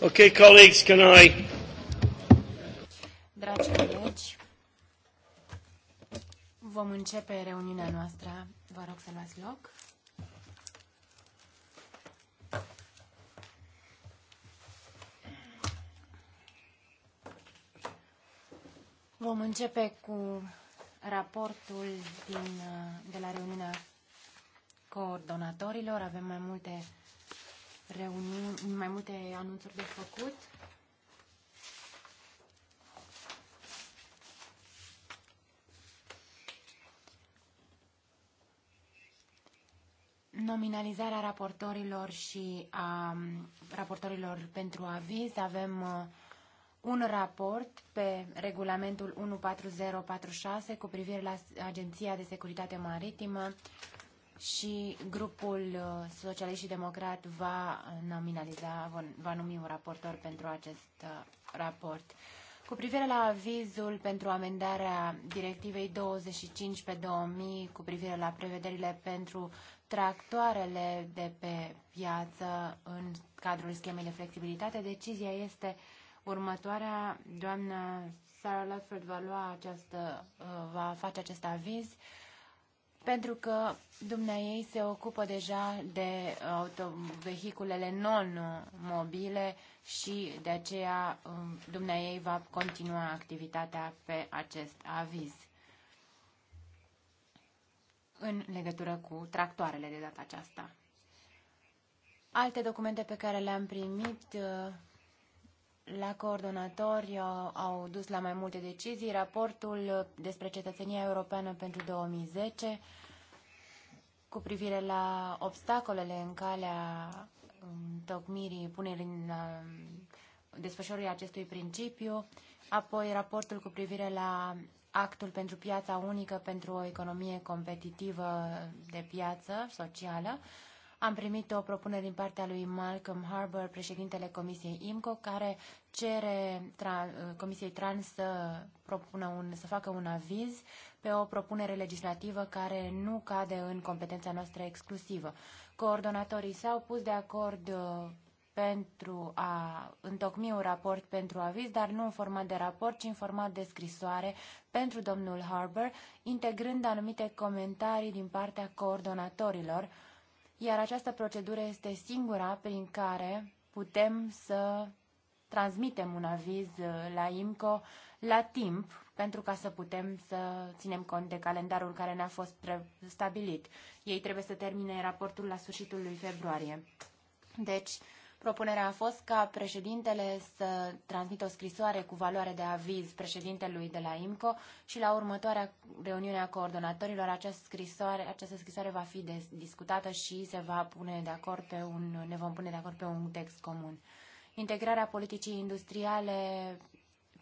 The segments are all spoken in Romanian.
Okay, colleagues, can I... Dragi colegi, vom începe reuniunea noastră. Vă rog să luați loc. Vom începe cu raportul din, de la reuniunea coordonatorilor. Avem mai multe reuniuni, mai multe anunțuri de făcut. Nominalizarea raportorilor și a raportorilor pentru aviz avem uh, un raport pe regulamentul 14046 cu privire la Agenția de Securitate Maritimă și grupul uh, socialist și democrat va uh, nominaliza, va numi un raportor pentru acest uh, raport. Cu privire la avizul pentru amendarea directivei 25 pe 2000 cu privire la prevederile pentru tractoarele de pe piață în cadrul schemei de flexibilitate, decizia este următoarea. Doamna Sarah Ludford va lua această, va face acest aviz pentru că ei se ocupă deja de uh, vehiculele non-mobile și de aceea um, ei va continua activitatea pe acest aviz în legătură cu tractoarele de data aceasta. Alte documente pe care le-am primit uh, la coordonatori uh, au dus la mai multe decizii. Raportul uh, despre cetățenia europeană pentru 2010 cu privire la obstacolele în calea tocmirii punerii în uh, desfășurării acestui principiu, apoi raportul cu privire la actul pentru piața unică pentru o economie competitivă de piață socială, am primit o propunere din partea lui Malcolm Harbour, președintele Comisiei IMCO, care cere tra- Comisiei Trans să, propună un, să facă un aviz pe o propunere legislativă care nu cade în competența noastră exclusivă. Coordonatorii s-au pus de acord uh, pentru a întocmi un raport pentru aviz, dar nu în format de raport, ci în format de scrisoare pentru domnul Harbour, integrând anumite comentarii din partea coordonatorilor iar această procedură este singura prin care putem să transmitem un aviz uh, la IMCO la timp pentru ca să putem să ținem cont de calendarul care ne-a fost stabilit. Ei trebuie să termine raportul la sfârșitul lui februarie. Deci, Propunerea a fost ca președintele să transmită o scrisoare cu valoare de aviz președintelui de la IMCO și la următoarea reuniune a coordonatorilor această scrisoare, această scrisoare va fi discutată și se va pune de acord pe un, ne vom pune de acord pe un text comun. Integrarea politicii industriale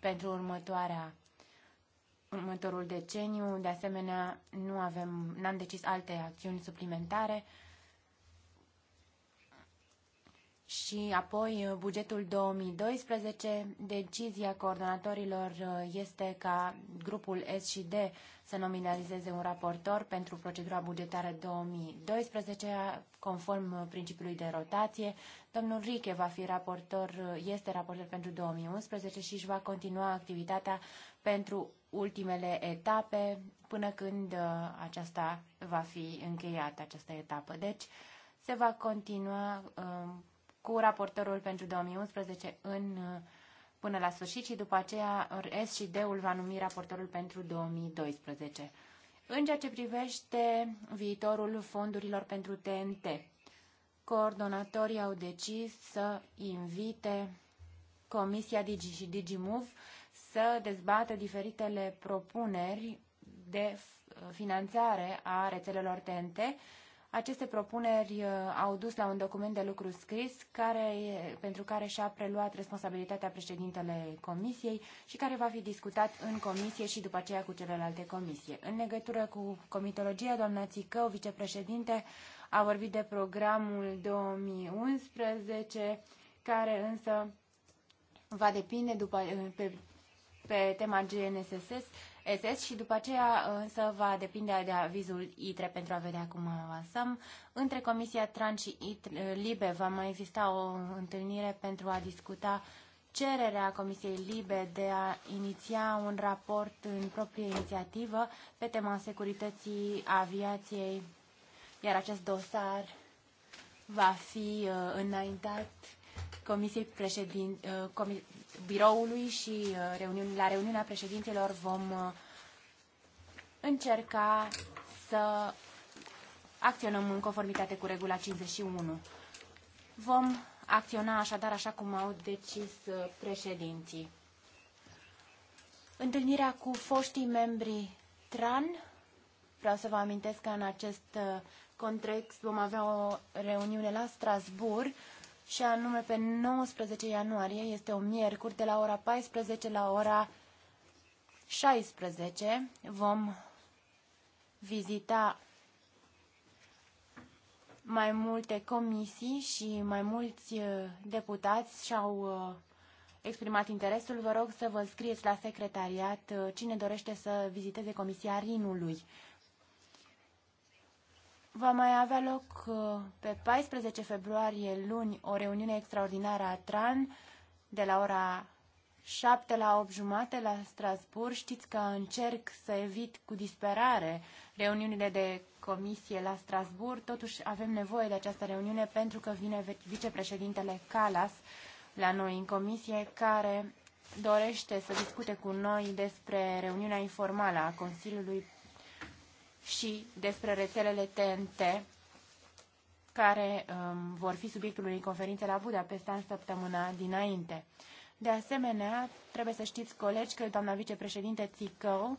pentru următoarea următorul deceniu. De asemenea, nu avem, n-am decis alte acțiuni suplimentare și apoi uh, bugetul 2012, decizia coordonatorilor uh, este ca grupul S și D să nominalizeze un raportor pentru procedura bugetară 2012, conform uh, principiului de rotație. Domnul Riche va fi raportor, este raportor pentru 2011 și își va continua activitatea pentru ultimele etape până când aceasta va fi încheiată, această etapă. Deci, se va continua cu raportorul pentru 2011 în, uh, până la sfârșit și după aceea S și D-ul va numi raportorul pentru 2012. În ceea ce privește viitorul fondurilor pentru TNT, coordonatorii au decis să invite Comisia Digi și DigiMove să dezbată diferitele propuneri de finanțare a rețelelor TNT aceste propuneri uh, au dus la un document de lucru scris care, pentru care și-a preluat responsabilitatea președintele comisiei și care va fi discutat în comisie și după aceea cu celelalte comisie. În legătură cu comitologia, doamna Țicău, vicepreședinte, a vorbit de programul 2011, care însă va depinde după, pe, pe tema GNSS ETS și după aceea însă va depinde de avizul ITRE pentru a vedea cum avansăm. Între Comisia Tran și ITRE, LIBE va mai exista o întâlnire pentru a discuta cererea Comisiei Libe de a iniția un raport în proprie inițiativă pe tema securității aviației, iar acest dosar va fi uh, înaintat Comisiei președin, uh, biroului și uh, reuniuni, la reuniunea președintelor vom uh, încerca să acționăm în conformitate cu regula 51. Vom acționa așadar așa cum au decis uh, președinții. Întâlnirea cu foștii membri TRAN. Vreau să vă amintesc că în acest context vom avea o reuniune la Strasbourg și anume pe 19 ianuarie, este o miercuri, de la ora 14 la ora 16 vom vizita mai multe comisii și mai mulți uh, deputați și-au uh, exprimat interesul. Vă rog să vă scrieți la secretariat uh, cine dorește să viziteze Comisia Rinului. Va mai avea loc uh, pe 14 februarie, luni, o reuniune extraordinară a TRAN de la ora 7 la 8 jumate la Strasbourg. Știți că încerc să evit cu disperare reuniunile de comisie la Strasbourg. Totuși avem nevoie de această reuniune pentru că vine vicepreședintele Calas la noi în comisie care dorește să discute cu noi despre reuniunea informală a Consiliului și despre rețelele TNT, care um, vor fi subiectul unei conferințe la Budapesta în săptămâna dinainte. De asemenea, trebuie să știți, colegi, că doamna vicepreședinte Țicău,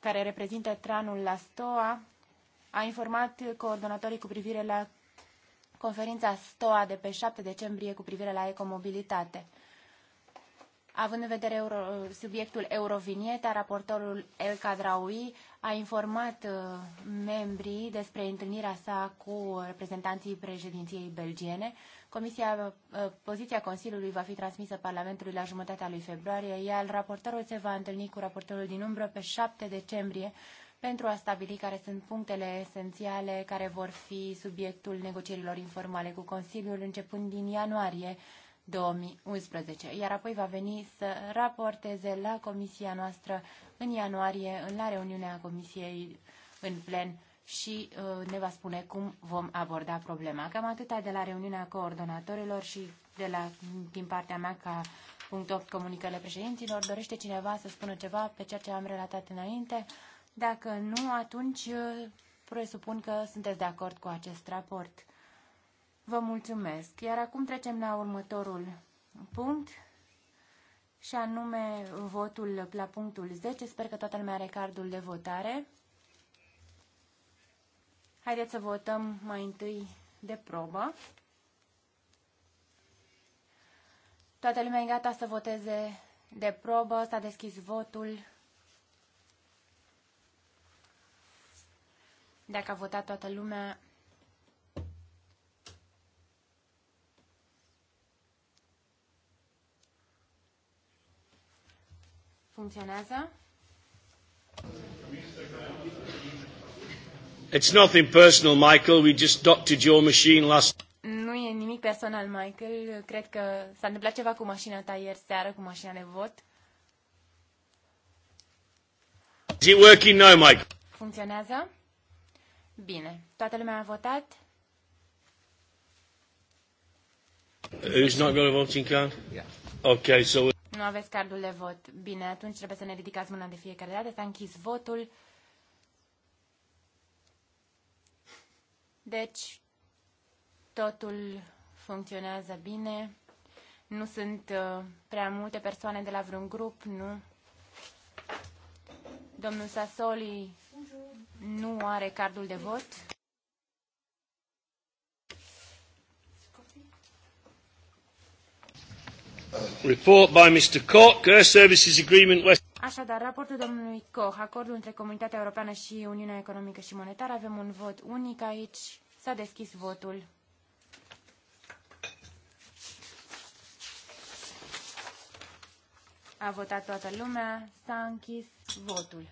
care reprezintă tranul la STOA, a informat coordonatorii cu privire la conferința STOA de pe 7 decembrie cu privire la ecomobilitate. Având în vedere euro, subiectul Eurovinieta, raportorul El Khadraoui a informat uh, membrii despre întâlnirea sa cu reprezentanții președinției belgiene. Comisia, uh, poziția Consiliului va fi transmisă Parlamentului la jumătatea lui februarie, iar raportorul se va întâlni cu raportorul din umbră pe 7 decembrie pentru a stabili care sunt punctele esențiale care vor fi subiectul negocierilor informale cu Consiliul începând din ianuarie 2011, iar apoi va veni să raporteze la comisia noastră în ianuarie, în la reuniunea comisiei în plen și uh, ne va spune cum vom aborda problema. Cam atâta de la reuniunea coordonatorilor și de la, din partea mea ca punct 8 comunicările președinților. Dorește cineva să spună ceva pe ceea ce am relatat înainte? Dacă nu, atunci uh, presupun că sunteți de acord cu acest raport. Vă mulțumesc. Iar acum trecem la următorul punct și anume votul la punctul 10. Sper că toată lumea are cardul de votare. Haideți să votăm mai întâi de probă. Toată lumea e gata să voteze de probă. S-a deschis votul. Dacă a votat toată lumea, Funcționează? It's nothing personal, Michael. We just doctored your machine last... Nu e nimic personal, Michael. Cred că s-a întâmplat ceva cu mașina ta ieri seară, cu mașina de vot. Is it working now, Michael? Funcționează? Bine. Toată lumea a votat? Who's not got a voting card? Yeah. Okay, so... Nu aveți cardul de vot. Bine, atunci trebuie să ne ridicați mâna de fiecare dată. S-a închis votul. Deci, totul funcționează bine. Nu sunt uh, prea multe persoane de la vreun grup, nu. Domnul Sasoli nu are cardul de vot. Report by Mr. Koch, Air Services Agreement West... Așadar, raportul domnului Koch, acordul între Comunitatea Europeană și Uniunea Economică și Monetară, avem un vot unic aici. S-a deschis votul. A votat toată lumea, s-a închis votul.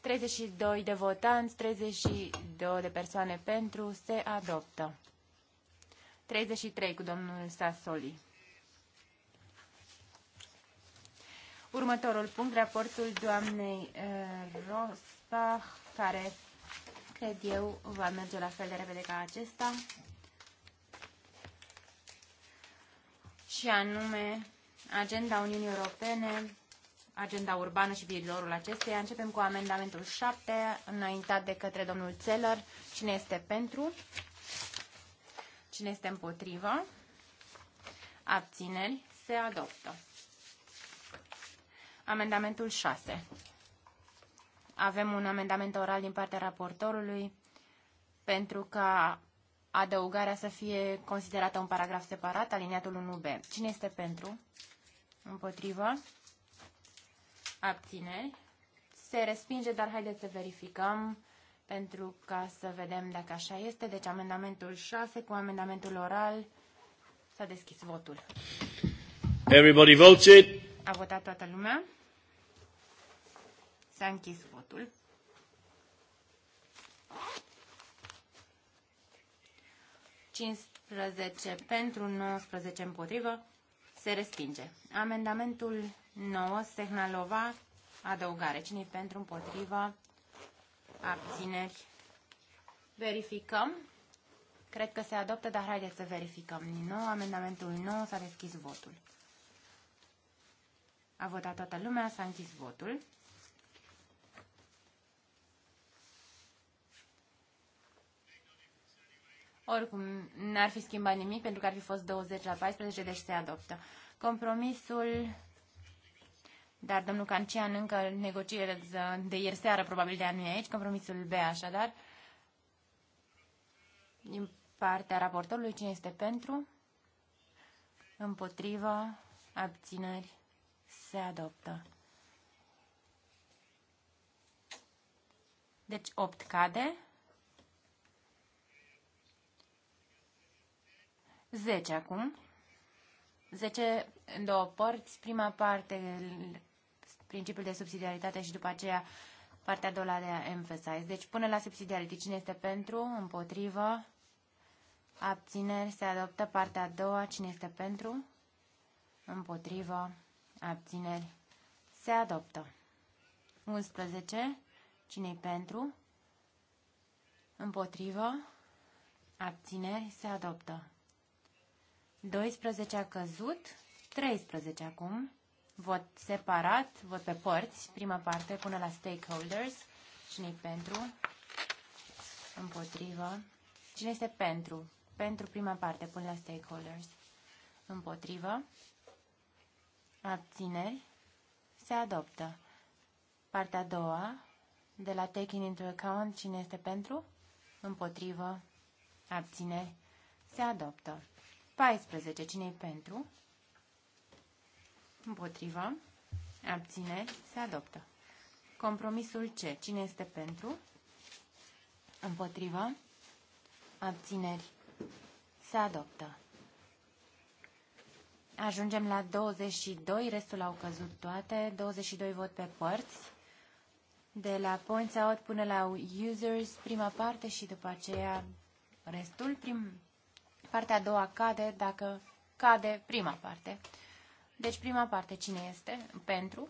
32 de votanți, 32 de persoane pentru, se adoptă. 33 cu domnul Sassoli. Următorul punct, raportul doamnei uh, Rosbach, care cred eu va merge la fel de repede ca acesta. Și anume, agenda Uniunii Europene, agenda urbană și viitorul acesteia. Începem cu amendamentul 7, înaintat de către domnul Zeller. Cine este Pentru. Cine este împotrivă? Abțineri. Se adoptă. Amendamentul 6. Avem un amendament oral din partea raportorului pentru ca adăugarea să fie considerată un paragraf separat, aliniatul 1b. Cine este pentru? Împotrivă? Abțineri? Se respinge, dar haideți să verificăm pentru ca să vedem dacă așa este. Deci amendamentul 6 cu amendamentul oral s-a deschis votul. Everybody voted. A votat toată lumea. S-a închis votul. pentru 19 împotrivă se respinge. Amendamentul 9, Sehnalova, adăugare. Cine pentru împotrivă abțineri. Verificăm. Cred că se adoptă, dar haideți să verificăm din nou. Amendamentul 9 s-a deschis votul. A votat toată lumea, s-a închis votul. Oricum, n-ar fi schimbat nimic pentru că ar fi fost 20 la 14, deci se adoptă. Compromisul dar domnul Cancian încă negocierile de ieri seară probabil de anul aici, compromisul B așadar. Din partea raportorului, cine este pentru? Împotriva, abțineri, se adoptă. Deci 8 cade. 10 acum. 10 în două părți. Prima parte principiul de subsidiaritate și după aceea partea a doua de emphasize. Deci până la subsidiaritate, cine este pentru, împotrivă, abțineri, se adoptă partea a doua, cine este pentru, împotrivă, abțineri, se adoptă. 11. Cine-i pentru? Împotrivă? Abțineri? Se adoptă. 12 a căzut. 13 acum. Vot separat, vot pe părți. Prima parte până la stakeholders. Cine-i pentru? Împotrivă. Cine este pentru? Pentru prima parte până la stakeholders. Împotrivă. Abțineri. Se adoptă. Partea a doua, de la taking into account, cine este pentru? Împotrivă. Abțineri. Se adoptă. 14. cine e pentru? Împotrivă. Abțineri. Se adoptă. Compromisul C. Cine este pentru? Împotrivă. Abțineri. Se adoptă. Ajungem la 22, restul au căzut toate, 22 vot pe părți, de la points out până la users, prima parte și după aceea restul, prim, partea a doua cade dacă cade prima parte. Deci prima parte, cine este? Pentru.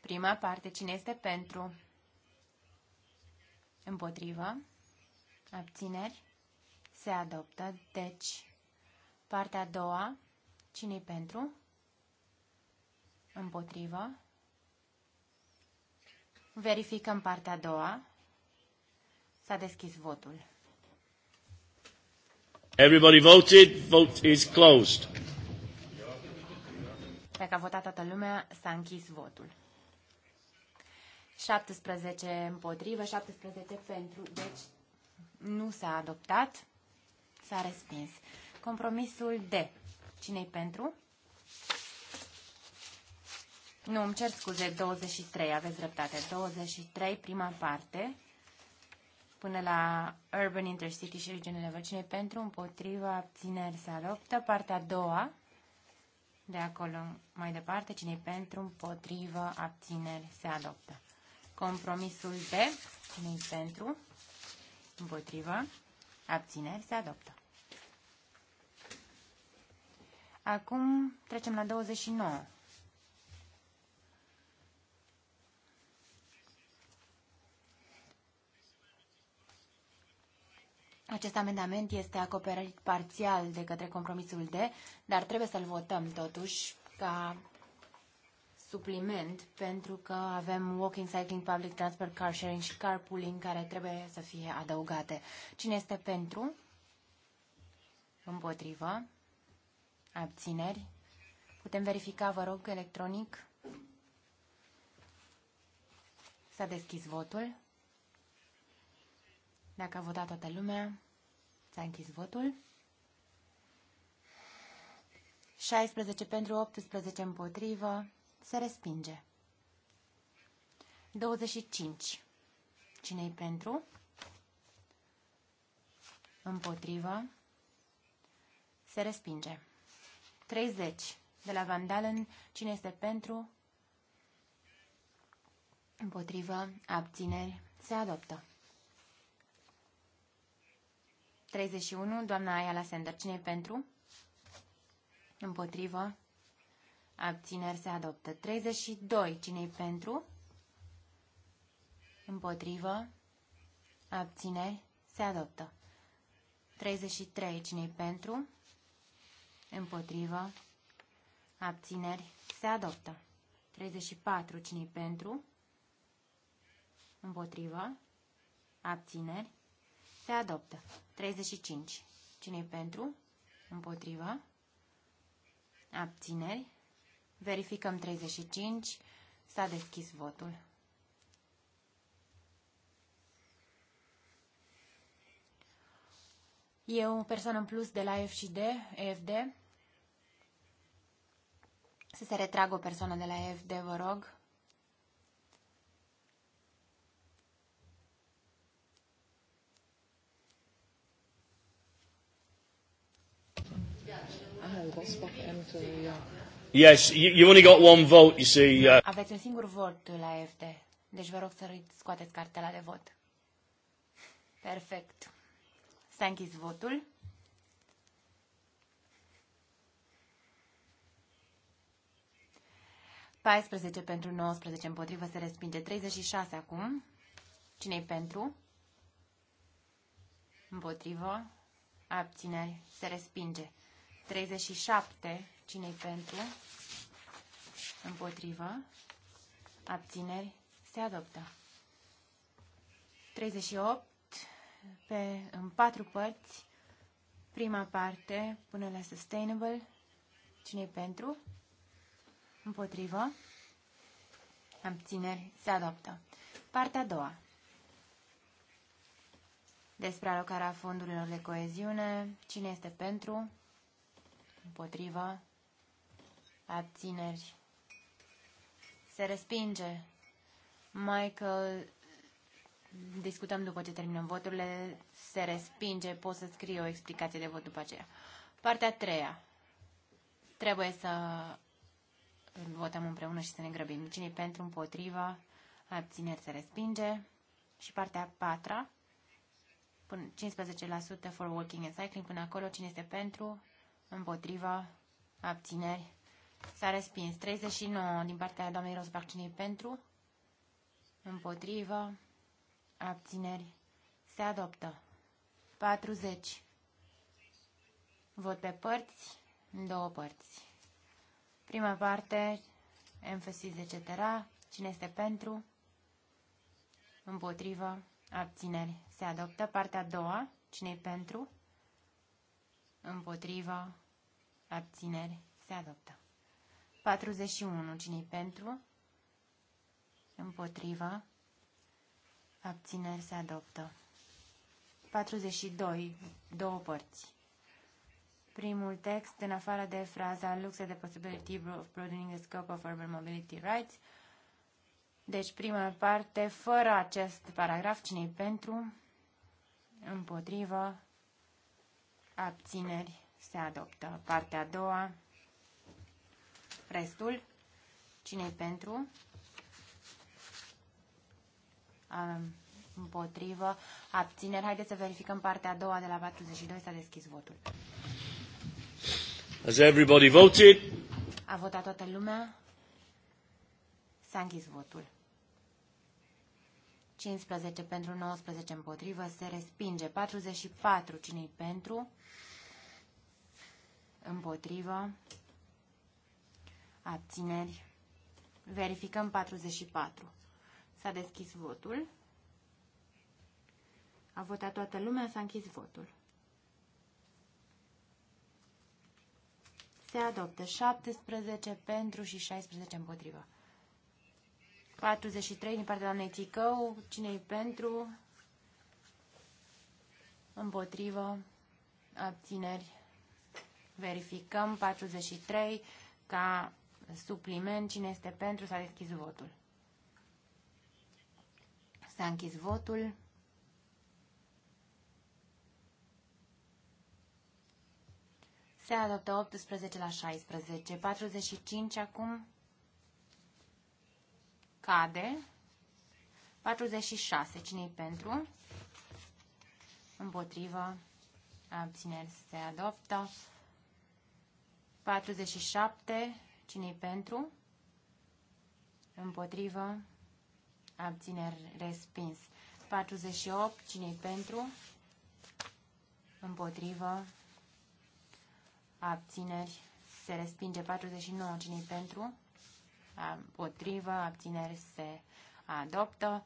Prima parte, cine este pentru? Împotrivă. Abțineri. Se adoptă. Deci, partea a doua, cine pentru? Împotrivă. Verificăm partea a doua. S-a deschis votul. Everybody voted. Vote is closed. Dacă a votat toată lumea, s-a închis votul. 17 împotrivă, 17 pentru, deci nu s-a adoptat, s-a respins. Compromisul D. Cine-i pentru? Nu, îmi cer scuze, 23, aveți dreptate. 23, prima parte până la Urban Intercity și regiunile vecine pentru, împotriva, abțineri se adoptă. Partea a doua, de acolo mai departe, cine pentru, împotriva abțineri se adoptă. Compromisul B, cine pentru, împotriva abțineri se adoptă. Acum trecem la 29. Acest amendament este acoperit parțial de către compromisul D, dar trebuie să-l votăm totuși ca supliment, pentru că avem walking, cycling, public transport, car sharing și carpooling care trebuie să fie adăugate. Cine este pentru? Împotrivă? Abțineri? Putem verifica, vă rog, electronic? S-a deschis votul. Dacă a votat toată lumea, s-a închis votul. 16 pentru 18 împotrivă, se respinge. 25. Cine-i pentru? Împotrivă. Se respinge. 30. De la Van Dalen, cine este pentru? Împotrivă, abțineri, se adoptă. 31, doamna Ayala Sender. Cine pentru? Împotrivă. Abțineri se adoptă. 32. cine pentru? Împotrivă. Abțineri se adoptă. 33. cine pentru? Împotrivă. Abțineri se adoptă. 34. cine pentru? Împotrivă. Abțineri se adoptă. 35. cine pentru? Împotriva. Abțineri. Verificăm 35. S-a deschis votul. E o persoană în plus de la F și D, EFD. Să se retragă o persoană de la EFD, vă rog. Yes, you, only got one vote, you see. Uh, Aveți un singur vot la EFT. deci vă rog să scoateți cartela de vot. Perfect. S-a închis votul. Paisprezece pentru 19 împotrivă se respinge. 36 acum. Cine-i pentru? Împotrivă. Abțineri. Se respinge. 37. cine pentru? Împotrivă. Abțineri. Se adoptă. 38. Pe, în patru părți. Prima parte până la sustainable. cine pentru? Împotrivă. Abțineri. Se adoptă. Partea a doua. Despre alocarea fondurilor de coeziune. Cine este pentru? împotriva, abțineri, se respinge. Michael, discutăm după ce terminăm voturile, se respinge, pot să scriu o explicație de vot după aceea. Partea a treia. Trebuie să votăm împreună și să ne grăbim. cine pentru, împotriva, abțineri se respinge. Și partea a patra, 15% for walking and cycling, până acolo, cine este pentru, împotriva, abțineri, s-a respins. 39 din partea doamnei Rosbach, pentru, împotriva, abțineri, se adoptă. 40. Vot pe părți, în două părți. Prima parte, emphasis etc. Cine este pentru? Împotrivă. Abțineri. Se adoptă. Partea a doua. cine pentru? Împotrivă abțineri, se adoptă. 41. cine pentru? Împotriva, abțineri, se adoptă. 42. Două părți. Primul text, în afară de fraza Looks at the possibility of broadening the scope of urban mobility rights. Deci, prima parte, fără acest paragraf, cine pentru? Împotrivă, abțineri, se adoptă. Partea a doua, restul, cine pentru, a, împotrivă, abțineri. Haideți să verificăm partea a doua de la 42, s-a deschis votul. Has everybody voted? A votat toată lumea? S-a închis votul. 15 pentru 19 împotrivă se respinge. 44 cine pentru? împotrivă, abțineri. Verificăm 44. S-a deschis votul. A votat toată lumea, s-a închis votul. Se adoptă 17 pentru și 16 împotrivă. 43 din partea doamnei Ticău, cine e pentru, împotrivă, abțineri, Verificăm 43 ca supliment. Cine este pentru? S-a deschis votul. S-a închis votul. Se adoptă 18 la 16. 45 acum cade. 46. Cine-i pentru? Împotrivă. Abțineri se adoptă. 47. cine pentru? Împotrivă. Abțineri respins. 48. cine pentru? Împotrivă. Abțineri. Se respinge 49. cine pentru? Împotrivă. Abțineri se adoptă.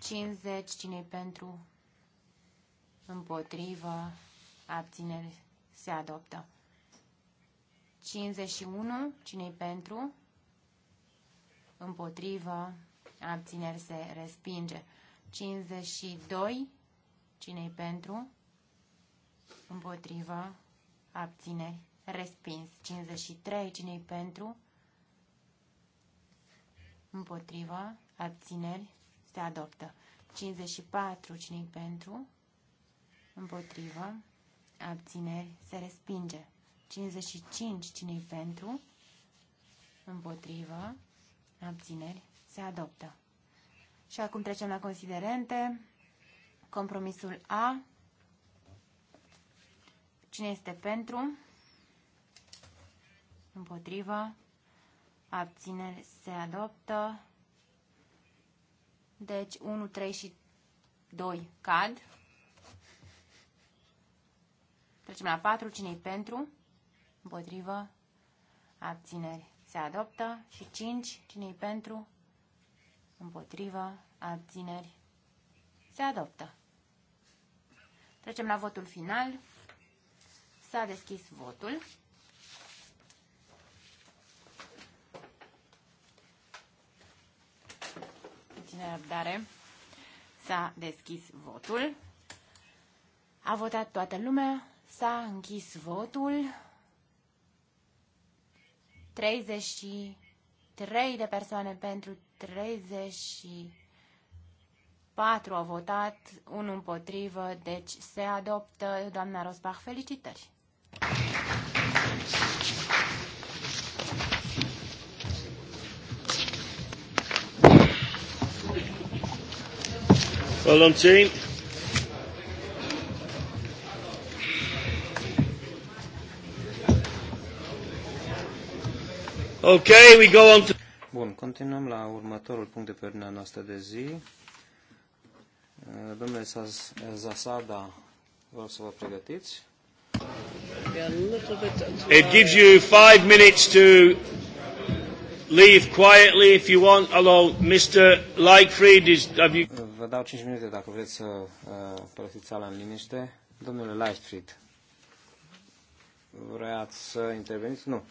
50. cine pentru? Împotrivă. Abțineri se adoptă. 51, cine pentru? Împotrivă, abțineri se respinge. 52, cine pentru? Împotrivă, abțineri, respins. 53, cine pentru? Împotrivă, abțineri, se adoptă. 54, cine pentru? Împotrivă, abțineri, se respinge. 55. cine pentru? Împotrivă. Abțineri. Se adoptă. Și acum trecem la considerente. Compromisul A. Cine este pentru? Împotrivă. Abțineri. Se adoptă. Deci 1, 3 și 2 cad. Trecem la 4. Cine-i pentru? Împotrivă. Abțineri. Se adoptă. Și 5. Cine-i pentru? Împotrivă. Abțineri. Se adoptă. Trecem la votul final. S-a deschis votul. Cine răbdare? S-a deschis votul. A votat toată lumea. S-a închis votul. 33 de persoane pentru, 34 au votat, unul împotrivă, deci se adoptă. Doamna Rosbach, felicitări! Well done, team. Okay, we go on to... Bun, continuăm la următorul punct de pe ordinea noastră de zi. Eh, domnule Zasada, vreau să vă pregătiți. It gives you five minutes to leave quietly if you want, Hello, Mr. Lightfried is... Have you... Eh, vă dau 5 minute dacă vreți să uh, părăsiți sala în liniște. Domnule Lightfried, vreați să interveniți? Nu.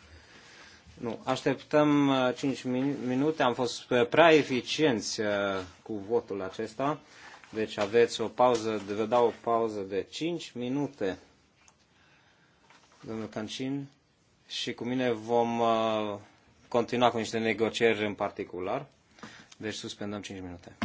Nu, așteptăm 5 uh, minute, am fost uh, prea eficienți uh, cu votul acesta, deci aveți o pauză, vă dau o pauză de 5 minute, domnul Cancin, și cu mine vom continua cu niște negocieri în particular, deci suspendăm 5 minute.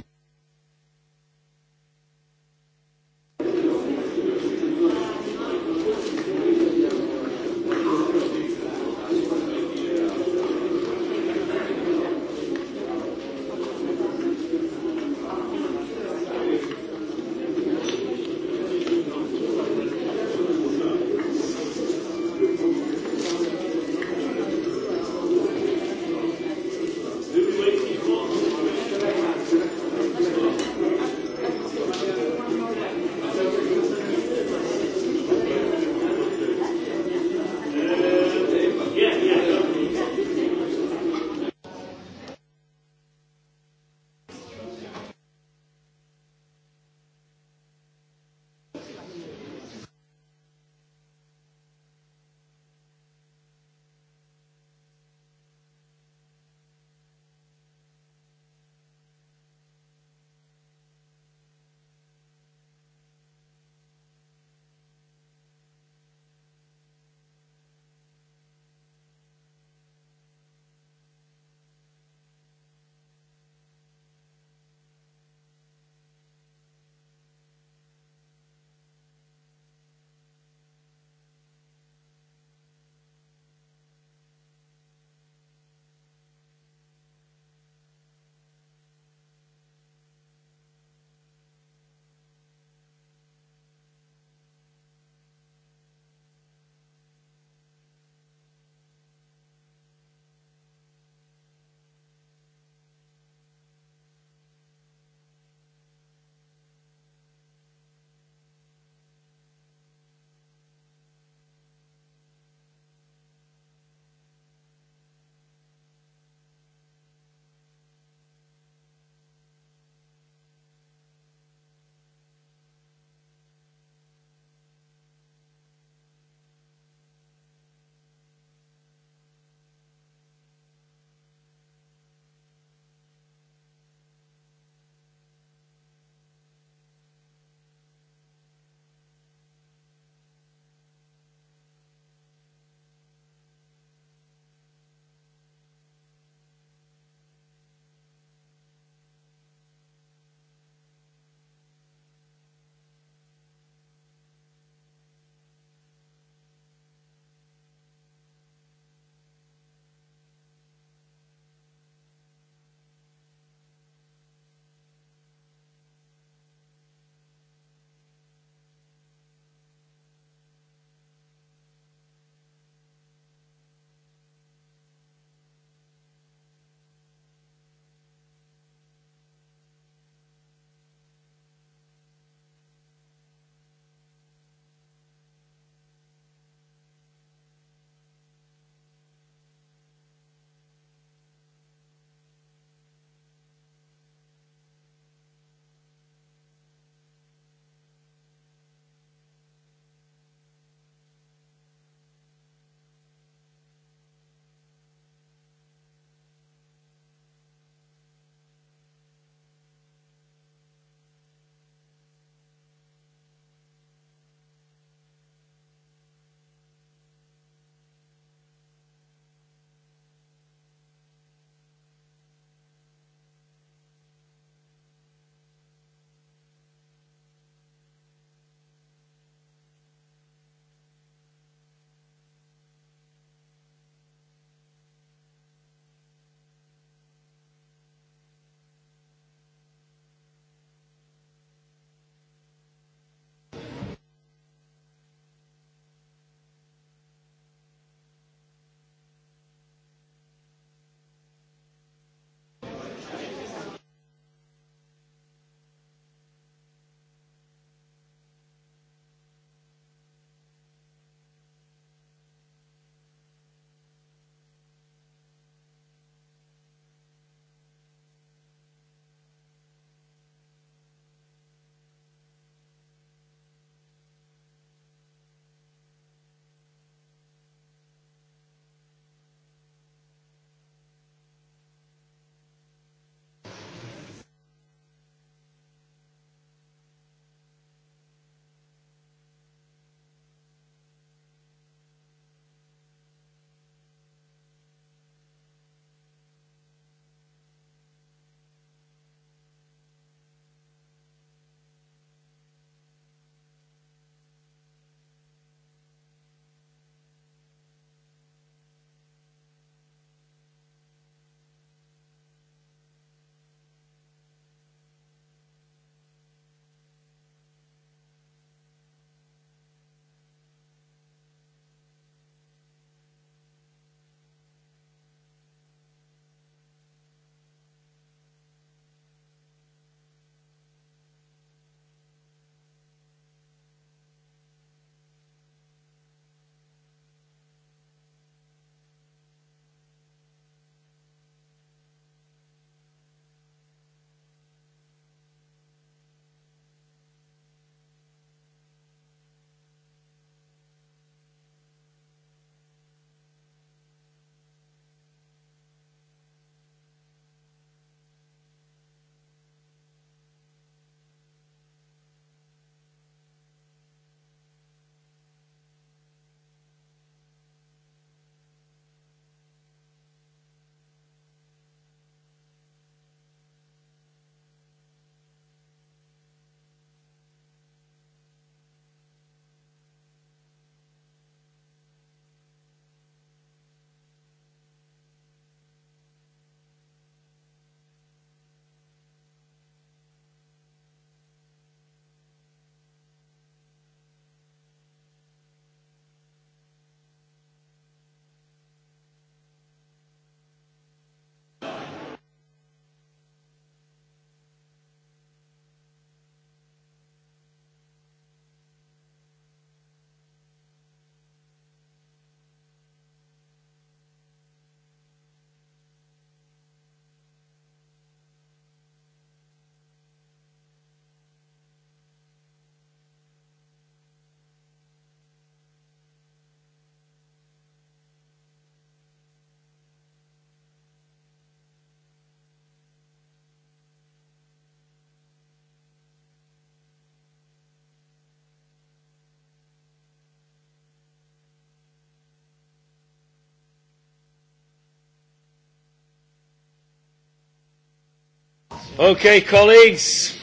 Okay, colleagues.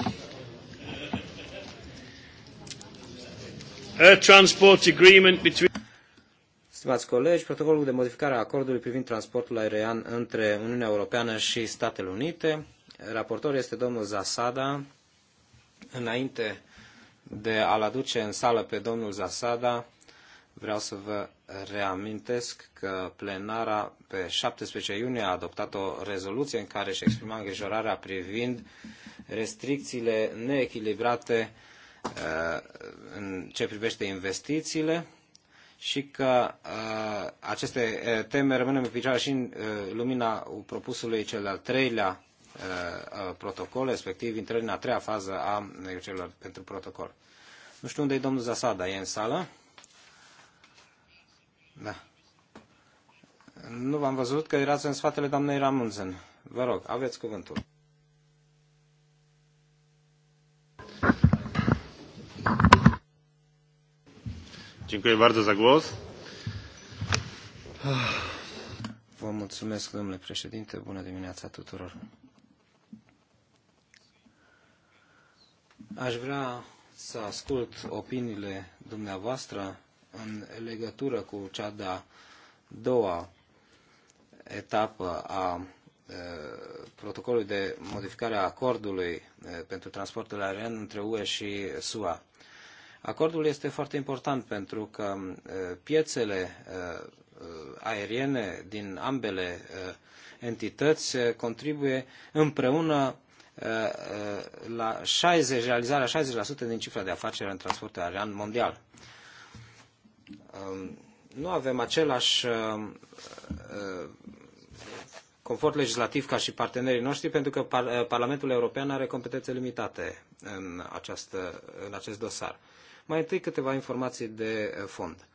Air transport agreement between Stimați colegi, protocolul de modificare a acordului privind transportul aerian între Uniunea Europeană și Statele Unite. Raportor este domnul Zasada. Înainte de a-l aduce în sală pe domnul Zasada, vreau să vă reamintesc că plenara pe 17 iunie a adoptat o rezoluție în care își exprima îngrijorarea privind restricțiile neechilibrate uh, în ce privește investițiile și că uh, aceste uh, teme rămân în picioare și în lumina propusului cel al treilea protocol, respectiv intrării în a treia fază a negocierilor pentru protocol. Nu știu unde e domnul Zasada, e în sală? Da. Nu v-am văzut că erați în sfatele doamnei Ramunzen. Vă rog, aveți cuvântul. Dziękuję bardzo za głos. Vă mulțumesc, domnule președinte. Bună dimineața tuturor. Aș vrea să ascult opiniile dumneavoastră în legătură cu cea de-a doua etapă a protocolului de modificare a acordului pentru transportul aerian între UE și SUA. Acordul este foarte important pentru că piețele aeriene din ambele entități contribuie împreună la 60, realizarea 60% din cifra de afaceri în transportul aerian mondial. Um, nu avem același uh, uh, confort legislativ ca și partenerii noștri, pentru că uh, Parlamentul European are competențe limitate în, această, în acest dosar. Mai întâi câteva informații de fond.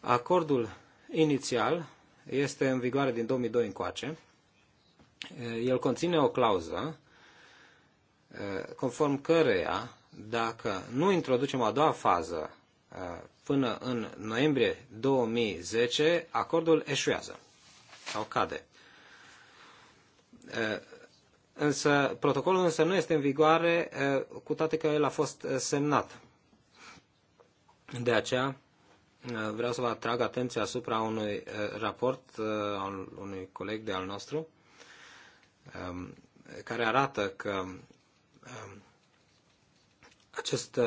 Acordul inițial este în vigoare din 2002 încoace. El conține o clauză conform căreia, dacă nu introducem a doua fază până în noiembrie 2010, acordul eșuează sau cade. Însă, protocolul însă nu este în vigoare, cu toate că el a fost semnat. De aceea, vreau să vă atrag atenția asupra unui raport al unui coleg de al nostru, care arată că acest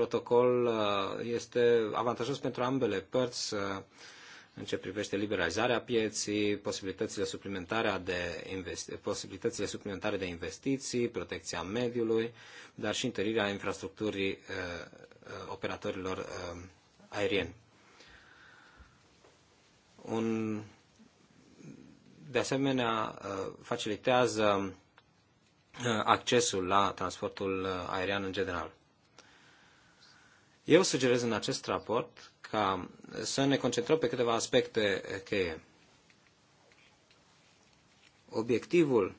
protocol uh, este avantajos pentru ambele părți uh, în ce privește liberalizarea pieții, posibilitățile suplimentare de, investi- posibilitățile suplimentare de investiții, protecția mediului, dar și întărirea infrastructurii uh, operatorilor aerieni. Un, de asemenea, facilitează accesul la transportul aerian în general. Eu sugerez în acest raport ca să ne concentrăm pe câteva aspecte cheie. Obiectivul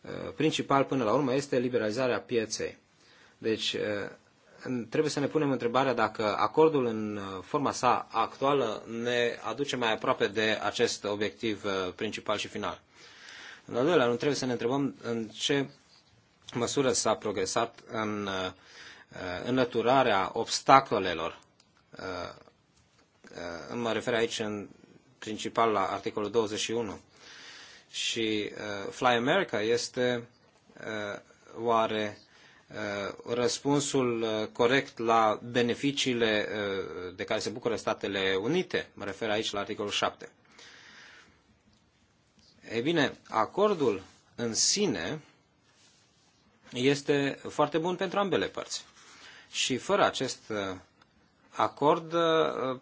uh, principal până la urmă este liberalizarea pieței. Deci uh, trebuie să ne punem întrebarea dacă acordul în uh, forma sa actuală ne aduce mai aproape de acest obiectiv principal și final. În al doilea rând, trebuie să ne întrebăm în ce măsură s-a progresat în Uh, înăturarea obstacolelor, uh, uh, mă refer aici în principal la articolul 21, și Fly America este oare răspunsul corect la beneficiile de care se bucură Statele Unite. Mă refer aici la articolul 7. Ei bine, acordul în sine este foarte bun pentru ambele părți și fără acest uh, acord, uh,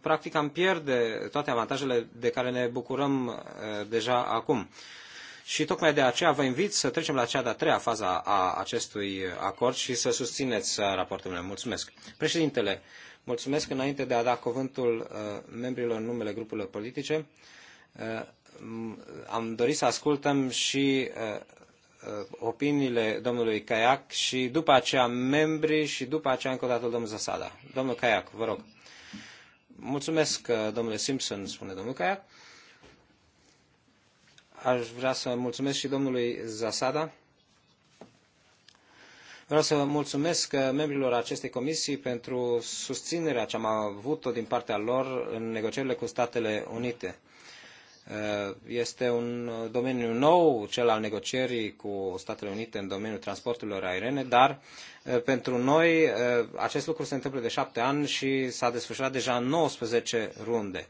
practic am pierde toate avantajele de care ne bucurăm uh, deja acum. Și tocmai de aceea vă invit să trecem la cea de-a treia fază a acestui acord și să susțineți raportul meu. Mulțumesc. Președintele, mulțumesc înainte de a da cuvântul membrilor în numele grupurilor politice. Am dorit să ascultăm și Uh, opiniile domnului Caiac și după aceea membrii și după aceea încă o dată domnul Zasada. Domnul Caiac, vă rog. Mulțumesc, uh, domnule Simpson, spune domnul Caiac. Aș vrea să mulțumesc și domnului Zasada. Vreau să mulțumesc uh, membrilor acestei comisii pentru susținerea ce am avut-o din partea lor în negocierile cu Statele Unite. Uh, este un uh, domeniu nou, cel al negocierii cu Statele Unite în domeniul transporturilor aeriene, dar uh, pentru noi acest lucru se întâmplă de șapte ani și s-a desfășurat deja 19 runde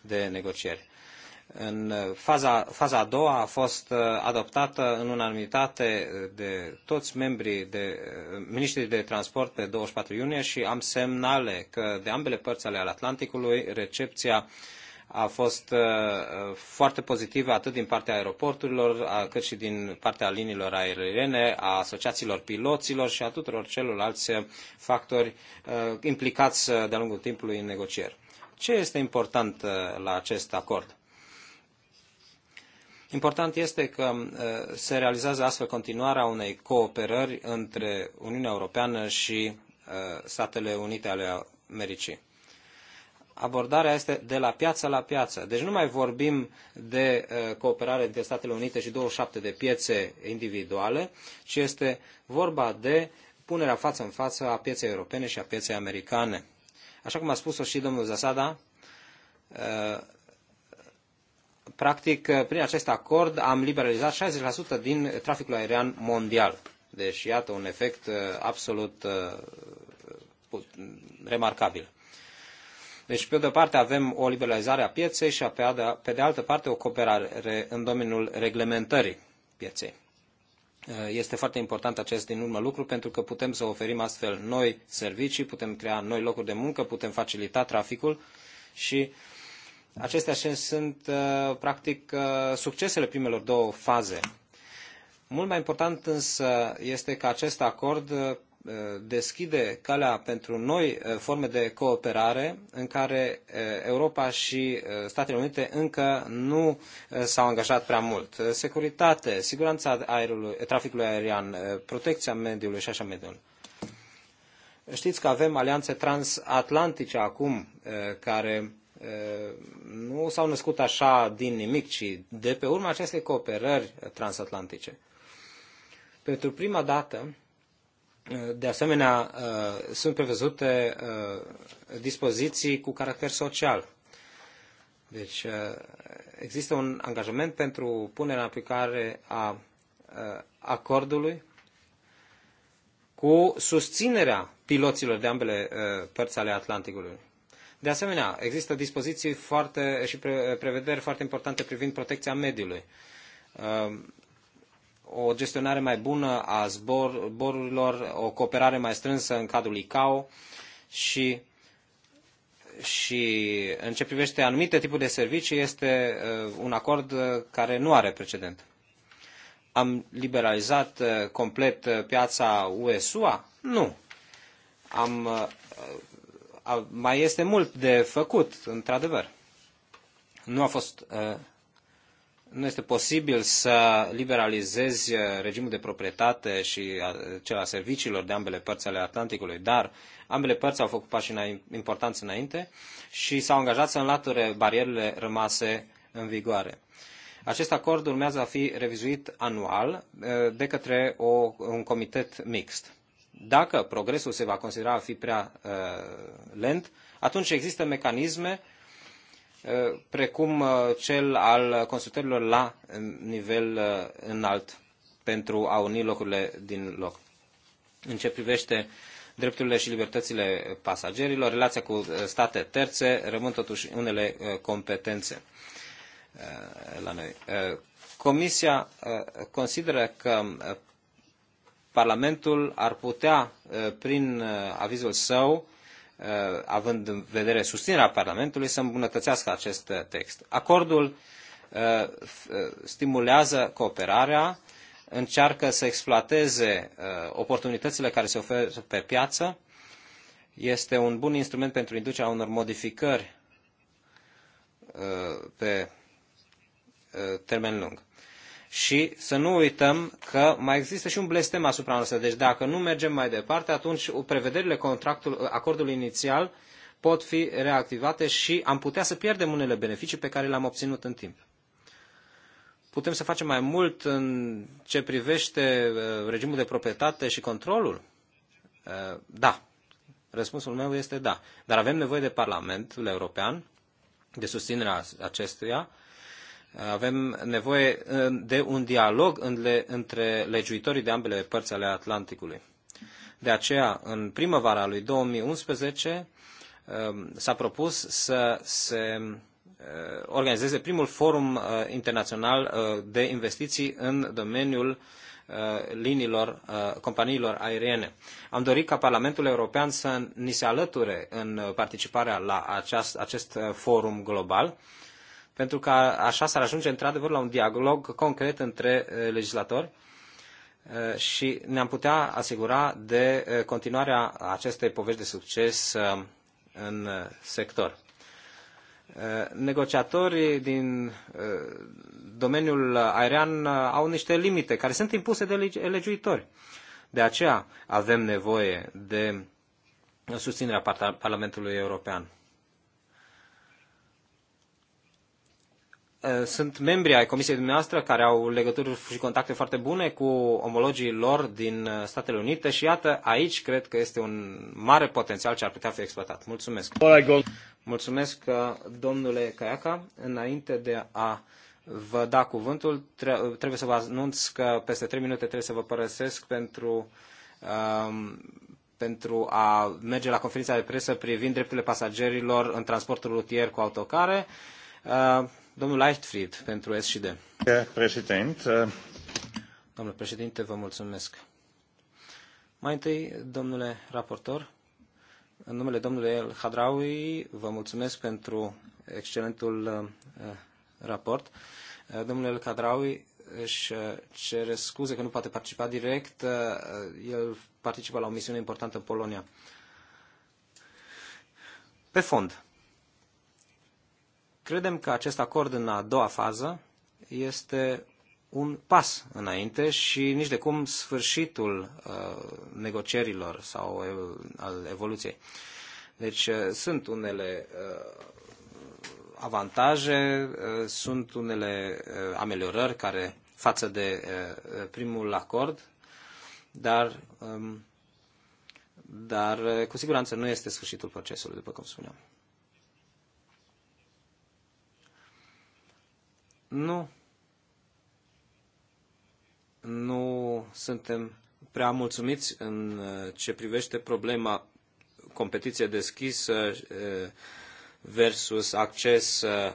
de negocieri. În faza, faza a doua a fost adoptată în unanimitate de toți membrii de miniștrii de transport pe 24 iunie și am semnale că de ambele părți ale Atlanticului recepția uh, a fost uh, uh, foarte pozitivă atât din partea aeroporturilor, cât și din partea liniilor aeriene, a asociațiilor piloților și a tuturor celorlalți factori uh, implicați de-a lungul timpului în negocieri. Ce este important la acest acord? Important este că se realizează astfel continuarea unei cooperări între Uniunea Europeană și Statele Unite ale Americii abordarea este de la piață la piață. Deci nu mai vorbim de uh, cooperare între Statele Unite și 27 de piețe individuale, ci este vorba de punerea față în față a pieței europene și a pieței americane. Așa cum a spus-o și domnul Zasada, uh, practic, uh, prin acest acord am liberalizat 60% din traficul aerian mondial. Deci, iată un efect absolut remarcabil. Deci, pe de o parte avem o liberalizare a pieței și pe de altă parte o cooperare în domeniul reglementării pieței. Uh, este foarte important acest din urmă lucru pentru că putem să oferim astfel noi servicii, putem crea noi locuri de muncă, putem facilita traficul și acestea sunt uh, practic uh, succesele primelor două faze. Mult mai important însă este că acest acord Uh, deschide calea pentru noi uh, forme de cooperare în care uh, Europa și Statele Unite încă nu s-au angajat prea mult. Securitate, siguranța aerului, traficului aerian, protecția mediului și așa mai departe. Știți că avem alianțe transatlantice acum care nu s-au născut așa din nimic, ci de pe urma acestei cooperări transatlantice. Pentru prima dată, de asemenea, uh, sunt prevăzute uh, dispoziții cu caracter social. Deci uh, există un angajament pentru punerea în aplicare a acordului cu susținerea piloților de ambele părți ale Atlanticului. De asemenea, există dispoziții foarte, și prevederi foarte importante privind protecția mediului o gestionare mai bună a zbor, zborurilor, o cooperare mai strânsă în cadrul ICAO și, și în ce privește anumite tipuri de servicii este uh, un acord uh, care nu are precedent. Am liberalizat uh, complet piața USUA? Nu. Am, mai este mult de făcut, într-adevăr. Nu a fost nu este posibil să liberalizezi uh, regimul de proprietate și uh, cel al serviciilor de ambele părți ale Atlanticului, dar ambele părți au făcut pași importanți înainte și s-au angajat să înlăture barierele rămase în vigoare. Acest acord urmează a fi revizuit anual uh, de către o, un comitet mixt. Dacă progresul se va considera a fi prea uh, lent, atunci există mecanisme Eh, precum eh, cel al consultărilor la eh, nivel înalt pentru a uni locurile din loc. În ce privește drepturile și libertățile pasagerilor, relația cu state terțe, rămân totuși unele competențe la noi. Comisia consideră că Parlamentul ar putea, prin avizul său, Uh, având în vedere susținerea Parlamentului, să îmbunătățească acest uh, text. Acordul uh, stimulează cooperarea, încearcă să exploateze oportunitățile care se oferă pe piață, este un bun instrument pentru inducerea unor modificări pe termen lung și să nu uităm că mai există și un blestem asupra noastră. Deci dacă nu mergem mai departe, atunci prevederile contractul, acordului inițial pot fi reactivate și am putea să pierdem unele beneficii pe care le-am obținut în timp. Putem să facem mai mult în ce privește uh, regimul de proprietate și controlul? Uh, da. Răspunsul meu este da. Dar avem nevoie de Parlamentul European, de susținerea acestuia, avem nevoie uh, de un dialog între legiuitorii de ambele părți ale Atlanticului. De aceea, în primăvara lui 2011, uh, s-a propus să se uh, organizeze primul forum internațional de investiții în domeniul liniilor, companiilor aeriene. Am dorit ca Parlamentul European să ni se alăture în participarea la aceast, acest forum global pentru că așa s-ar ajunge într-adevăr la un dialog concret între uh, legislatori uh, și ne-am putea asigura de uh, continuarea acestei povești de succes în sector. Negociatorii din domeniul aerian au niște limite care sunt impuse de legiuitori. De aceea avem nevoie de susținerea Parlamentului European. Eh, sunt membri ai comisiei dumneavoastră care au legături și contacte foarte bune cu omologii lor din eh, Statele Unite și iată, aici cred că este un mare potențial ce ar putea fi exploatat. Mulțumesc! Mulțumesc, eh, domnule Caiaca. Înainte de a vă da cuvântul, trebuie să vă anunț că peste 3 minute trebuie să vă părăsesc pentru um, pentru a merge la conferința de presă privind drepturile pasagerilor în transportul rutier cu autocare. Uh, Domnul Leichtfried, pentru SD. Președinte. Domnule președinte, vă mulțumesc. Mai întâi, domnule raportor, în numele domnului El Hadraui, vă mulțumesc pentru excelentul uh, raport. Uh, domnul El Hadraui își uh, cere scuze că nu poate participa direct. el participă la o misiune importantă în Polonia. Pe fond, Credem că acest acord în a doua fază este un pas înainte și nici de cum sfârșitul uh, negocierilor sau al evoluției. Deci uh, sunt unele uh, avantaje, sunt unele ameliorări care față de primul acord, dar, um, dar cu siguranță nu este sfârșitul procesului, după cum spuneam. nu, nu suntem prea mulțumiți în uh, ce privește problema competiție deschisă uh, versus acces uh,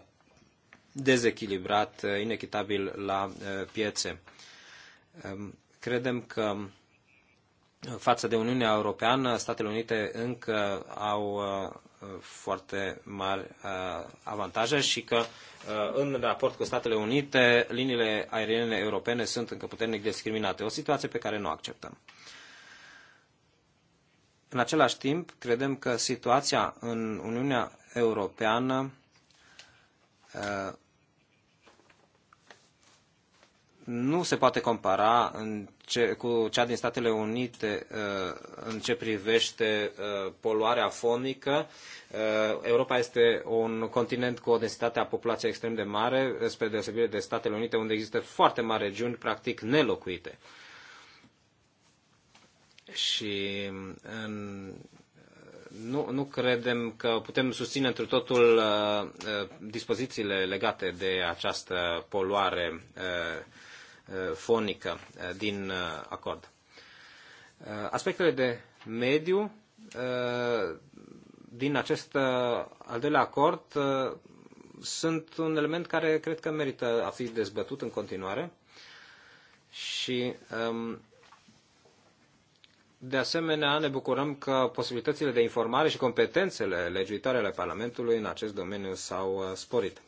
dezechilibrat, inechitabil la piețe. Um, credem că față de Uniunea Europeană, Statele Unite încă au foarte mari uh, avantaje și că uh, în raport cu Statele Unite, liniile aeriene europene sunt încă puternic discriminate. O situație pe care nu o acceptăm. În același timp, credem că situația în Uniunea Europeană uh, nu se poate compara în ce, cu cea din Statele Unite uh, în ce privește uh, poluarea fonică. Uh, Europa este un continent cu o densitate a populației extrem de mare, spre deosebire de Statele Unite, unde există foarte mari regiuni practic nelocuite. Și în nu, nu credem că putem susține întru totul uh, dispozițiile legate de această poluare uh, Uh, fonică uh, din uh, acord. Aspectele de mediu din acest al doilea acord sunt un element care cred că merită a fi dezbătut în continuare și um, de asemenea ne bucurăm că posibilitățile de informare și competențele legiuitoare ale Parlamentului în acest domeniu s-au sporit.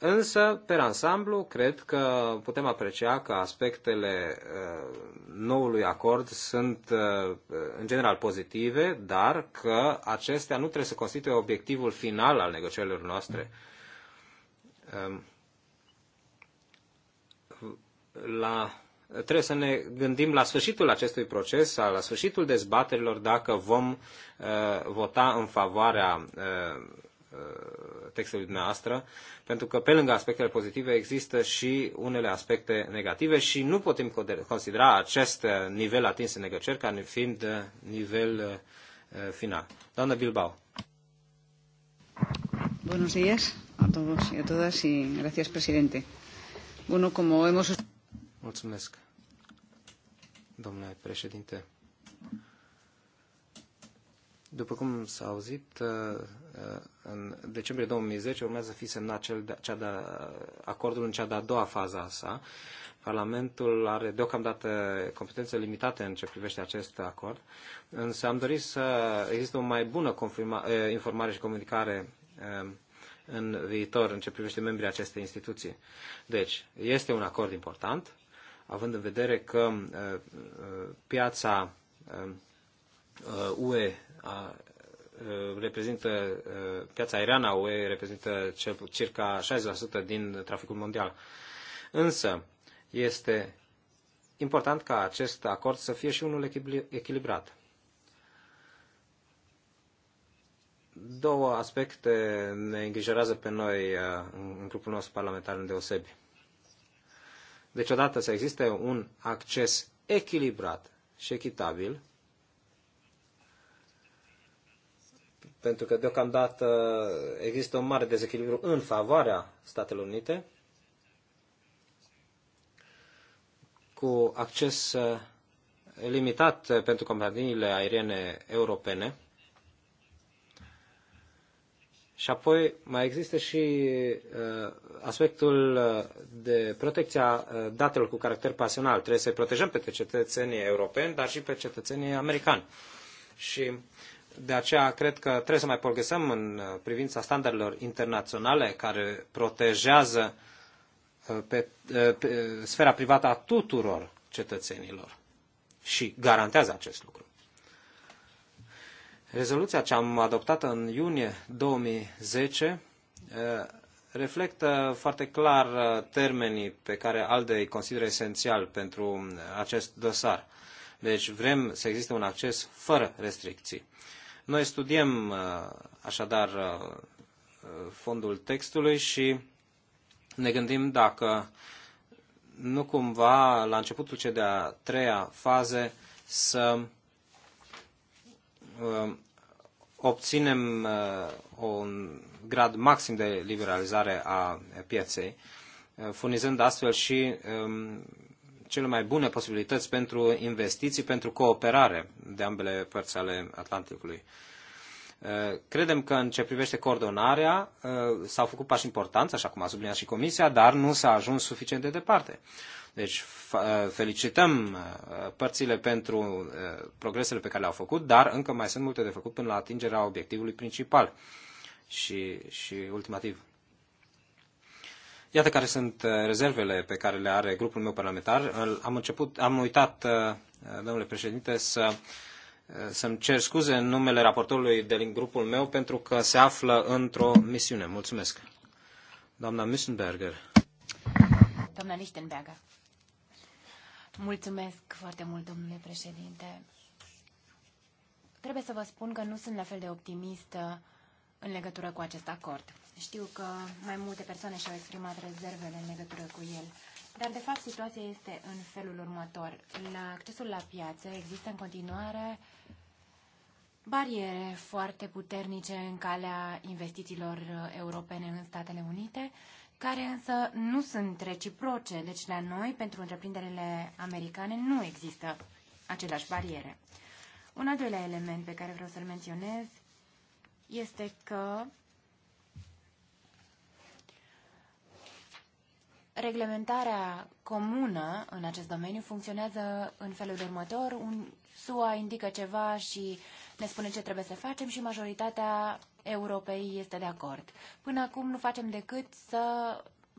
Însă, pe ansamblu, cred că putem aprecia că aspectele uh, noului acord sunt uh, în general pozitive, dar că acestea nu trebuie să constituie obiectivul final al negocierilor noastre. Um, la, trebuie să ne gândim la sfârșitul acestui proces, la sfârșitul dezbaterilor, dacă vom uh, vota în favoarea Uh, textului dumneavoastră, pentru că pe lângă aspectele pozitive există și unele aspecte negative și nu putem considera acest nivel atins în negocieri ca fiind nivel uh, final. Doamna Bilbao. Buenos días a todos y a todas y gracias, presidente. Bueno, como hemos... Mulțumesc, domnule președinte. După cum s-a auzit, uh, uh, în decembrie 2010 urmează fi semnat cel de, cea de, acordul în cea de-a doua fază a sa. Parlamentul are deocamdată competențe limitate în ce privește acest acord, însă am dorit să există o mai bună informare și comunicare în viitor în ce privește membrii acestei instituții. Deci, este un acord important, având în vedere că piața UE a, reprezintă, piața aeriană a UE reprezintă cel, circa 60% din traficul mondial. Însă, este important ca acest acord să fie și unul echilibrat. Două aspecte ne îngrijorează pe noi în grupul nostru parlamentar deosebi. Deci odată să existe un acces echilibrat și echitabil pentru că deocamdată există un mare dezechilibru în favoarea Statelor Unite, cu acces eh, limitat pentru companiile aeriene europene. Și apoi mai există și eh, aspectul eh, de protecția datelor cu caracter pasional. Trebuie să-i protejăm pe cetățenii europeni, dar și pe cetățenii americani. Și de aceea cred că trebuie să mai progresăm în uh, privința standardelor internaționale care protejează uh, pe, uh, pe sfera privată a tuturor cetățenilor și garantează acest lucru. Rezoluția ce am adoptat în iunie 2010 reflectă foarte clar termenii pe care ALDE îi consideră esențial pentru acest dosar. Deci vrem să existe un acces fără restricții. Noi studiem uh, așadar uh, fondul textului și ne gândim dacă nu cumva la începutul cei de-a treia faze să uh, obținem un grad maxim de liberalizare a pieței, furnizând astfel și um, cele mai bune posibilități pentru investiții, pentru cooperare de ambele părți ale Atlanticului. Uh, credem că în ce privește coordonarea uh, s-au făcut pași importanți, așa cum a subliniat și Comisia, dar nu s-a ajuns suficient de departe. Deci uh, felicităm părțile pentru progresele pe care le-au făcut, dar încă mai sunt multe de făcut până la atingerea obiectivului principal și, și ultimativ. Iată care sunt uh, rezervele pe care le are grupul meu parlamentar. Am, început, am uitat, uh, domnule președinte, să, uh, să-mi cer scuze în numele raportorului din grupul meu pentru că se află într-o misiune. Mulțumesc. Doamna Müssenberger. Doamna Lichtenberger. Mulțumesc foarte mult, domnule președinte. Trebuie să vă spun că nu sunt la fel de optimistă în legătură cu acest acord. Știu că mai multe persoane și-au exprimat rezervele în legătură cu el. Dar, de fapt, situația este în felul următor. La accesul la piață există în continuare bariere foarte puternice în calea investițiilor europene în Statele Unite, care însă nu sunt reciproce. Deci, la noi, pentru întreprinderile americane, nu există aceleași bariere. Un al doilea element pe care vreau să-l menționez este că Reglementarea comună în acest domeniu funcționează în felul următor. Un SUA indică ceva și ne spune ce trebuie să facem și majoritatea Europei este de acord. Până acum nu facem decât să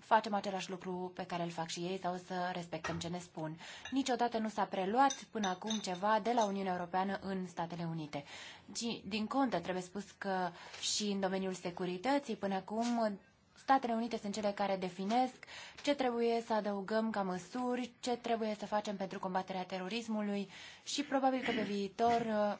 facem același lucru pe care îl fac și ei sau să respectăm ce ne spun. Niciodată nu s-a preluat până acum ceva de la Uniunea Europeană în Statele Unite. din contă, trebuie spus că și în domeniul securității, până acum, Statele Unite sunt cele care definesc ce trebuie să adăugăm ca măsuri, ce trebuie să facem pentru combaterea terorismului și probabil că pe viitor uh,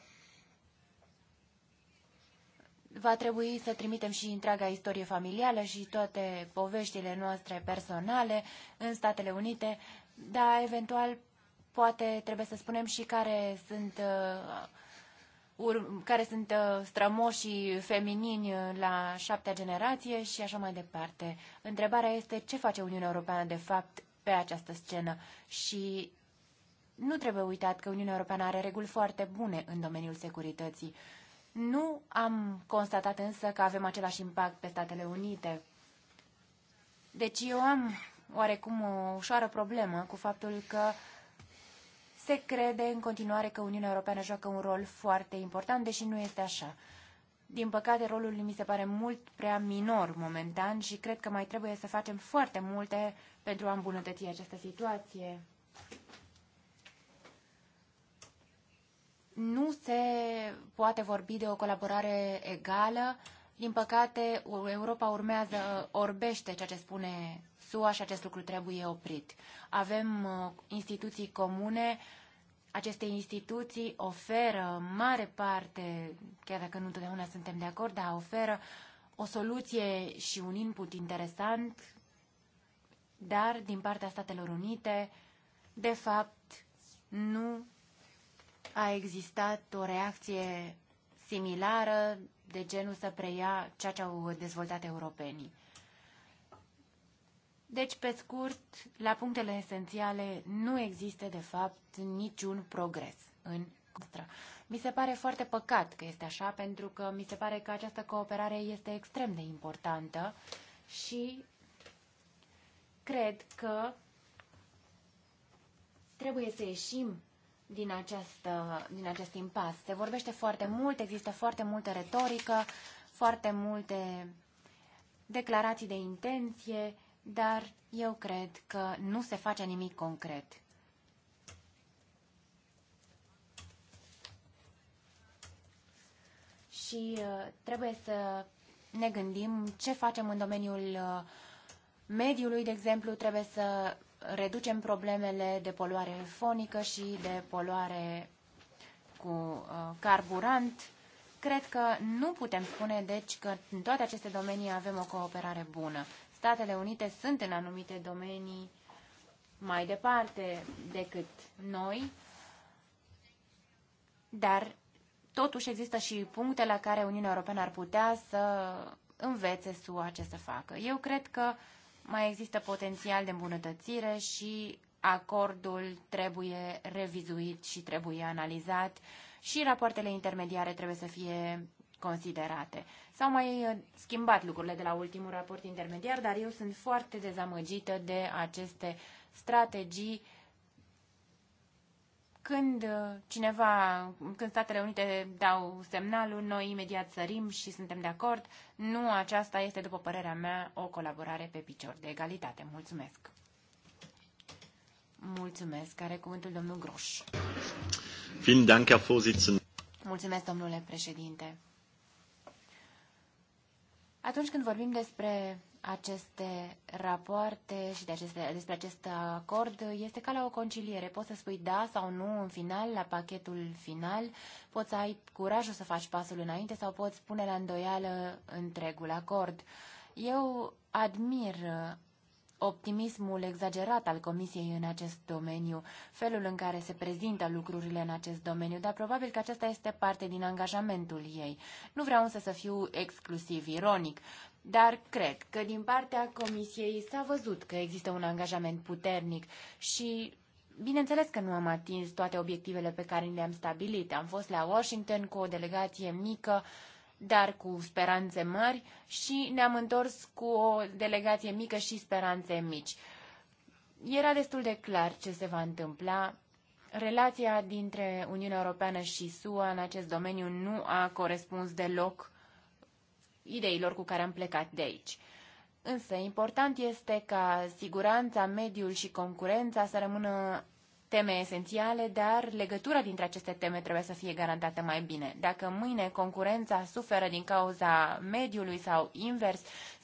va trebui să trimitem și întreaga istorie familială și toate poveștile noastre personale în Statele Unite, dar eventual poate trebuie să spunem și care sunt uh, care sunt uh, strămoșii feminini uh, la șaptea generație și așa mai departe. Întrebarea este ce face Uniunea Europeană de fapt pe această scenă și nu trebuie uitat că Uniunea Europeană are reguli foarte bune în domeniul securității. Nu am constatat însă că avem același impact pe Statele Unite. Deci eu am oarecum o ușoară problemă cu faptul că se crede în continuare că Uniunea Europeană joacă un rol foarte important, deși nu este așa. Din păcate, rolul mi se pare mult prea minor momentan și cred că mai trebuie să facem foarte multe pentru a îmbunătăți această situație. Nu se poate vorbi de o colaborare egală. Din păcate, Europa urmează, orbește ceea ce spune SUA și acest lucru trebuie oprit. Avem uh, instituții comune aceste instituții oferă mare parte, chiar dacă nu întotdeauna suntem de acord, dar oferă o soluție și un input interesant, dar din partea Statelor Unite, de fapt, nu a existat o reacție similară de genul să preia ceea ce au dezvoltat europenii. Deci, pe scurt, la punctele esențiale nu există, de fapt, niciun progres în noastră. Mi se pare foarte păcat că este așa, pentru că mi se pare că această cooperare este extrem de importantă și cred că trebuie să ieșim din, această, din acest impas. Se vorbește foarte mult, există foarte multă retorică, foarte multe declarații de intenție, dar eu cred că nu se face nimic concret. Și uh, trebuie să ne gândim ce facem în domeniul uh, mediului, de exemplu, trebuie să reducem problemele de poluare fonică și de poluare cu uh, carburant. Cred că nu putem spune, deci, că în toate aceste domenii avem o cooperare bună. Statele Unite sunt în anumite domenii mai departe decât noi, dar totuși există și puncte la care Uniunea Europeană ar putea să învețe SUA ce să facă. Eu cred că mai există potențial de îmbunătățire și acordul trebuie revizuit și trebuie analizat și rapoartele intermediare trebuie să fie considerate. S-au mai uh, schimbat lucrurile de la ultimul raport intermediar, dar eu sunt foarte dezamăgită de aceste strategii când uh, cineva, când Statele Unite dau semnalul, noi imediat sărim și suntem de acord. Nu aceasta este, după părerea mea, o colaborare pe picior de egalitate. Mulțumesc! Mulțumesc. Are cuvântul domnul Groș. Mulțumesc, domnule președinte. Atunci când vorbim despre aceste rapoarte și de aceste, despre acest acord, este ca la o conciliere. Poți să spui da sau nu în final, la pachetul final, poți să ai curajul să faci pasul înainte sau poți pune la îndoială întregul acord. Eu admir optimismul exagerat al Comisiei în acest domeniu, felul în care se prezintă lucrurile în acest domeniu, dar probabil că acesta este parte din angajamentul ei. Nu vreau însă să fiu exclusiv ironic, dar cred că din partea Comisiei s-a văzut că există un angajament puternic și Bineînțeles că nu am atins toate obiectivele pe care le-am stabilit. Am fost la Washington cu o delegație mică uh, dar cu speranțe mari și ne-am întors cu o delegație mică și speranțe mici. Era destul de clar ce se va întâmpla. Relația dintre Uniunea Europeană și SUA în acest domeniu nu a corespuns deloc ideilor cu care am plecat de aici. Însă, important este ca siguranța, mediul și concurența să rămână teme esențiale, dar legătura dintre aceste teme trebuie să fie garantată mai bine. Dacă mâine concurența suferă din cauza mediului sau invers,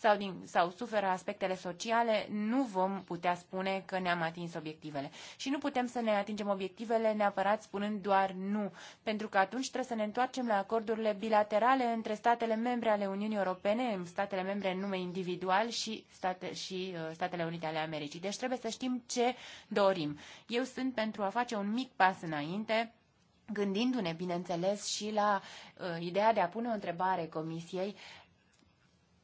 sau, din, sau suferă aspectele sociale, nu vom putea spune că ne-am atins obiectivele. Și nu putem să ne atingem obiectivele neapărat spunând doar nu, pentru că atunci trebuie să ne întoarcem la acordurile bilaterale între statele membre ale Uniunii Europene, statele membre în nume individual și, state, și uh, Statele Unite ale Americii. Deci trebuie să știm ce dorim. Eu sunt pentru a face un mic pas înainte, gândindu-ne, bineînțeles, și la uh, ideea de a pune o întrebare Comisiei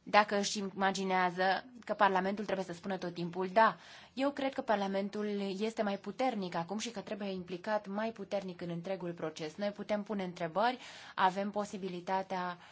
dacă își imaginează că Parlamentul trebuie să spună tot timpul da. Eu cred că Parlamentul este mai puternic acum și că trebuie implicat mai puternic în întregul proces. Noi putem pune întrebări, avem posibilitatea uh,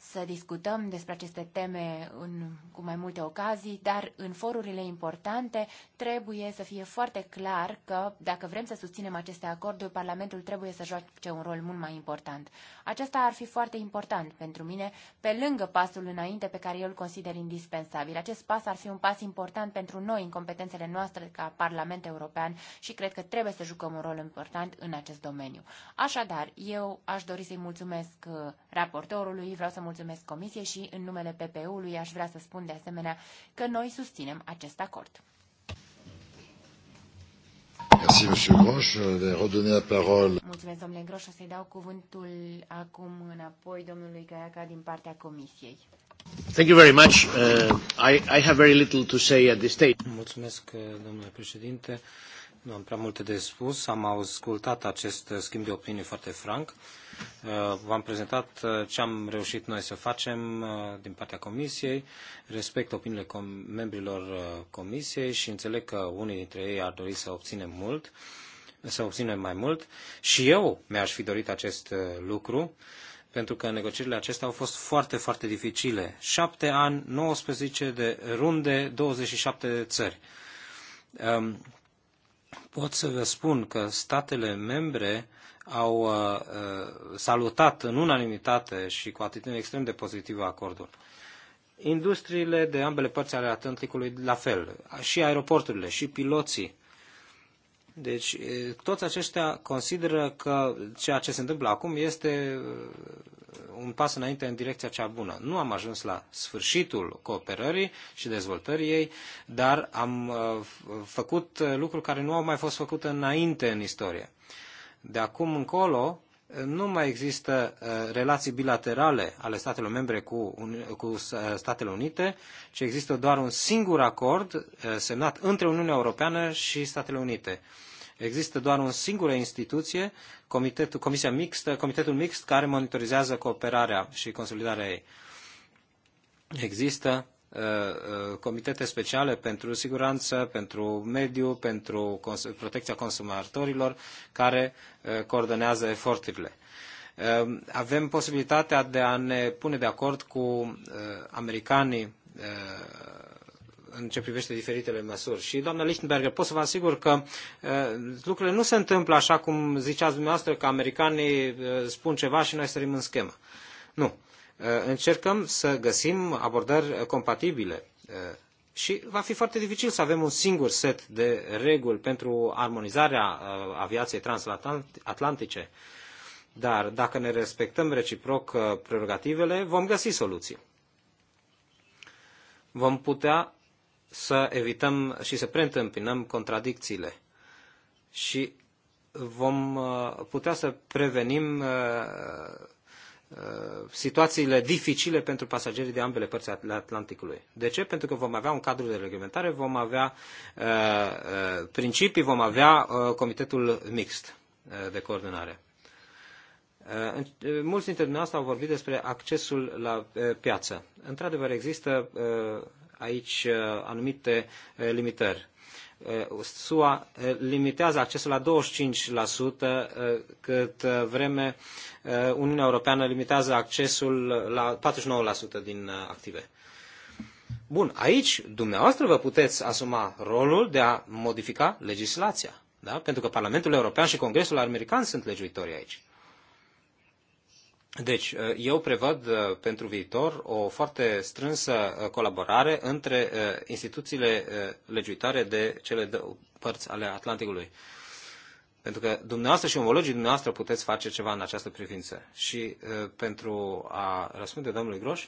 să discutăm despre aceste teme în, cu mai multe ocazii, dar în forurile importante trebuie să fie foarte clar că dacă vrem să susținem aceste acorduri, Parlamentul trebuie să joace un rol mult mai important. Aceasta ar fi foarte important pentru mine, pe lângă pasul înainte pe care eu îl consider indispensabil. Acest pas ar fi un pas important pentru noi în competențele noastre ca Parlament European și cred că trebuie să jucăm un rol important în acest domeniu. Așadar, eu aș dori să-i mulțumesc uh, raportorului, vreau să mulțumesc Comisiei și în numele PPU-ului aș vrea să spun de asemenea că noi susținem acest acord. Merci, Groș. la parole. Mulțumesc, domnule Groș. O să-i dau cuvântul acum înapoi domnului Caiaca din partea Comisiei. Thank you very much. Uh, I, I have very little to say at this stage. Mulțumesc, domnule președinte. Uh, nu am prea multe de spus. Am ascultat acest schimb de opinii foarte franc. Uh, v-am prezentat uh, ce am reușit noi să facem uh, din partea Comisiei. Respect opiniile com- membrilor Comisiei și înțeleg că unii dintre ei ar dori să obținem mult, să obținem mai mult. Și eu mi-aș fi dorit acest lucru pentru că negocierile acestea au fost foarte, foarte dificile. 7 ani, 19 de runde, 27 de țări. Um, pot să vă spun că statele membre au uh, uh, salutat în unanimitate și cu atitudine extrem de pozitivă acordul. Industriile de ambele părți ale Atlanticului la fel, și aeroporturile, și piloții deci toți aceștia consideră că ceea ce se întâmplă acum este un pas înainte în direcția cea bună. Nu am ajuns la sfârșitul cooperării și dezvoltării ei, dar am făcut lucruri care nu au mai fost făcute înainte în istorie. De acum încolo, nu mai există relații bilaterale ale statelor membre cu, cu Statele Unite, ci există doar un singur acord semnat între Uniunea Europeană și Statele Unite. Există doar o singură instituție, Comitetul, Comisia Mixtă, Comitetul Mixt, care monitorizează cooperarea și consolidarea ei. Există uh, uh, comitete speciale pentru siguranță, pentru mediu, pentru protecția consumatorilor, care uh, coordonează eforturile. Avem posibilitatea de a ne pune de acord cu americanii în ce privește diferitele măsuri. Și, doamna Lichtenberger, pot să vă asigur că lucrurile nu se întâmplă așa cum ziceați dumneavoastră, că americanii spun ceva și noi sărim în schemă. Nu. Încercăm să găsim abordări compatibile și va fi foarte dificil să avem un singur set de reguli pentru armonizarea aviației transatlantice. Dar dacă ne respectăm reciproc prerogativele, vom găsi soluții. Vom putea să evităm și să preîntâmpinăm contradicțiile și vom uh, putea să prevenim uh, uh, situațiile dificile pentru pasagerii de ambele părți ale Atlanticului. De ce? Pentru că vom avea un cadru de reglementare, vom avea principii, vom avea comitetul mixt de coordonare. Mulți dintre dumneavoastră au vorbit despre accesul la piață. Într-adevăr, există aici uh, anumite uh, limitări. Uh, SUA limitează accesul la 25%, cât vreme Uniunea Europeană limitează accesul la 49% din active. Bun, aici dumneavoastră vă puteți asuma rolul de a modifica legislația, da? pentru că Parlamentul European și Congresul American sunt legiuitori aici. Deci, uh, eu prevăd uh, pentru viitor o foarte strânsă uh, colaborare între instituțiile legiuitoare de cele două părți ale Atlanticului. Pentru că dumneavoastră și omologii dumneavoastră puteți face ceva în această privință. Și pentru a răspunde domnului Groș,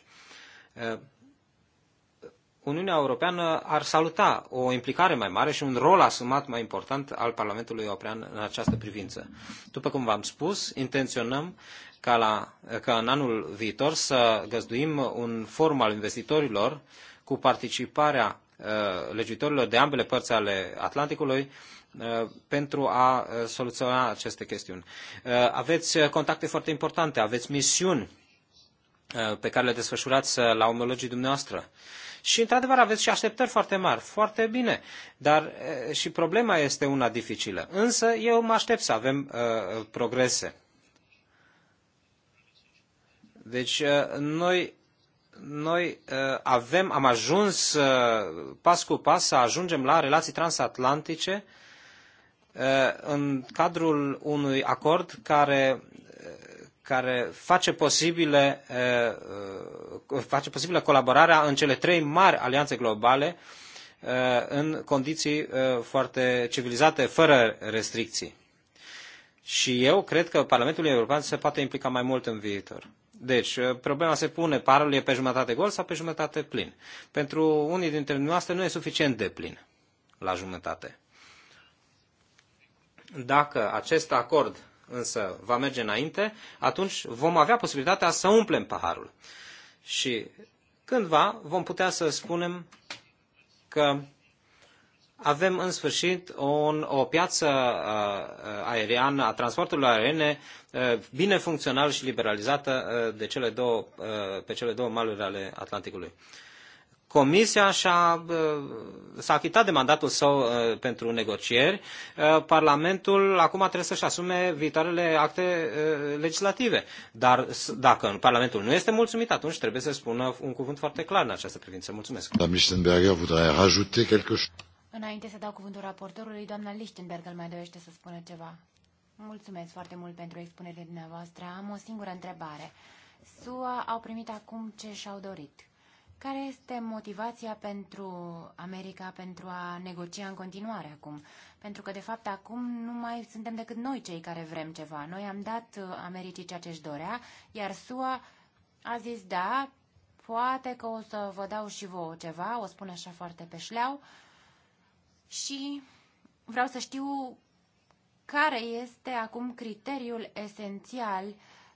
Uniunea Europeană ar saluta o implicare mai mare și un rol asumat mai important al Parlamentului European în această privință. După cum v-am spus, intenționăm ca, la, ca în anul viitor să găzduim un forum al investitorilor cu participarea uh, legiuitorilor de ambele părți ale Atlanticului uh, pentru a uh, soluționa aceste chestiuni. Aveți contacte foarte importante, aveți misiuni pe care le desfășurați la omologii dumneavoastră. Și, într-adevăr, aveți și așteptări foarte mari, foarte bine, dar și problema este una dificilă. Însă, eu mă aștept să avem uh, progrese. Deci uh, noi, noi uh, avem, am ajuns uh, pas cu pas să ajungem la relații transatlantice în cadrul unui acord care, care face, posibile, face posibilă colaborarea în cele trei mari alianțe globale în condiții foarte civilizate, fără restricții. Și eu cred că Parlamentul European se poate implica mai mult în viitor. Deci, uh, problema se pune, parul e pe jumătate gol sau pe jumătate plin. Pentru unii dintre noastre nu e suficient de plin la jumătate. Dacă acest acord însă va merge înainte, atunci vom avea posibilitatea să umplem paharul. Și cândva vom putea să spunem că avem în sfârșit un, o piață uh, uh, aeriană, a transportului aeriene uh, bine funcțională și liberalizată de cele două, pe cele două maluri ale Atlanticului. Comisia și-a, s-a achitat de mandatul său pentru negocieri. Parlamentul acum trebuie să-și asume viitoarele acte legislative. Dar dacă Parlamentul nu este mulțumit, atunci trebuie să spună un cuvânt foarte clar în această privință. Mulțumesc. Madame Lichtenberger voudrait rajouter quelque Înainte să dau cuvântul raportorului, doamna îl mai dorește să spună ceva. Mulțumesc foarte mult pentru expunerea dumneavoastră. Am o singură întrebare. SUA au primit acum ce și-au dorit. Care este motivația pentru America pentru a negocia în continuare acum? Pentru că, de fapt, acum nu mai suntem decât noi cei care vrem ceva. Noi am dat uh, Americii ceea ce își dorea, iar SUA a zis, da, poate că o să vă dau și vouă ceva, o spun așa foarte pe șleau, uh, și vreau să știu care este acum criteriul esențial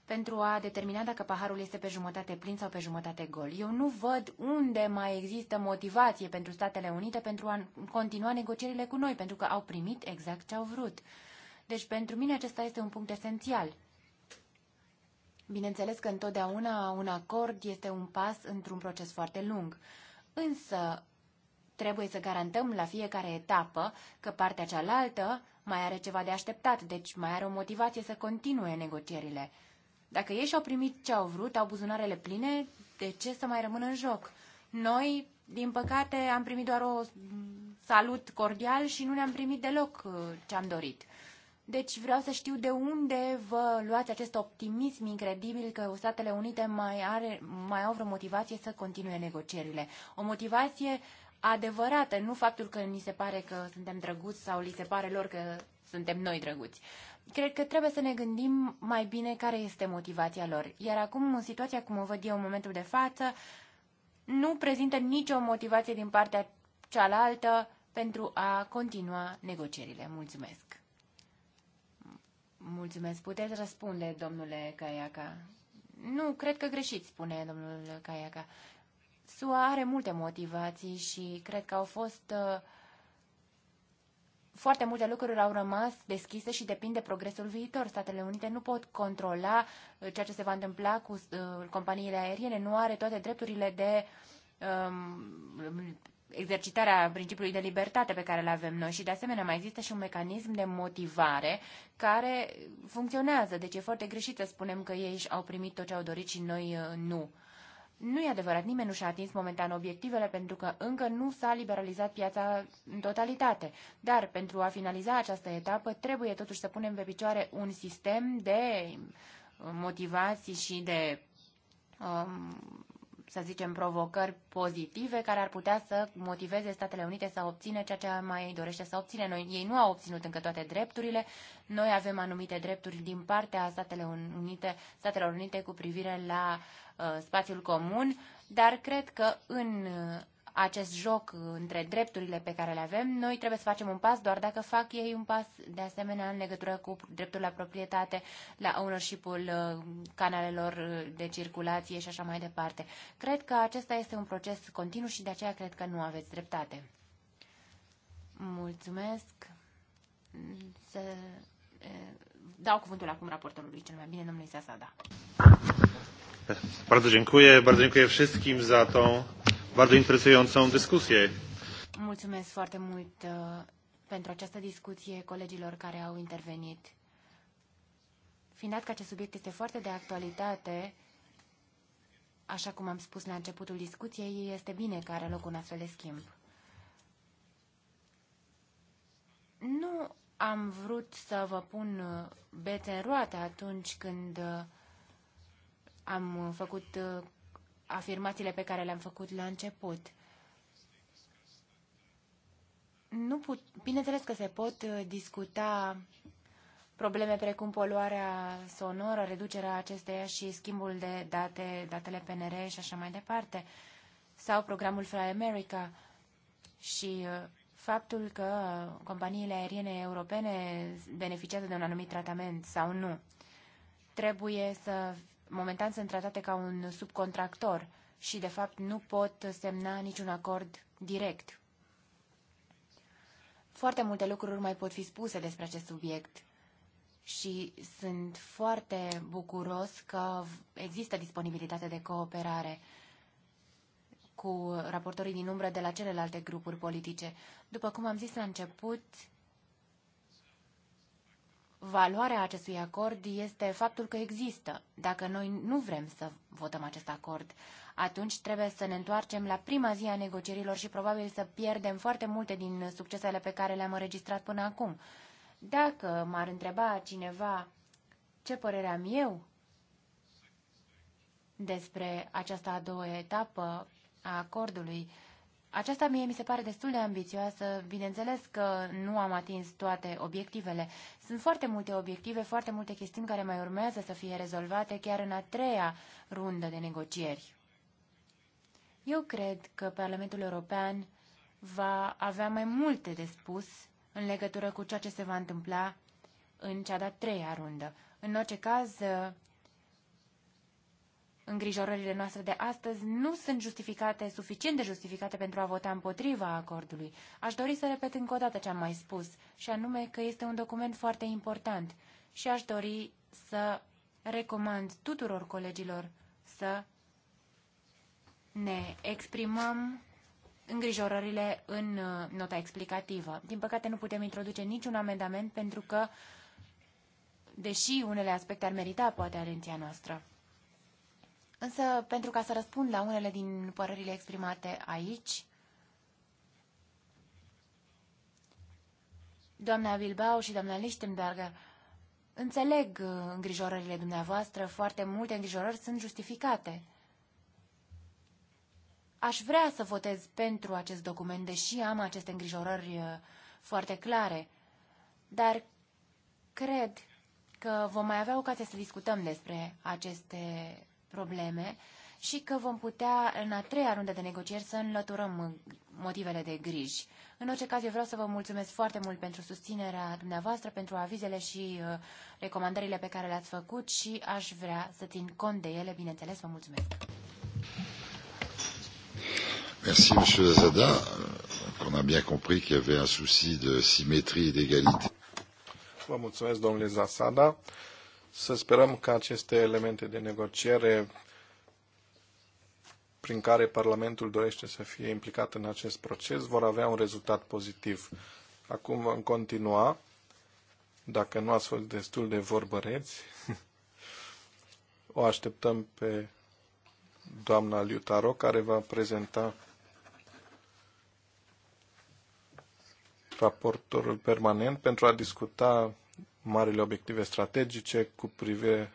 pentru a determina dacă paharul este pe jumătate plin sau pe jumătate gol. Eu nu văd unde mai există motivație pentru Statele Unite pentru a continua negocierile cu noi, pentru că au primit exact ce au vrut. Deci pentru mine acesta este un punct esențial. Bineînțeles că întotdeauna un acord este un pas într-un proces foarte lung. Însă, Trebuie să garantăm la fiecare etapă că partea cealaltă mai are ceva de așteptat, deci mai are o motivație să continue negocierile. Dacă ei și-au primit ce au vrut, au buzunarele pline, de ce să mai rămână în joc? Noi, din păcate, am primit doar o salut cordial și nu ne-am primit deloc uh, ce am dorit. Deci vreau să știu de unde vă luați acest optimism incredibil că Statele Unite mai, are, mai au vreo motivație să continue negocierile. O motivație adevărate, nu faptul că ni se pare că suntem drăguți sau li se pare lor că suntem noi drăguți. Cred că trebuie să ne gândim mai bine care este motivația lor. Iar acum, în situația cum o văd eu în momentul de față, nu prezintă nicio motivație din partea cealaltă pentru a continua negocierile. Mulțumesc! Mulțumesc! Puteți răspunde, domnule Caiaca. Nu, cred că greșit, spune domnul Caiaca. SUA are multe motivații și cred că au fost uh, foarte multe lucruri au rămas deschise și depinde de progresul viitor. Statele Unite nu pot controla uh, ceea ce se va întâmpla cu uh, companiile aeriene, nu are toate drepturile de um, exercitarea principiului de libertate pe care îl avem noi și de asemenea mai există și un mecanism de motivare care funcționează. Deci e foarte greșit să spunem că ei au primit tot ce au dorit și noi nu. Nu e adevărat, nimeni nu și-a atins momentan obiectivele pentru că încă nu s-a liberalizat piața în totalitate. Dar pentru a finaliza această etapă trebuie totuși să punem pe picioare un sistem de motivații și de um, să zicem, provocări pozitive care ar putea să motiveze Statele Unite să obțină ceea ce mai dorește să obține. Noi, ei nu au obținut încă toate drepturile. Noi avem anumite drepturi din partea Statele Unite, Statelor Unite cu privire la uh, spațiul comun, dar cred că în acest joc între drepturile pe care le avem, noi trebuie să facem un pas doar dacă fac ei un pas de asemenea în legătură cu dreptul la proprietate, la ownership-ul uh, canalelor uh, de circulație și așa mai departe. Cred că acesta este un proces continuu și de aceea cred că nu aveți dreptate. Mulțumesc. Să... Dau cuvântul acum raportorului cel mai bine, domnului Sasada. Bardzo dziękuję, bardzo dziękuję wszystkim za tą bardzo interesującą dyskusję. Mulțumesc foarte mult uh, pentru această discuție colegilor care au intervenit. Fiind că acest subiect este foarte de actualitate, așa cum am spus la începutul discuției, este bine că are loc un astfel de schimb. Nu am vrut să vă pun uh, bețe în roate atunci când uh, am făcut afirmațiile pe care le-am făcut la început. Nu put, bineînțeles că se pot uh, discuta probleme precum poluarea sonoră, reducerea acesteia și schimbul de date, datele PNR și așa mai departe, sau programul Fly America și uh, faptul că companiile aeriene europene beneficiază de un anumit tratament sau nu. Trebuie să momentan sunt tratate ca un subcontractor și, de fapt, nu pot semna niciun acord direct. Foarte multe lucruri mai pot fi spuse despre acest subiect și sunt foarte bucuros că există disponibilitate de cooperare cu raportorii din umbră de la celelalte grupuri politice. După cum am zis la început, valoarea acestui acord este faptul că există. Dacă noi nu vrem să votăm acest acord, atunci trebuie să ne întoarcem la prima zi a negocierilor și probabil să pierdem foarte multe din succesele pe care le-am înregistrat până acum. Dacă m-ar întreba cineva ce părere am eu despre această a doua etapă a acordului, aceasta mie mi se pare destul de ambițioasă. Bineînțeles că nu am atins toate obiectivele. Sunt foarte multe obiective, foarte multe chestiuni care mai urmează să fie rezolvate chiar în a treia rundă de negocieri. Eu cred că Parlamentul European va avea mai multe de spus în legătură cu ceea ce se va întâmpla în cea de-a treia rundă. În orice caz, îngrijorările noastre de astăzi nu sunt justificate, suficient de justificate pentru a vota împotriva acordului. Aș dori să repet încă o dată ce am mai spus, și anume că este un document foarte important și aș dori să recomand tuturor colegilor să ne exprimăm îngrijorările în uh, nota explicativă. Din păcate nu putem introduce niciun amendament pentru că, deși unele aspecte ar merita poate atenția noastră, Însă, pentru ca să răspund la unele din părerile exprimate aici, doamna Bilbao și doamna Lichtenberger, înțeleg uh, îngrijorările dumneavoastră, foarte multe îngrijorări sunt justificate. Aș vrea să votez pentru acest document, deși am aceste îngrijorări uh, foarte clare, dar cred că vom mai avea ocazia să discutăm despre aceste probleme și că vom putea, în a treia rundă de negocieri, să înlăturăm uh, motivele de griji. În orice caz, eu vreau să vă mulțumesc foarte mult pentru susținerea dumneavoastră, pentru avizele și uh, recomandările pe care le-ați făcut și aș vrea să țin cont de ele, bineînțeles, vă mulțumesc. Merci, M. Zada. On a bien compris qu'il y avait un souci de symétrie et d'égalité. Vă mulțumesc, domnule Zasada. Să sperăm că aceste elemente de negociere prin care Parlamentul dorește să fie implicat în acest proces vor avea un rezultat pozitiv. Acum vom continua, dacă nu ați fost destul de vorbăreți, o așteptăm pe doamna Liutaro, care va prezenta raportorul permanent pentru a discuta marile obiective strategice cu privire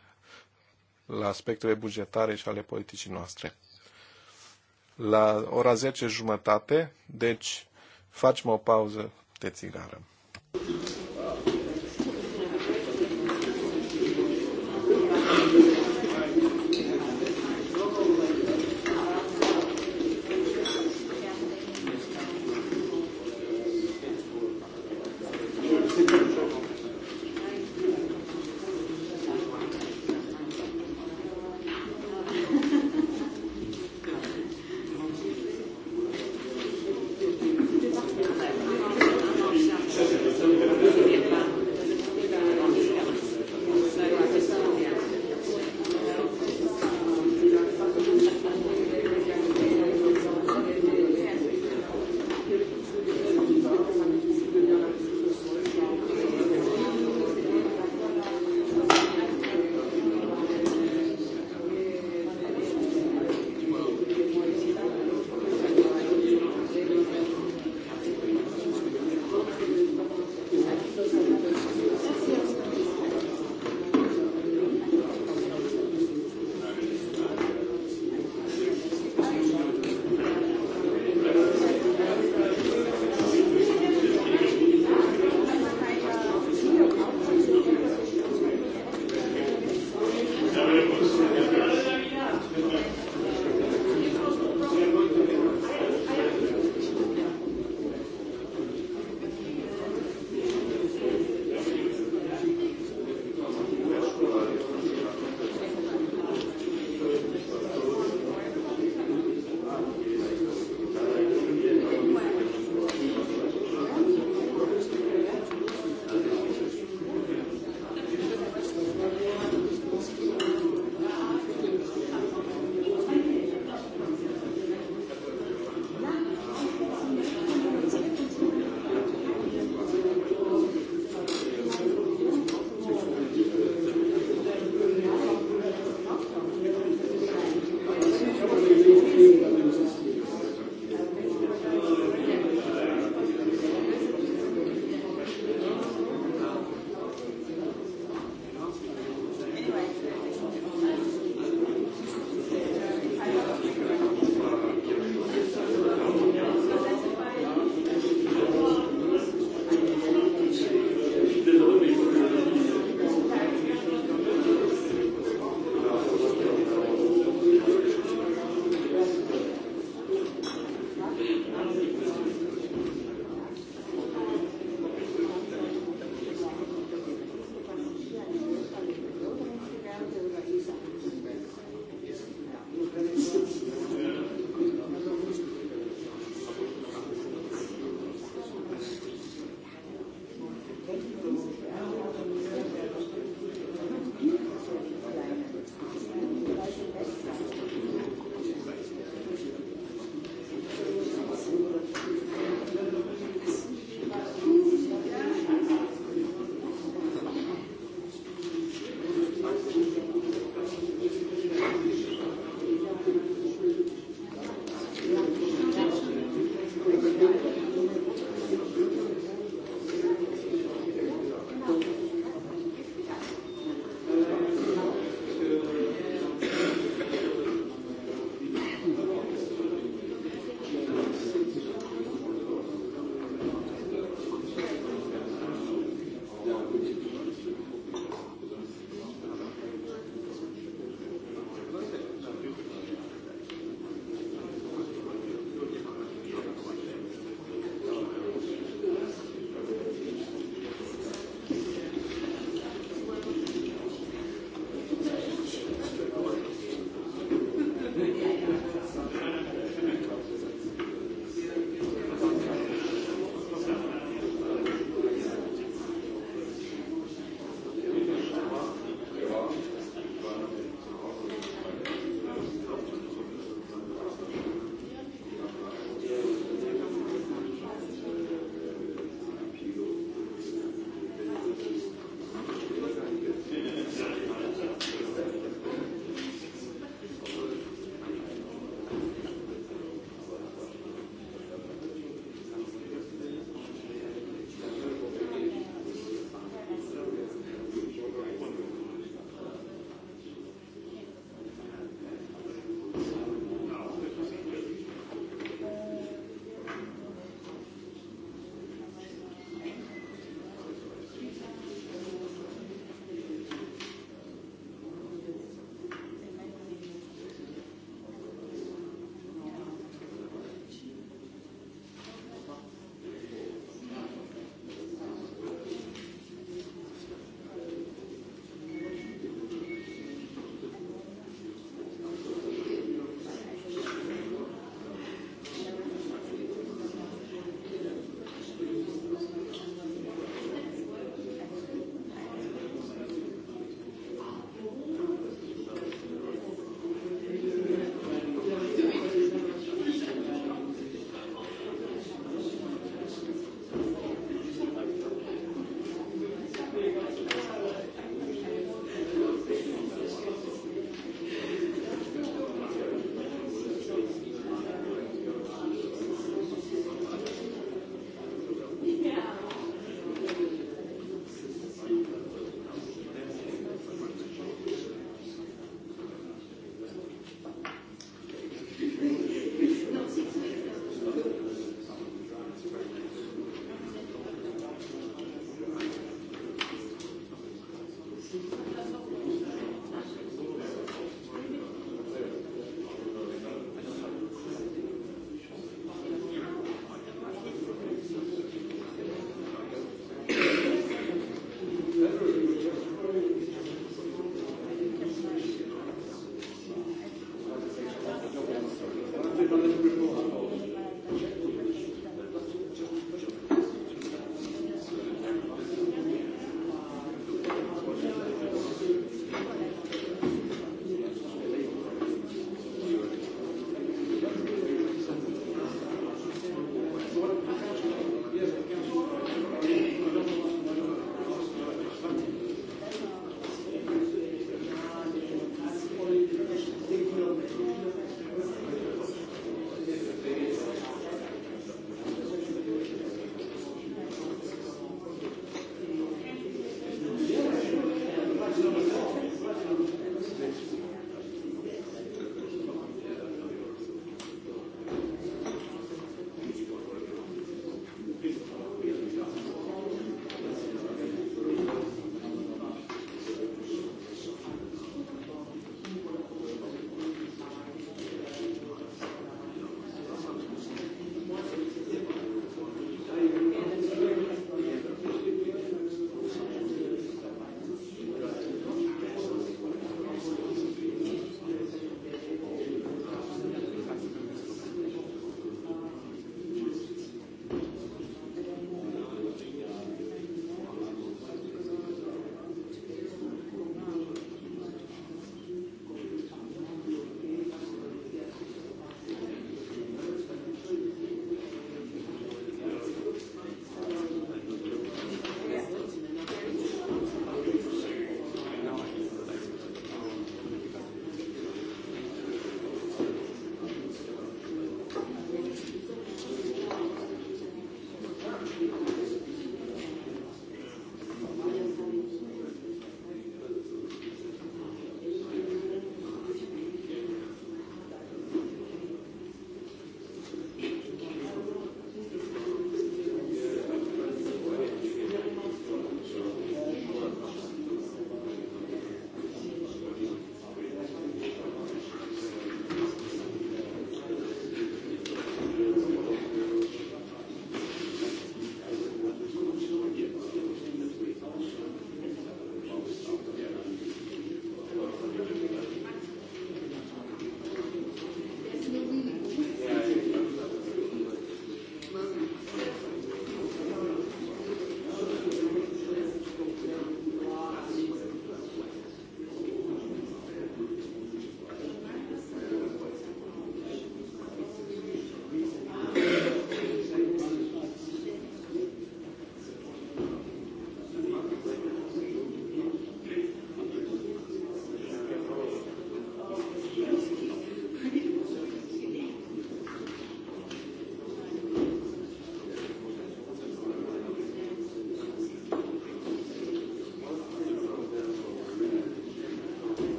la aspectele bugetare și ale politicii noastre. La ora 10 jumătate, deci facem o pauză de țigară.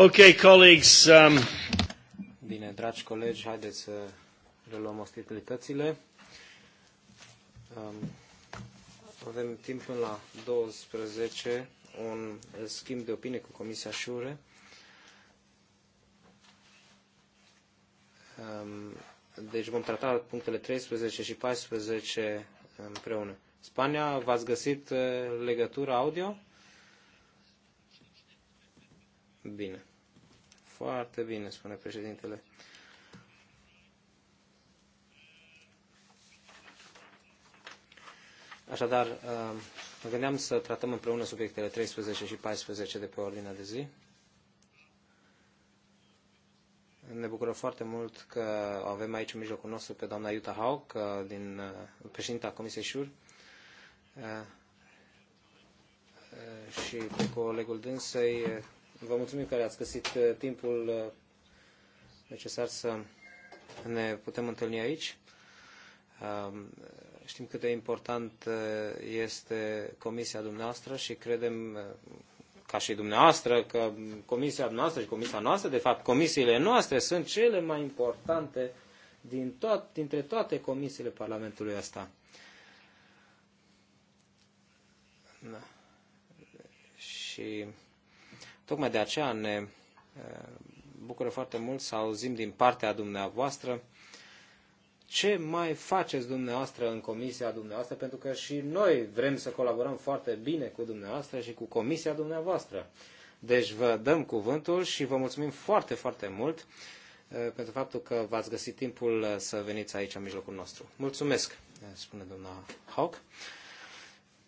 Okay, colleagues. Um... Bine, dragi colegi, haideți să reluăm ostilitățile. Um, avem timp până la 12, un schimb de opinie cu Comisia Șure. Um, deci vom trata punctele 13 și 14 împreună. Spania, v-ați găsit uh, legătura audio? Bine. Foarte bine, spune președintele. Așadar, uh, mă gândeam să tratăm împreună subiectele 13 și 14 de pe ordinea de zi. Ne bucură foarte mult că avem aici în mijlocul nostru pe doamna Iuta Hauk, uh, din uh, președinta Comisiei Șur, și pe colegul dânsei, Vă mulțumim că ați găsit uh, timpul uh, necesar să ne putem întâlni aici. Um, știm cât de important uh, este comisia dumneavoastră și credem, ca și dumneavoastră, că comisia noastră și comisia noastră, de fapt comisiile noastre, sunt cele mai importante din toat, dintre toate comisiile Parlamentului ăsta. Da. Și Tocmai de aceea ne eh, bucură foarte mult să auzim din partea dumneavoastră ce mai faceți dumneavoastră în comisia dumneavoastră, pentru că și noi vrem să colaborăm foarte bine cu dumneavoastră și cu comisia dumneavoastră. Deci vă dăm cuvântul și vă mulțumim foarte, foarte mult eh, pentru faptul că v-ați găsit timpul să veniți aici în mijlocul nostru. Mulțumesc, eh, spune doamna Hawk.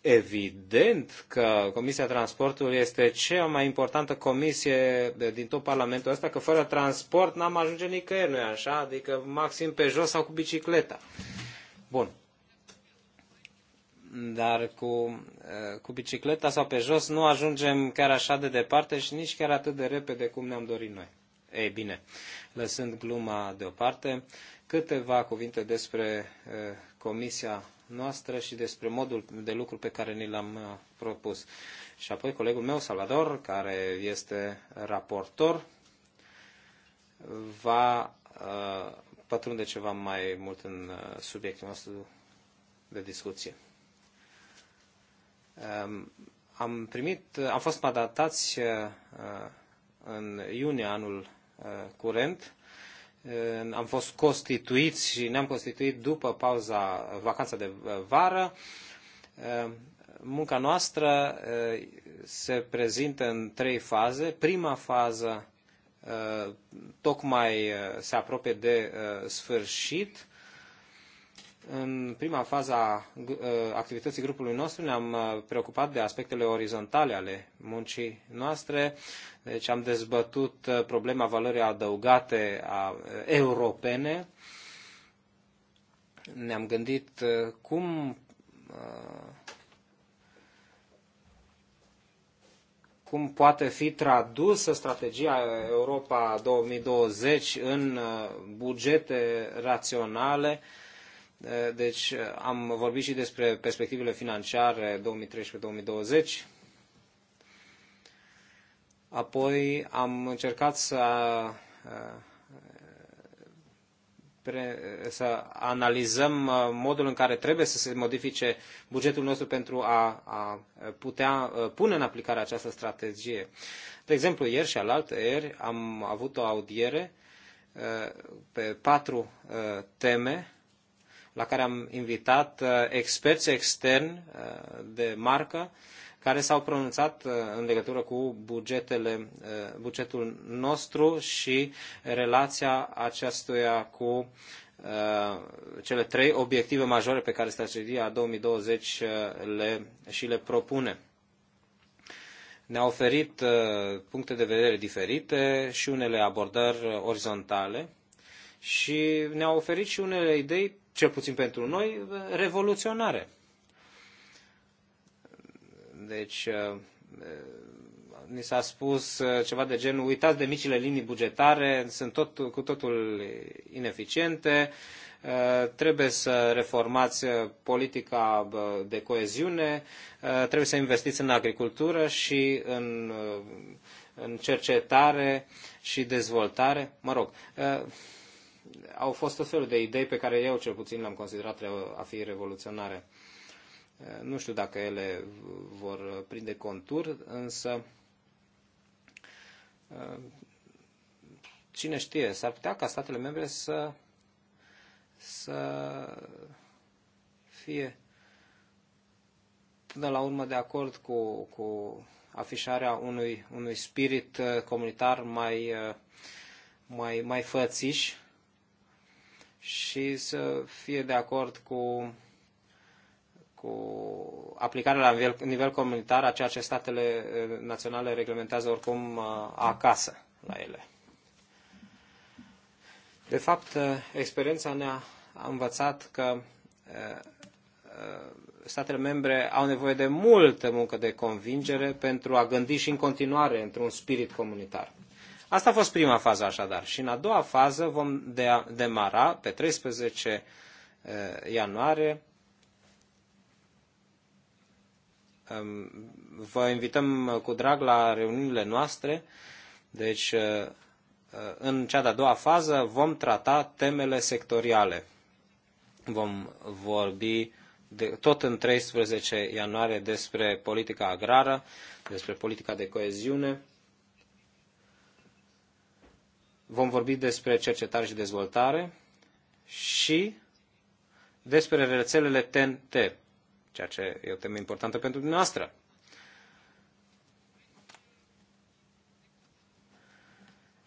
Evident că Comisia Transportului este cea mai importantă comisie din tot Parlamentul ăsta, că fără transport n-am ajunge nicăieri, nu-i așa? Adică maxim pe jos sau cu bicicleta. Bun. Dar cu, eh, cu bicicleta sau pe jos nu ajungem chiar așa de departe și nici chiar atât de repede cum ne-am dorit noi. Ei bine, lăsând gluma deoparte, câteva cuvinte despre eh, Comisia noastră și despre modul de lucru pe care ni l-am uh, propus. Și apoi colegul meu, Salvador, care este raportor, va uh, pătrunde ceva mai mult în uh, subiectul nostru de discuție. Um, am primit, am fost mandatați în iunie anul curent am fost constituiți și ne-am constituit după pauza, vacanța de vară. Ehm, munca noastră ehm, se prezintă în trei faze. Prima fază ehm, tocmai se apropie de sfârșit în prima fază a ă, activității grupului nostru ne-am ă, preocupat de aspectele orizontale ale muncii noastre, deci am dezbătut ă, problema valorii adăugate a europene, ne-am gândit cum cum poate fi tradusă strategia Europa 2020 în bugete raționale uh, Eh, deci eh, am vorbit și despre perspectivele financiare 2013-2020. Apoi am încercat să, eh, să analizăm modul în care trebuie să se modifice bugetul nostru pentru a, a putea pune în aplicare această strategie. De exemplu, ieri și alaltă ieri am avut o audiere pe patru teme la care am invitat uh, experți externi uh, de marcă care s-au pronunțat uh, în legătură cu bugetele, bugetul nostru și relația acestuia cu cele trei obiective majore pe care strategia 2020 le, și le propune. Ne-a oferit puncte de vedere diferite și unele abordări orizontale și ne-a oferit și unele idei cel puțin pentru noi, revoluționare. Deci, uh, uh, ni s-a spus uh, ceva de genul, uitați de micile linii bugetare, sunt tot, cu totul ineficiente, trebuie să reformați politica de coeziune, trebuie să investiți în agricultură și în, în cercetare și dezvoltare. Mă rog, au fost tot felul de idei pe care eu cel puțin le-am considerat a fi revoluționare. Nu știu dacă ele vor prinde contur, însă cine știe, s-ar putea ca statele membre să, să fie până la urmă de acord cu, cu afișarea unui, unui spirit comunitar mai, mai, mai fățiș, și să fie de acord cu, cu aplicarea la nivel, nivel comunitar a ceea ce statele eh, naționale reglementează oricum eh, acasă la ele. De fapt, eh, experiența ne-a învățat că statele membre au nevoie de multă muncă de convingere pentru a gândi și în continuare într-un spirit comunitar. Asta a fost prima fază așadar. Și în a doua fază vom de- demara pe 13 eh, ianuarie. Vă invităm cu drag la reuniunile noastre. Deci, eh, eh, în cea de-a doua fază vom trata temele sectoriale. Vom vorbi de, tot în 13 ianuarie despre politica agrară, despre politica de coeziune, vom vorbi despre cercetare și dezvoltare și despre rețelele TNT, ceea ce e o temă importantă pentru dumneavoastră.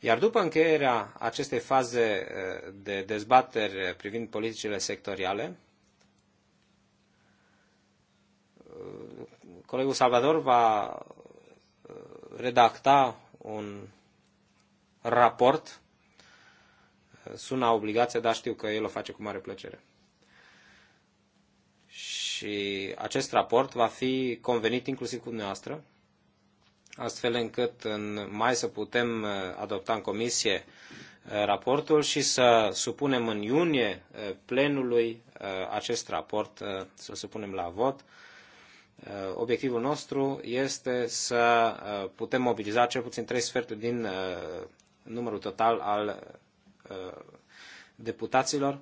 Iar după încheierea acestei faze eh, de dezbateri privind politicile sectoriale, eh, colegul Salvador va eh, redacta un raport. Sună obligație, dar știu că el o face cu mare plăcere. Și acest raport va fi convenit inclusiv cu dumneavoastră, astfel încât în mai să putem uh, adopta în comisie uh, raportul și să supunem în iunie uh, plenului acest raport, să-l supunem la vot. Obiectivul nostru este să putem mobiliza cel puțin trei sferturi din numărul total al uh, deputaților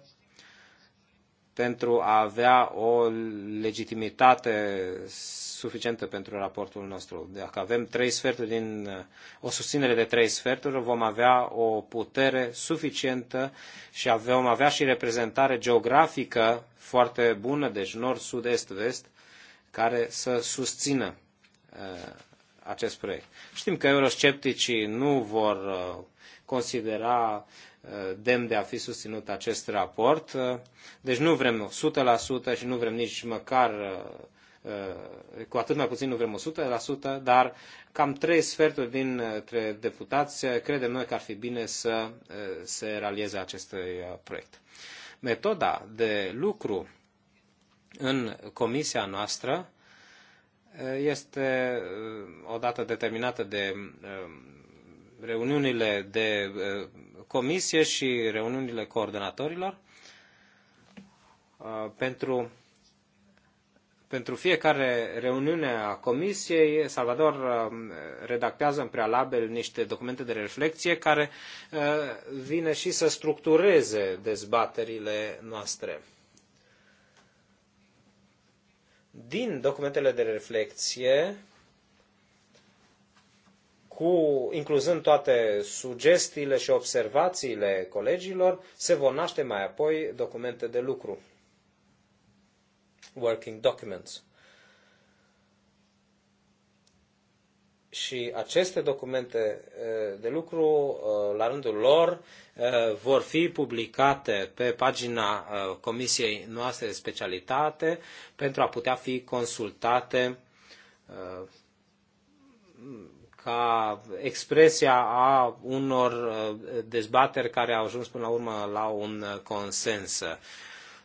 pentru a avea o legitimitate suficientă pentru raportul nostru. Dacă avem trei sferturi din o susținere de trei sferturi, vom avea o putere suficientă și vom avea și reprezentare geografică foarte bună, deci nord, sud, est, vest, care să susțină uh, acest proiect. Știm că eurosceptici nu vor uh, considera uh, demn de a fi susținut acest raport. Uh, deci nu vrem 100% și nu vrem nici măcar uh, cu atât mai puțin nu vrem 100%, dar cam trei sferturi dintre deputați credem noi că ar fi bine să se realieze acest proiect. Metoda de lucru în comisia noastră este odată determinată de reuniunile de eh, comisie și reuniunile coordonatorilor eh, pentru pentru fiecare reuniune a comisiei, Salvador eh, redactează în prealabil niște documente de reflexie care vine și să structureze dezbaterile noastre. Din documentele de reflexie cu, incluzând toate sugestiile și observațiile colegilor, se vor naște mai apoi documente de lucru. Working documents. Și aceste documente eh, de lucru, eh, la rândul lor, eh, vor fi publicate pe pagina Comisiei noastre de specialitate pentru a putea fi consultate ca expresia a unor uh, dezbateri care au ajuns până la urmă la un uh, consens.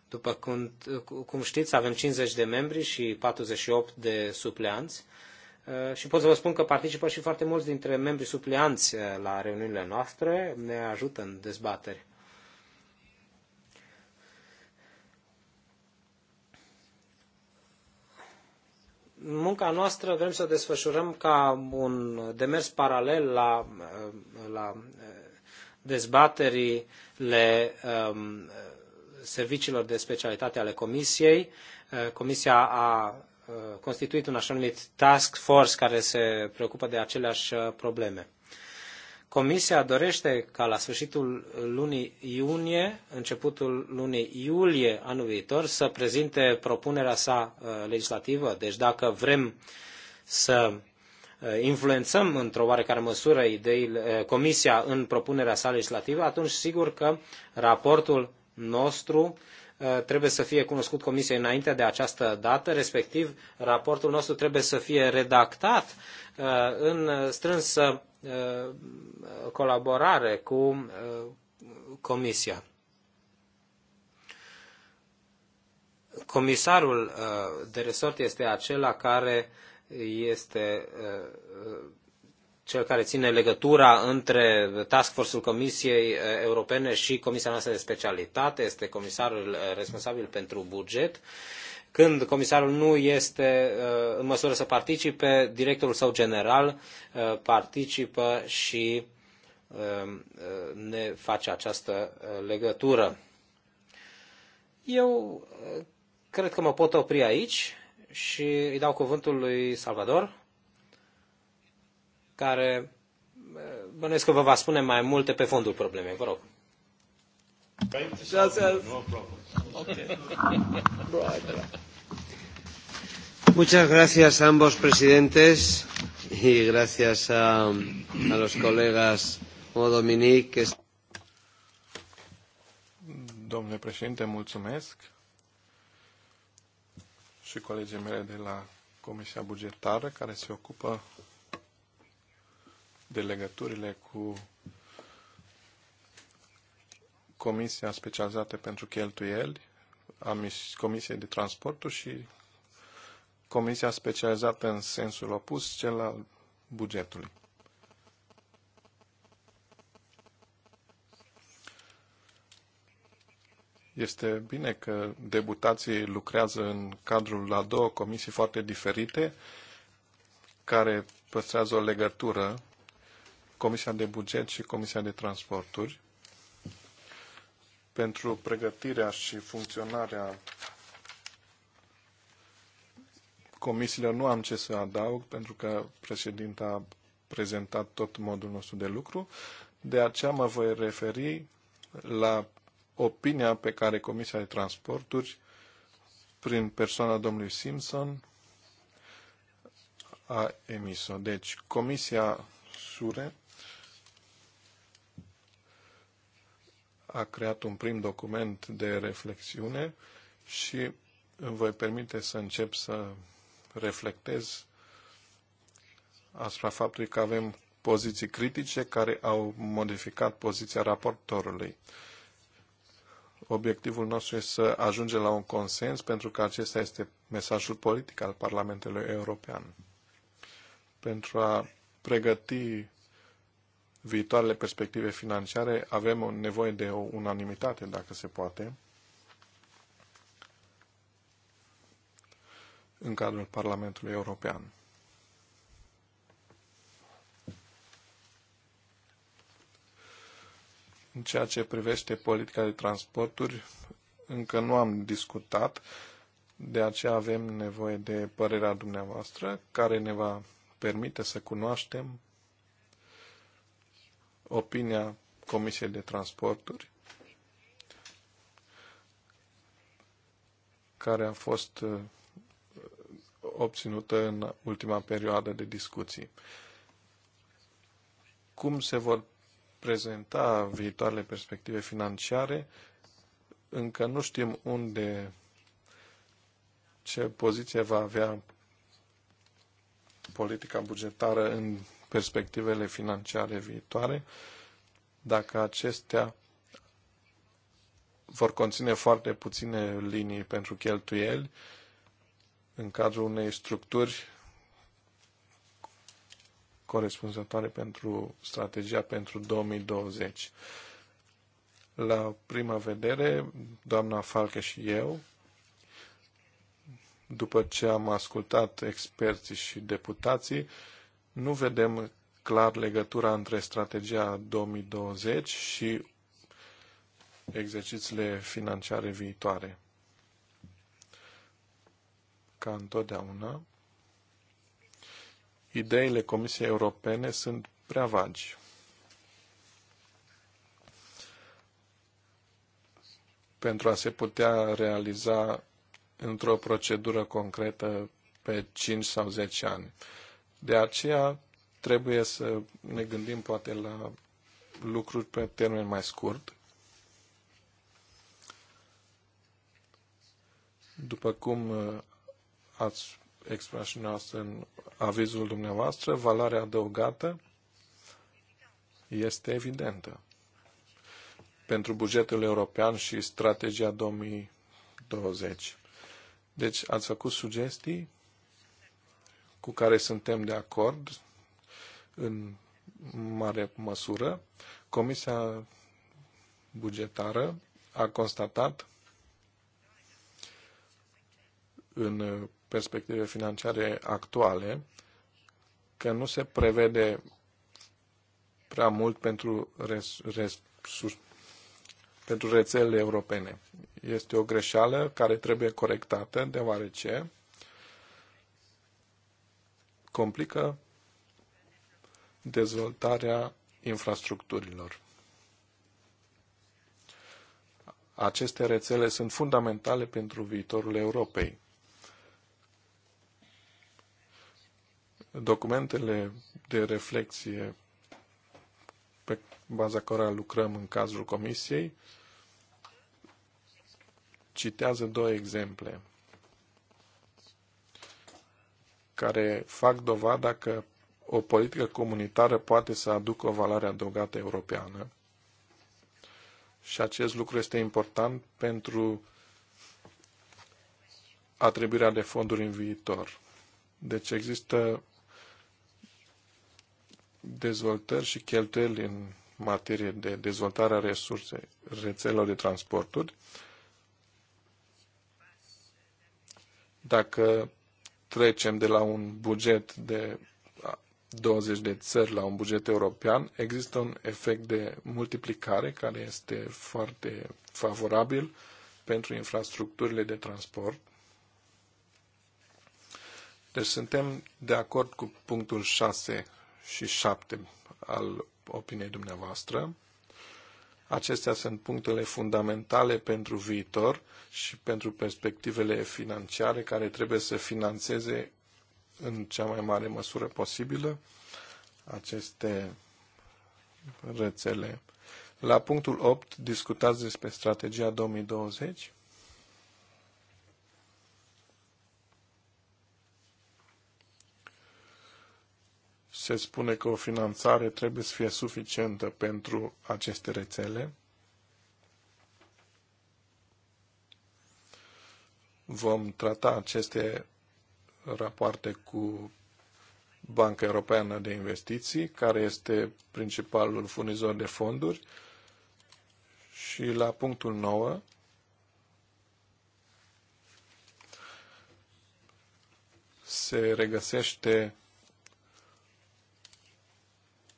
După cum, uh, cum știți, avem 50 de membri și 48 de supleanți și pot să vă spun că participă și foarte mulți dintre membrii supleanți la reuniunile noastre, ne ajută în dezbateri. munca noastră vrem să o desfășurăm ca un demers paralel la, uh, la uh, dezbaterile um, serviciilor de specialitate ale Comisiei. Uh, comisia a constituit un așa numit task force care se preocupă de aceleași probleme. Comisia dorește ca la sfârșitul lunii iunie, începutul lunii iulie anul viitor, să prezinte propunerea sa uh, legislativă. Deci dacă vrem să uh, influențăm într-o oarecare măsură ideile, uh, Comisia în propunerea sa legislativă, atunci sigur că raportul nostru uh, Uh, trebuie să fie cunoscut Comisiei înainte de această dată, respectiv raportul nostru trebuie să fie redactat uh, în strânsă uh, colaborare cu Comisia. Comisarul de resort este acela care este cel care ține legătura între Task Force-ul Comisiei eh, Europene și Comisia noastră de specialitate, este comisarul eh, responsabil pentru buget. Când comisarul nu este eh, în măsură să participe, directorul său general participă și ne face această legătură. Eu cred că mă pot opri aici și îi dau cuvântul lui Salvador care eh, bănuiesc că vă va spune mai multe pe fondul problemei. Vă rog. Muchas gracias a ambos presidentes y gracias a, a los colegas como Dominique. Que... Domnule președinte, mulțumesc și colegii mele de la Comisia Bugetară care se ocupă de legăturile cu Comisia Specializată pentru Cheltuieli, a Comisiei de Transporturi și Comisia Specializată în sensul opus, cel al bugetului. Este bine că debutații lucrează în cadrul la două comisii foarte diferite, care păstrează o legătură Comisia de Buget și Comisia de Transporturi pentru pregătirea și funcționarea comisiilor nu am ce să adaug, pentru că președinta a prezentat tot modul nostru de lucru. De aceea mă voi referi la opinia pe care Comisia de Transporturi, prin persoana domnului Simpson, a emis-o. Deci, Comisia Sure a creat un prim document de reflexiune și îmi voi permite să încep să reflectez asupra faptului că avem poziții critice care au modificat poziția raportorului. Obiectivul nostru este să ajungem la un consens pentru că acesta este mesajul politic al Parlamentului European. Pentru a pregăti viitoarele perspective financiare avem nevoie de o unanimitate, dacă se poate, în cadrul Parlamentului European. În ceea ce privește politica de transporturi, încă nu am discutat, de aceea avem nevoie de părerea dumneavoastră, care ne va permite să cunoaștem opinia Comisiei de Transporturi, care a fost uh, obținută în ultima perioadă de discuții. Cum se vor prezenta viitoarele perspective financiare? Încă nu știm unde, ce poziție va avea politica bugetară în perspectivele financiare viitoare, dacă acestea vor conține foarte puține linii pentru cheltuieli în cadrul unei structuri corespunzătoare pentru strategia pentru 2020. La prima vedere, doamna Falcă și eu, după ce am ascultat experții și deputații, nu vedem clar legătura între strategia 2020 și exercițiile financiare viitoare. Ca întotdeauna, ideile Comisiei Europene sunt prea vagi. Pentru a se putea realiza într-o procedură concretă pe 5 sau 10 ani. De aceea trebuie să ne gândim poate la lucruri pe termen mai scurt. După cum uh, ați expresat și noastră în avizul dumneavoastră, valoarea adăugată este evidentă. Pentru bugetul european și strategia 2020. Deci ați făcut sugestii cu care suntem de acord în mare măsură. Comisia bugetară a constatat în perspective financiare actuale că nu se prevede prea mult pentru, res, res, sus, pentru rețelele europene. Este o greșeală care trebuie corectată, deoarece complică dezvoltarea infrastructurilor. Aceste rețele sunt fundamentale pentru viitorul Europei. Documentele de reflexie pe baza cărora lucrăm în cazul Comisiei citează două exemple. care fac dovada că o politică comunitară poate să aducă o valoare adăugată europeană. Și acest lucru este important pentru atribuirea de fonduri în viitor. Deci există dezvoltări și cheltuieli în materie de dezvoltare a resurselor rețelelor de transporturi. Dacă trecem de la un buget de 20 de țări la un buget european, există un efect de multiplicare care este foarte favorabil pentru infrastructurile de transport. Deci suntem de acord cu punctul 6 și 7 al opiniei dumneavoastră. Acestea sunt punctele fundamentale pentru viitor și pentru perspectivele financiare care trebuie să financeze în cea mai mare măsură posibilă aceste rețele. La punctul 8 discutați despre strategia 2020. se spune că o finanțare trebuie să fie suficientă pentru aceste rețele. Vom trata aceste rapoarte cu Banca Europeană de Investiții, care este principalul furnizor de fonduri. Și la punctul 9, se regăsește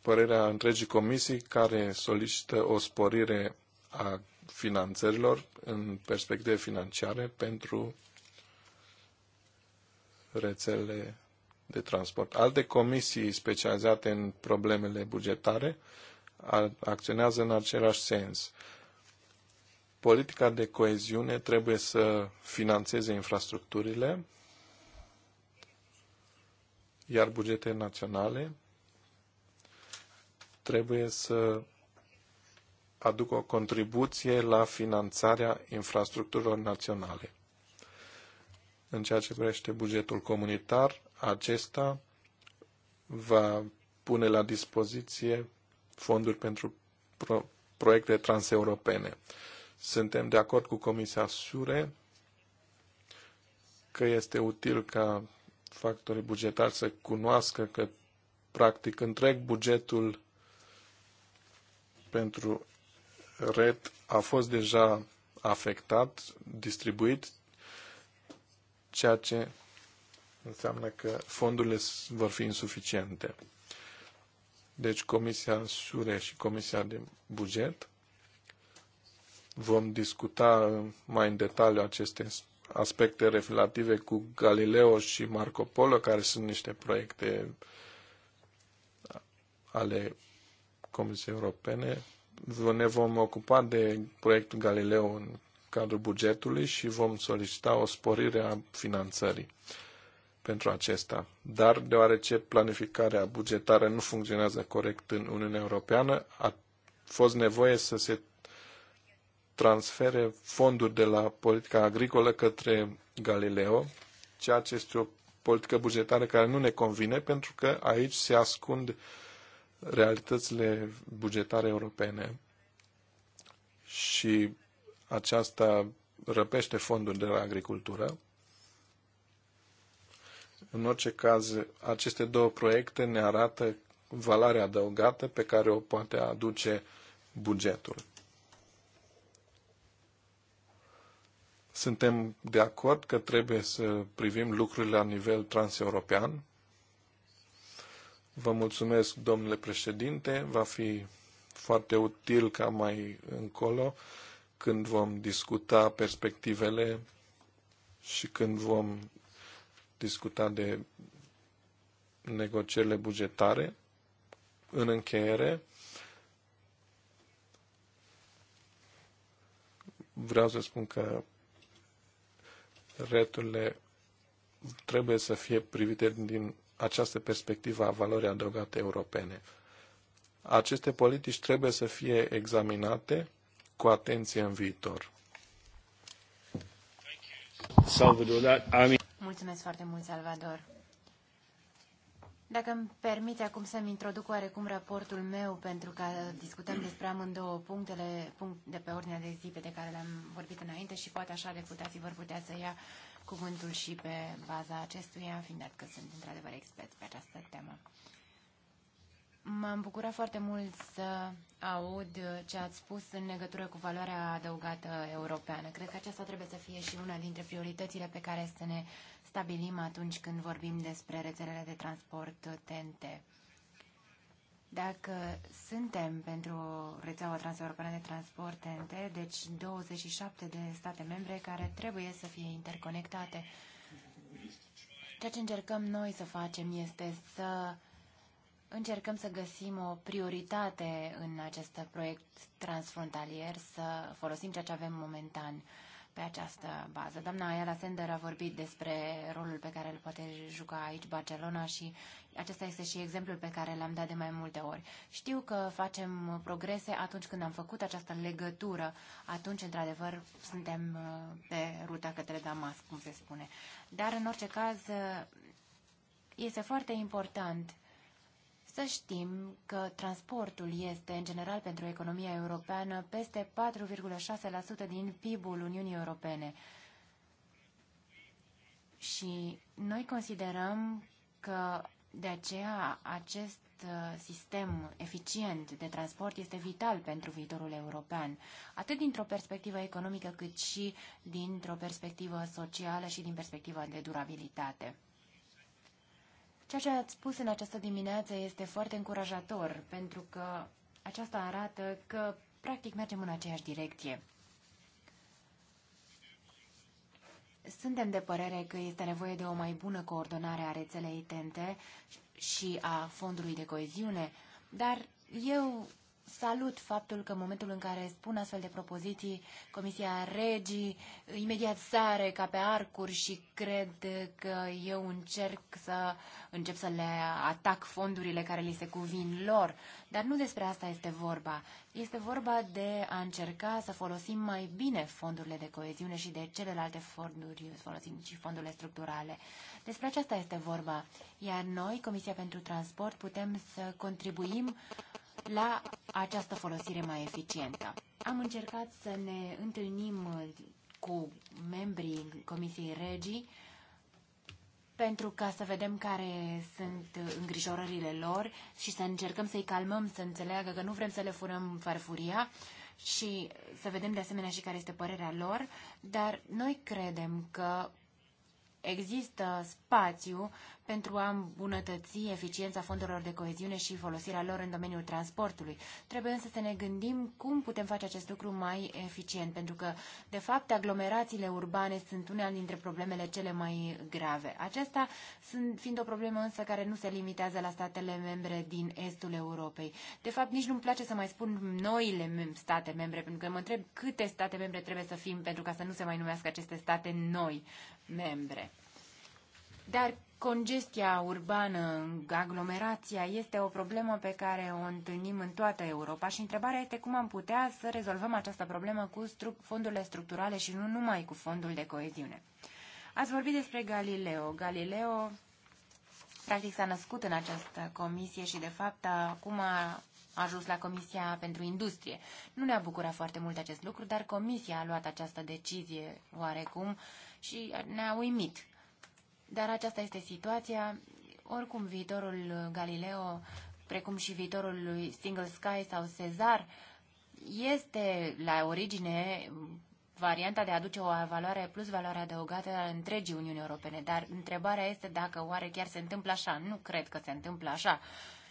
părerea întregii comisii care solicită o sporire a finanțărilor în perspective financiare pentru rețele de transport. Alte comisii specializate în problemele bugetare acționează în același sens. Politica de coeziune trebuie să financeze infrastructurile, iar bugete naționale trebuie să aducă o contribuție la finanțarea infrastructurilor naționale. În ceea ce privește bugetul comunitar, acesta va pune la dispoziție fonduri pentru pro- proiecte transeuropene. Suntem de acord cu Comisia Sure că este util ca factorii bugetari să cunoască că, practic, întreg bugetul pentru RET a fost deja afectat, distribuit, ceea ce înseamnă că fondurile vor fi insuficiente. Deci Comisia Sure și Comisia de Buget vom discuta mai în detaliu aceste aspecte relative cu Galileo și Marco Polo, care sunt niște proiecte ale Comisiei Europene. Ne vom ocupa de proiectul Galileo în cadrul bugetului și vom solicita o sporire a finanțării pentru acesta. Dar deoarece planificarea bugetară nu funcționează corect în Uniunea Europeană, a fost nevoie să se transfere fonduri de la politica agricolă către Galileo, ceea ce este o politică bugetară care nu ne convine pentru că aici se ascund uh, realitățile bugetare europene și aceasta răpește fondul de la agricultură. În orice caz, aceste două proiecte ne arată valoarea adăugată pe care o poate aduce bugetul. Suntem de acord că trebuie să privim lucrurile la nivel transeuropean, Vă mulțumesc, domnule președinte. Va fi foarte util ca mai încolo, când vom discuta perspectivele și când vom discuta de negocierile bugetare. În încheiere, vreau să spun că returile trebuie să fie privite din această perspectivă a valorii adăugate europene. Aceste politici trebuie să fie examinate cu atenție în viitor. Salvador, da, Mulțumesc foarte mult, Salvador. Dacă îmi permite acum să-mi introduc oarecum raportul meu, pentru că discutăm despre amândouă punctele punct de pe ordinea de zi pe de care le-am vorbit înainte și poate așa deputații vor putea să ia cuvântul și pe baza acestuia, fiind dat că sunt într-adevăr expert pe această temă. M-am bucurat foarte mult să aud ce ați spus în legătură cu valoarea adăugată europeană. Cred că aceasta trebuie să fie și una dintre prioritățile pe care să ne stabilim atunci când vorbim despre rețelele de transport TNT. Dacă suntem pentru rețeaua transeuropeană de transport TNT, deci 27 de state membre care trebuie să fie interconectate, ceea ce încercăm noi să facem este să încercăm să găsim o prioritate în acest proiect transfrontalier, să folosim ceea ce avem momentan pe această bază. Doamna Ayala Sender a vorbit despre rolul pe care îl poate juca aici Barcelona și acesta este și exemplul pe care l-am dat de mai multe ori. Știu că facem progrese atunci când am făcut această legătură, atunci, într-adevăr, suntem uh, pe ruta către Damasc, cum se spune. Dar, în orice caz, uh, este foarte important să știm că transportul este, în general, pentru economia europeană peste 4,6% din PIB-ul Uniunii Europene. Și noi considerăm că de aceea acest uh, sistem eficient de transport este vital pentru viitorul european, atât dintr-o perspectivă economică cât și dintr-o perspectivă socială și din perspectiva de durabilitate. Ceea ce ați spus în această dimineață este foarte încurajator, pentru că aceasta arată că practic mergem în aceeași direcție. Suntem de părere că este nevoie de o mai bună coordonare a rețelei TNT și a fondului de coeziune, dar eu salut faptul că în momentul în care spun astfel de propoziții, Comisia Regii imediat sare ca pe arcuri și cred că eu încerc să încep să le atac fondurile care li se cuvin lor. Dar nu despre asta este vorba. Este vorba de a încerca să folosim mai bine fondurile de coeziune și de celelalte fonduri, folosim și fondurile structurale. Despre aceasta este vorba. Iar noi, Comisia pentru Transport, putem să contribuim la această folosire mai eficientă. Am încercat să ne întâlnim uh, cu membrii Comisiei Regii pentru ca să vedem care sunt uh, îngrijorările lor și să încercăm să-i calmăm, să înțeleagă că nu vrem să le furăm farfuria și să vedem de asemenea și care este părerea lor, dar noi credem că există spațiu pentru a îmbunătăți eficiența fondurilor de coeziune și folosirea lor în domeniul transportului. Trebuie însă să ne gândim cum putem face acest lucru mai eficient, pentru că, de fapt, aglomerațiile urbane sunt una dintre problemele cele mai grave. Acestea sunt, fiind o problemă însă care nu se limitează la statele membre din estul Europei. De fapt, nici nu-mi place să mai spun noile state membre, pentru că mă întreb câte state membre trebuie să fim pentru ca să nu se mai numească aceste state noi membre. Dar Congestia urbană, aglomerația, este o problemă pe care o întâlnim în toată Europa și întrebarea este cum am putea să rezolvăm această problemă cu stru- fondurile structurale și nu numai cu fondul de coeziune. Ați vorbit despre Galileo. Galileo, practic, s-a născut în această comisie și, de fapt, acum a ajuns la Comisia pentru Industrie. Nu ne-a bucurat foarte mult acest lucru, dar Comisia a luat această decizie oarecum și ne-a uimit dar aceasta este situația. Oricum, viitorul Galileo, precum și viitorul lui Single Sky sau Cezar, este la origine varianta de a aduce o valoare plus valoare adăugată a întregii Uniuni Europene. Dar întrebarea este dacă oare chiar se întâmplă așa. Nu cred că se întâmplă așa.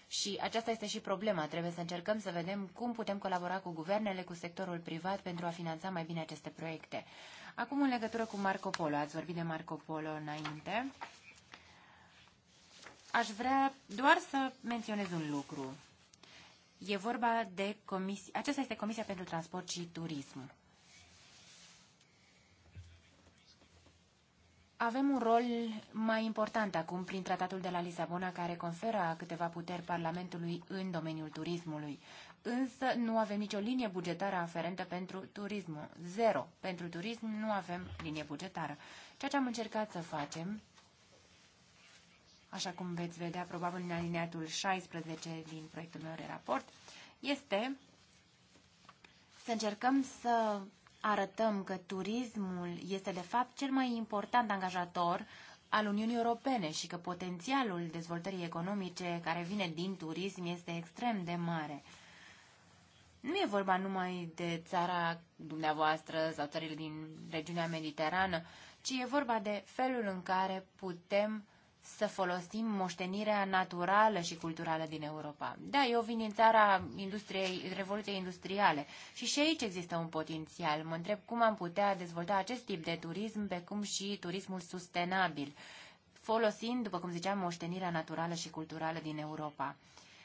Și aceasta este și problema. Trebuie să încercăm să vedem cum putem colabora cu guvernele, cu sectorul privat pentru a finanța mai bine aceste proiecte. Acum, în legătură cu Marco Polo, ați vorbit de Marco Polo înainte. Aș vrea doar să menționez un lucru. E vorba de comisia. Aceasta este Comisia pentru Transport și Turism. Avem un rol mai important acum prin tratatul de la Lisabona care conferă câteva puteri Parlamentului în domeniul turismului însă nu avem nicio linie bugetară aferentă pentru turism. Zero. Pentru turism nu avem linie bugetară. Ceea ce am încercat să facem, așa cum veți vedea probabil în alineatul 16 din proiectul meu de raport, este să încercăm să arătăm că turismul este de fapt cel mai important angajator al Uniunii Europene și că potențialul dezvoltării economice care vine din turism este extrem de mare. Nu e vorba numai de țara dumneavoastră sau țările din regiunea mediterană, ci e vorba de felul în care putem să folosim moștenirea naturală și culturală din Europa. Da, eu vin din țara industriei, Revoluției Industriale și și aici există un potențial. Mă întreb cum am putea dezvolta acest tip de turism, pe cum și turismul sustenabil, folosind, după cum ziceam, moștenirea naturală și culturală din Europa.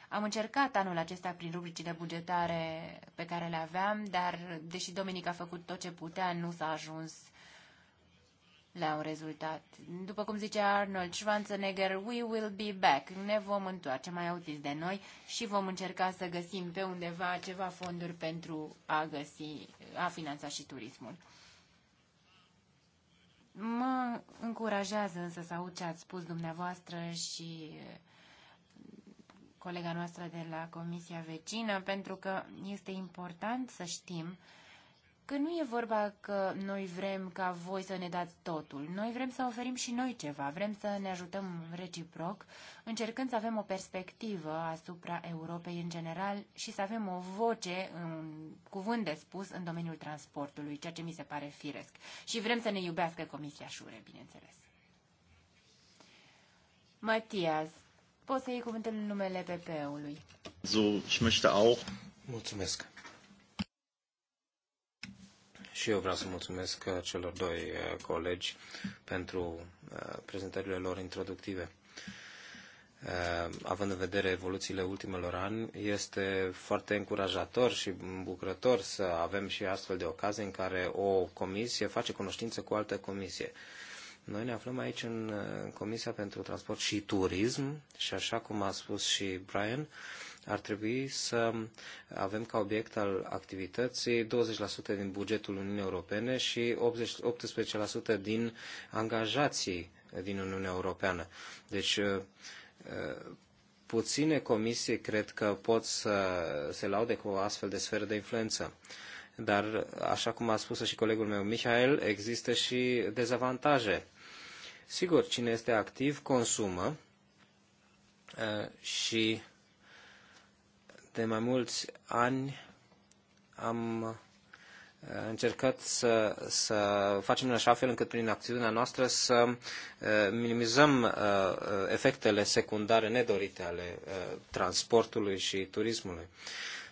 Am încercat anul acesta prin rubricile bugetare pe care le aveam, dar deși Dominic a făcut tot ce putea, nu s-a ajuns la un rezultat. După cum zice Arnold Schwarzenegger, we will be back, ne vom întoarce, mai auziți de noi și vom încerca să găsim pe undeva ceva fonduri pentru a găsi, a finanța și turismul. Mă încurajează însă să aud ce ați spus dumneavoastră și uh, colega noastră de la Comisia Vecină, pentru că este important să știm că nu e vorba că noi vrem ca voi să ne dați totul. Noi vrem să oferim și noi ceva, vrem să ne ajutăm reciproc, încercând să avem o perspectivă asupra Europei în general și să avem o voce, un cuvânt de spus în domeniul transportului, ceea ce mi se pare firesc. Și vrem să ne iubească Comisia Șure, bineînțeles. Matias, Poți să iei cuvântul în numele PP-ului. So, ich möchte auch. Mulțumesc. Și eu vreau să mulțumesc uh, celor doi uh, colegi pentru uh, prezentările lor introductive. Având în vedere evoluțiile ultimelor ani, este foarte încurajator și bucurător să avem și astfel de ocazii în care o comisie face cunoștință cu altă comisie. Noi ne aflăm aici în Comisia pentru Transport și Turism și așa cum a spus și Brian, ar trebui să avem ca obiect al activității 20% din bugetul Uniunii Europene și 18% din angajații din Uniunea Europeană. Deci uh, uh, puține comisii cred că pot să se laude cu o astfel de sferă de influență. Dar, așa cum a spus și colegul meu Michael, există și dezavantaje Sigur, cine este activ consumă uh, și de mai mulți ani am uh, încercat să, să facem în așa fel încât prin acțiunea noastră să uh, minimizăm efectele secundare nedorite ale transportului și turismului.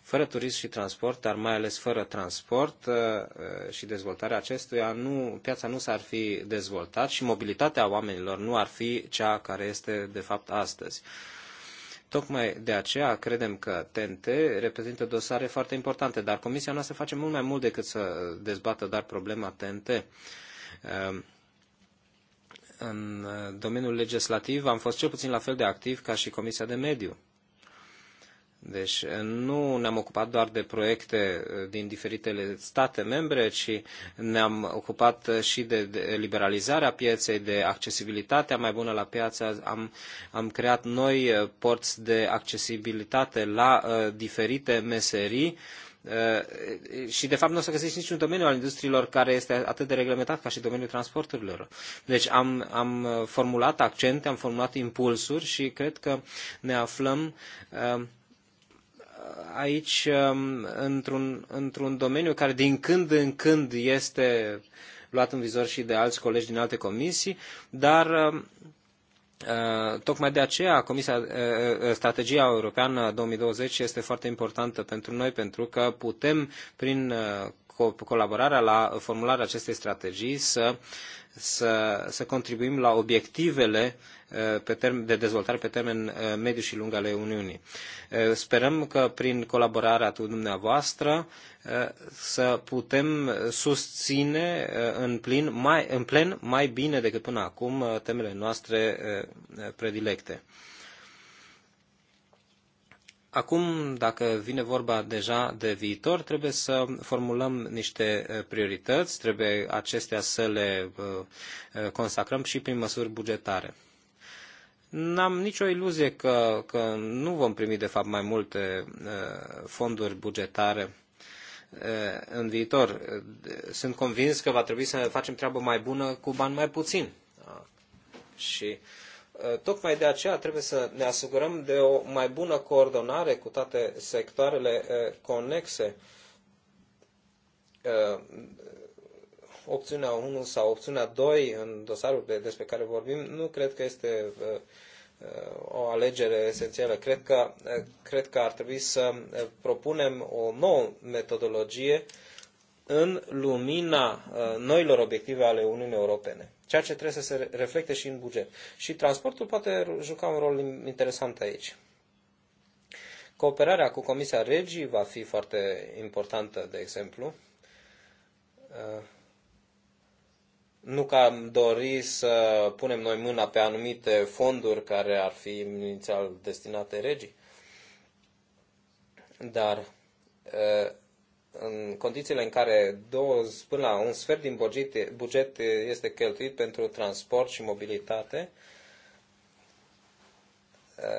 Fără turism și transport, dar mai ales fără transport uh, uh, și dezvoltarea acestuia, nu, piața nu s-ar fi dezvoltat și mobilitatea oamenilor nu ar fi cea care este de fapt astăzi. Tocmai de aceea credem că TNT reprezintă dosare foarte importante, dar comisia noastră face mult mai mult decât să dezbată doar problema TNT. Uh, în domeniul legislativ am fost cel puțin la fel de activ ca și Comisia de Mediu. Deci eh, nu ne-am ocupat doar de proiecte eh, din diferitele state membre, ci ne-am ocupat eh, și de liberalizarea pieței, de accesibilitatea mai bună la piață. Am, am creat noi porți de accesibilitate la diferite meserii. și, de fapt, nu o să găsești niciun domeniu al industriilor care este atât de reglementat ca și domeniul transporturilor. Deci am, am formulat accente, am formulat impulsuri și cred că ne aflăm uh, aici um, într-un, într-un domeniu care din când în când este luat în vizor și de alți colegi din alte comisii, dar um, uh, Tocmai de aceea Comisia, uh, uh, strategia europeană 2020 este foarte importantă pentru noi, pentru că putem, prin colaborarea la formularea acestei strategii să, să, să contribuim la obiectivele uh, pe de dezvoltare pe termen uh, mediu și lung ale Uniunii. Uh, sperăm că prin colaborarea tu dumneavoastră să putem susține în, plin, mai, în plen mai bine decât până acum temele noastre predilecte. Acum, dacă vine vorba deja de viitor, trebuie să formulăm niște eh, priorități, trebuie acestea să le eh, eh, consacrăm și prin măsuri bugetare. N-am nicio iluzie că, că nu vom primi, de fapt, mai multe fonduri bugetare în viitor. Sunt convins că va trebui să facem treabă mai bună cu bani mai puțin. Ah, și uh, Eh, tocmai de aceea trebuie să ne asigurăm de o mai bună coordonare cu toate sectoarele eh, conexe. Eh, opțiunea 1 sau opțiunea 2 în dosarul despre care vorbim nu cred că este o alegere esențială. Cred că, cred că ar trebui să propunem o nouă metodologie în lumina noilor obiective ale Uniunii Europene ceea ce trebuie să se reflecte și în buget. Și transportul poate juca un rol interesant aici. Cooperarea cu Comisia Regii va fi foarte importantă, de exemplu. Uh, nu că am dori să punem noi mâna pe anumite fonduri care ar fi inițial destinate regii, dar uh, în condițiile în care două, până la un sfert din buget, buget este cheltuit pentru transport și mobilitate,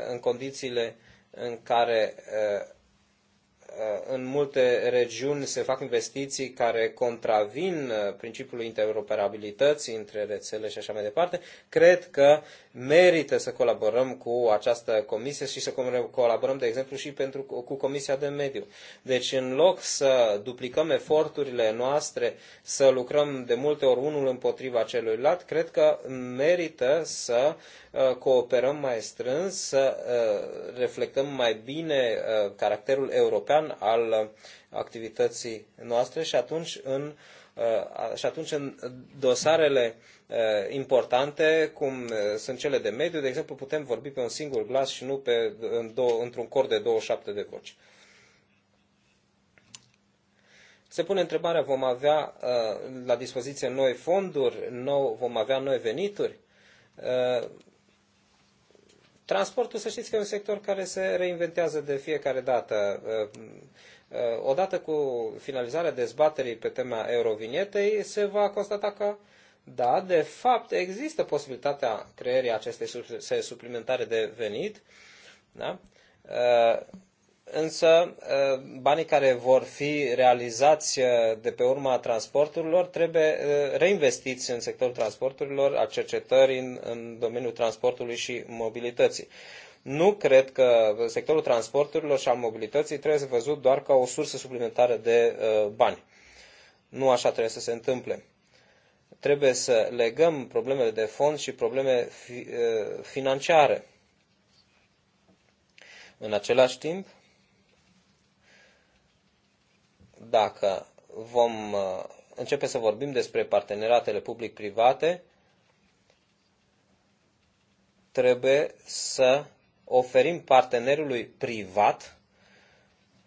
în condițiile în care Uh, în multe regiuni se fac investiții care contravin uh, principiului interoperabilității între rețele și așa mai departe, cred că merită să colaborăm cu această comisie și să colaborăm, de exemplu, și pentru, cu Comisia de Mediu. Deci, în loc să duplicăm eforturile noastre, să lucrăm de multe ori unul împotriva celuilalt, cred că merită să uh, cooperăm mai strâns, să reflectăm mai bine caracterul european plan al uh, activității noastre și atunci în uh, și atunci în dosarele uh, importante, cum sunt cele de mediu, de exemplu, putem vorbi pe un singur glas și nu pe, în două, într-un cor de 27 de voci. Se pune întrebarea, vom avea la dispoziție noi fonduri, nou, vom avea noi venituri? Transportul, să știți că e un sector care se reinventează de fiecare dată. Uh, uh, odată cu finalizarea dezbaterii pe tema eurovinietei, se va constata că da, de fapt există posibilitatea creierii acestei surse suplimentare de venit, da? Uh, însă ă, banii care vor fi realizați ă, de pe urma transporturilor trebuie ă, reinvestiți în sectorul transporturilor, a cercetării în, în domeniul transportului și mobilității. Nu cred că sectorul transporturilor și al mobilității trebuie să văzut doar ca o sursă suplimentară de bani. Nu așa trebuie să se întâmple. Trebuie să legăm problemele de fond și probleme financiare. În același timp, dacă vom uh, începe să vorbim despre parteneriatele public-private, trebuie să oferim partenerului privat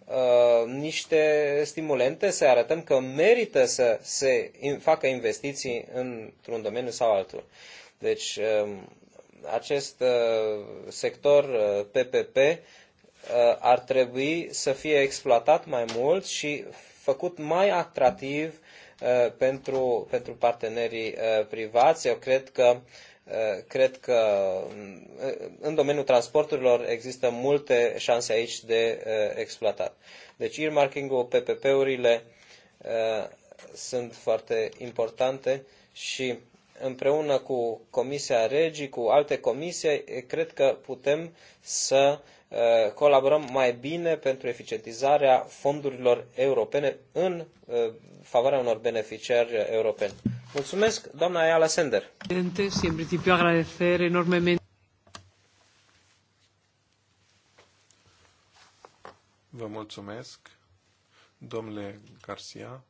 uh, niște stimulente, să arătăm că merită să se facă investiții într-un domeniu sau altul. Deci, um, acest uh, sector PPP Uh, ar trebui să fie exploatat mai mult și făcut mai atractiv uh, pentru, pentru partenerii uh, privați. Eu cred că cred că în domeniul transporturilor există multe șanse aici de exploatat. Deci earmarking-ul, PPP-urile sunt foarte importante și împreună cu Comisia Regii, cu alte comisii, cred că putem să uh, Eh, colaborăm mai bine pentru eficientizarea fondurilor europene în eh, favoarea unor beneficiari europeni. Mulțumesc, doamna Ayala Sender. Și în principiu agradecer enormemente. Vă mulțumesc, domnule Garcia,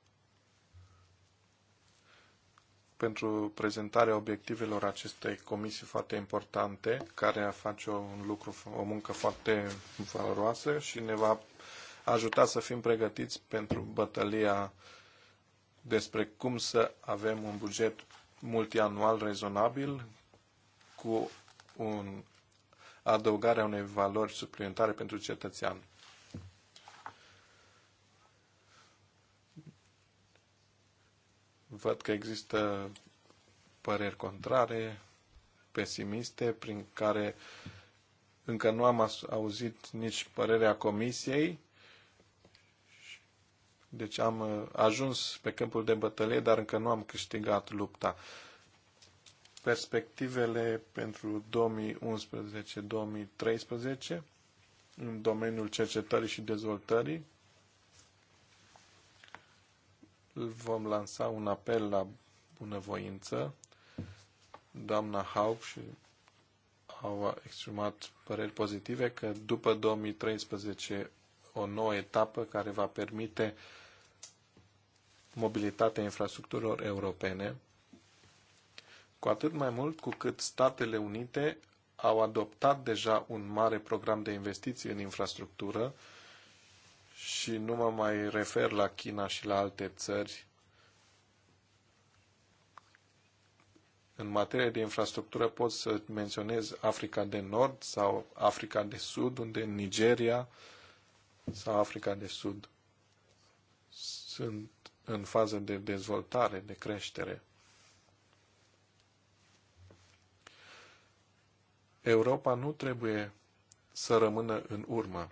pentru prezentarea obiectivelor acestei comisii foarte importante, care face un lucru, o muncă foarte valoroasă și ne va ajuta să fim pregătiți pentru bătălia despre cum să avem un buget multianual rezonabil cu un adăugarea unei valori suplimentare pentru cetățean. Văd că există păreri contrare, pesimiste, prin care încă nu am auzit nici părerea comisiei. Deci am uh, ajuns pe câmpul de bătălie, dar încă nu am câștigat lupta. Perspectivele pentru 2011-2013 în domeniul cercetării și dezvoltării vom lansa un apel la bunăvoință. Doamna Haug și au exprimat păreri pozitive că după 2013 o nouă etapă care va permite mobilitatea infrastructurilor europene, cu atât mai mult cu cât Statele Unite au adoptat deja un mare program de investiții în infrastructură, și nu mă mai refer la China și la alte țări. În materie de infrastructură pot să menționez Africa de Nord sau Africa de Sud, unde Nigeria sau Africa de Sud sunt în fază de dezvoltare, de creștere. Europa nu trebuie să rămână în urmă.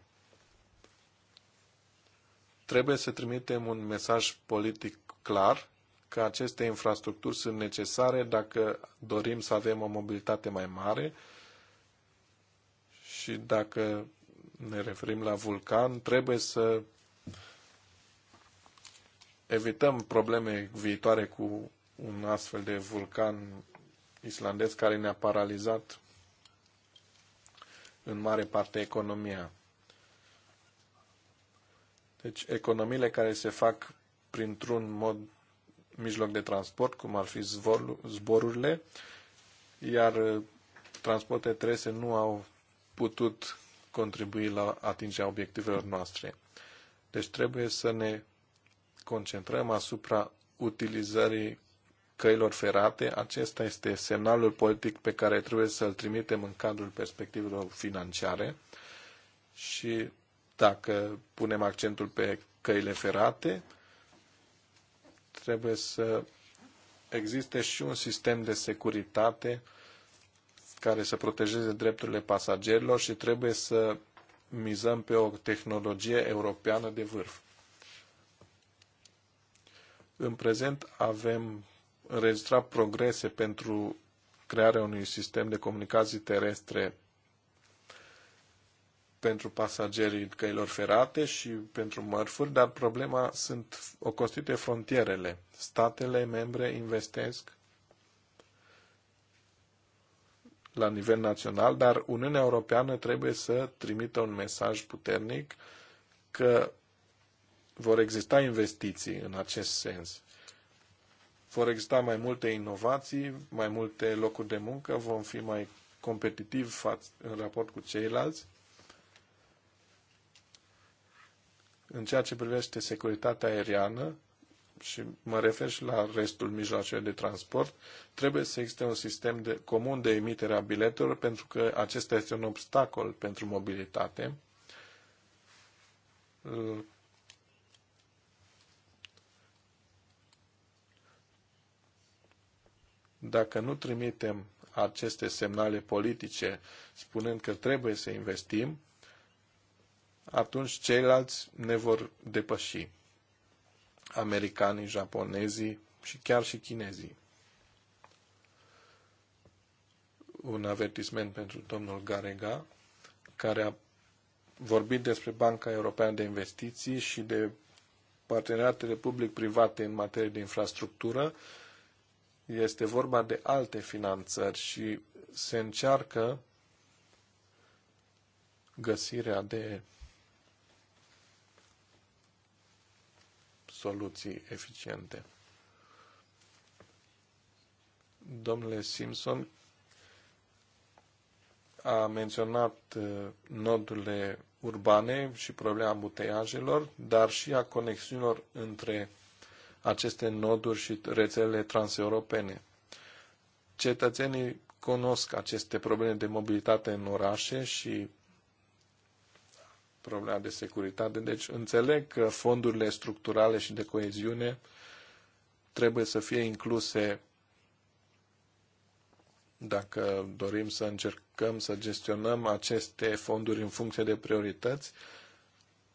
Trebuie să trimitem un mesaj politic clar că aceste infrastructuri sunt necesare dacă dorim să avem o mobilitate mai mare și dacă ne referim la vulcan, trebuie să evităm probleme viitoare cu un astfel de vulcan islandez care ne-a paralizat în mare parte economia. Deci economiile care se fac printr-un mod mijloc de transport, cum ar fi zbor, zborurile, iar uh, transportele terese nu au putut contribui la atingerea obiectivelor noastre. Deci trebuie să ne concentrăm asupra utilizării căilor ferate. Acesta este semnalul politic pe care trebuie să-l trimitem în cadrul perspectivelor financiare și dacă punem accentul pe căile ferate, trebuie să existe și un sistem de securitate care să protejeze drepturile pasagerilor și trebuie să mizăm pe o tehnologie europeană de vârf. În prezent avem înregistrat progrese pentru crearea unui sistem de comunicații terestre pentru pasagerii căilor ferate și pentru mărfuri, dar problema sunt, o frontierele. Statele membre investesc la nivel național, dar Uniunea Europeană trebuie să trimită un mesaj puternic că vor exista investiții în acest sens. Vor exista mai multe inovații, mai multe locuri de muncă, vom fi mai competitivi în raport cu ceilalți În ceea ce privește securitatea aeriană, și mă refer și la restul mijloacelor de transport, trebuie să existe un sistem de, comun de emitere a biletelor, pentru că acesta este un obstacol pentru mobilitate. Dacă nu trimitem aceste semnale politice spunând că trebuie să investim, atunci ceilalți ne vor depăși. Americanii, japonezii și chiar și chinezii. Un avertisment pentru domnul Garega, care a vorbit despre Banca Europeană de Investiții și de parteneriatele public-private în materie de infrastructură. Este vorba de alte finanțări și se încearcă găsirea de soluții eficiente. Domnule Simpson a menționat uh, nodurile urbane și problema buteiajelor, dar și a conexiunilor între aceste noduri și rețelele transeuropene. Cetățenii cunosc aceste probleme de mobilitate în orașe și problema de securitate. Deci înțeleg că fondurile structurale și de coeziune trebuie să fie incluse dacă dorim să încercăm să gestionăm aceste fonduri în funcție de priorități,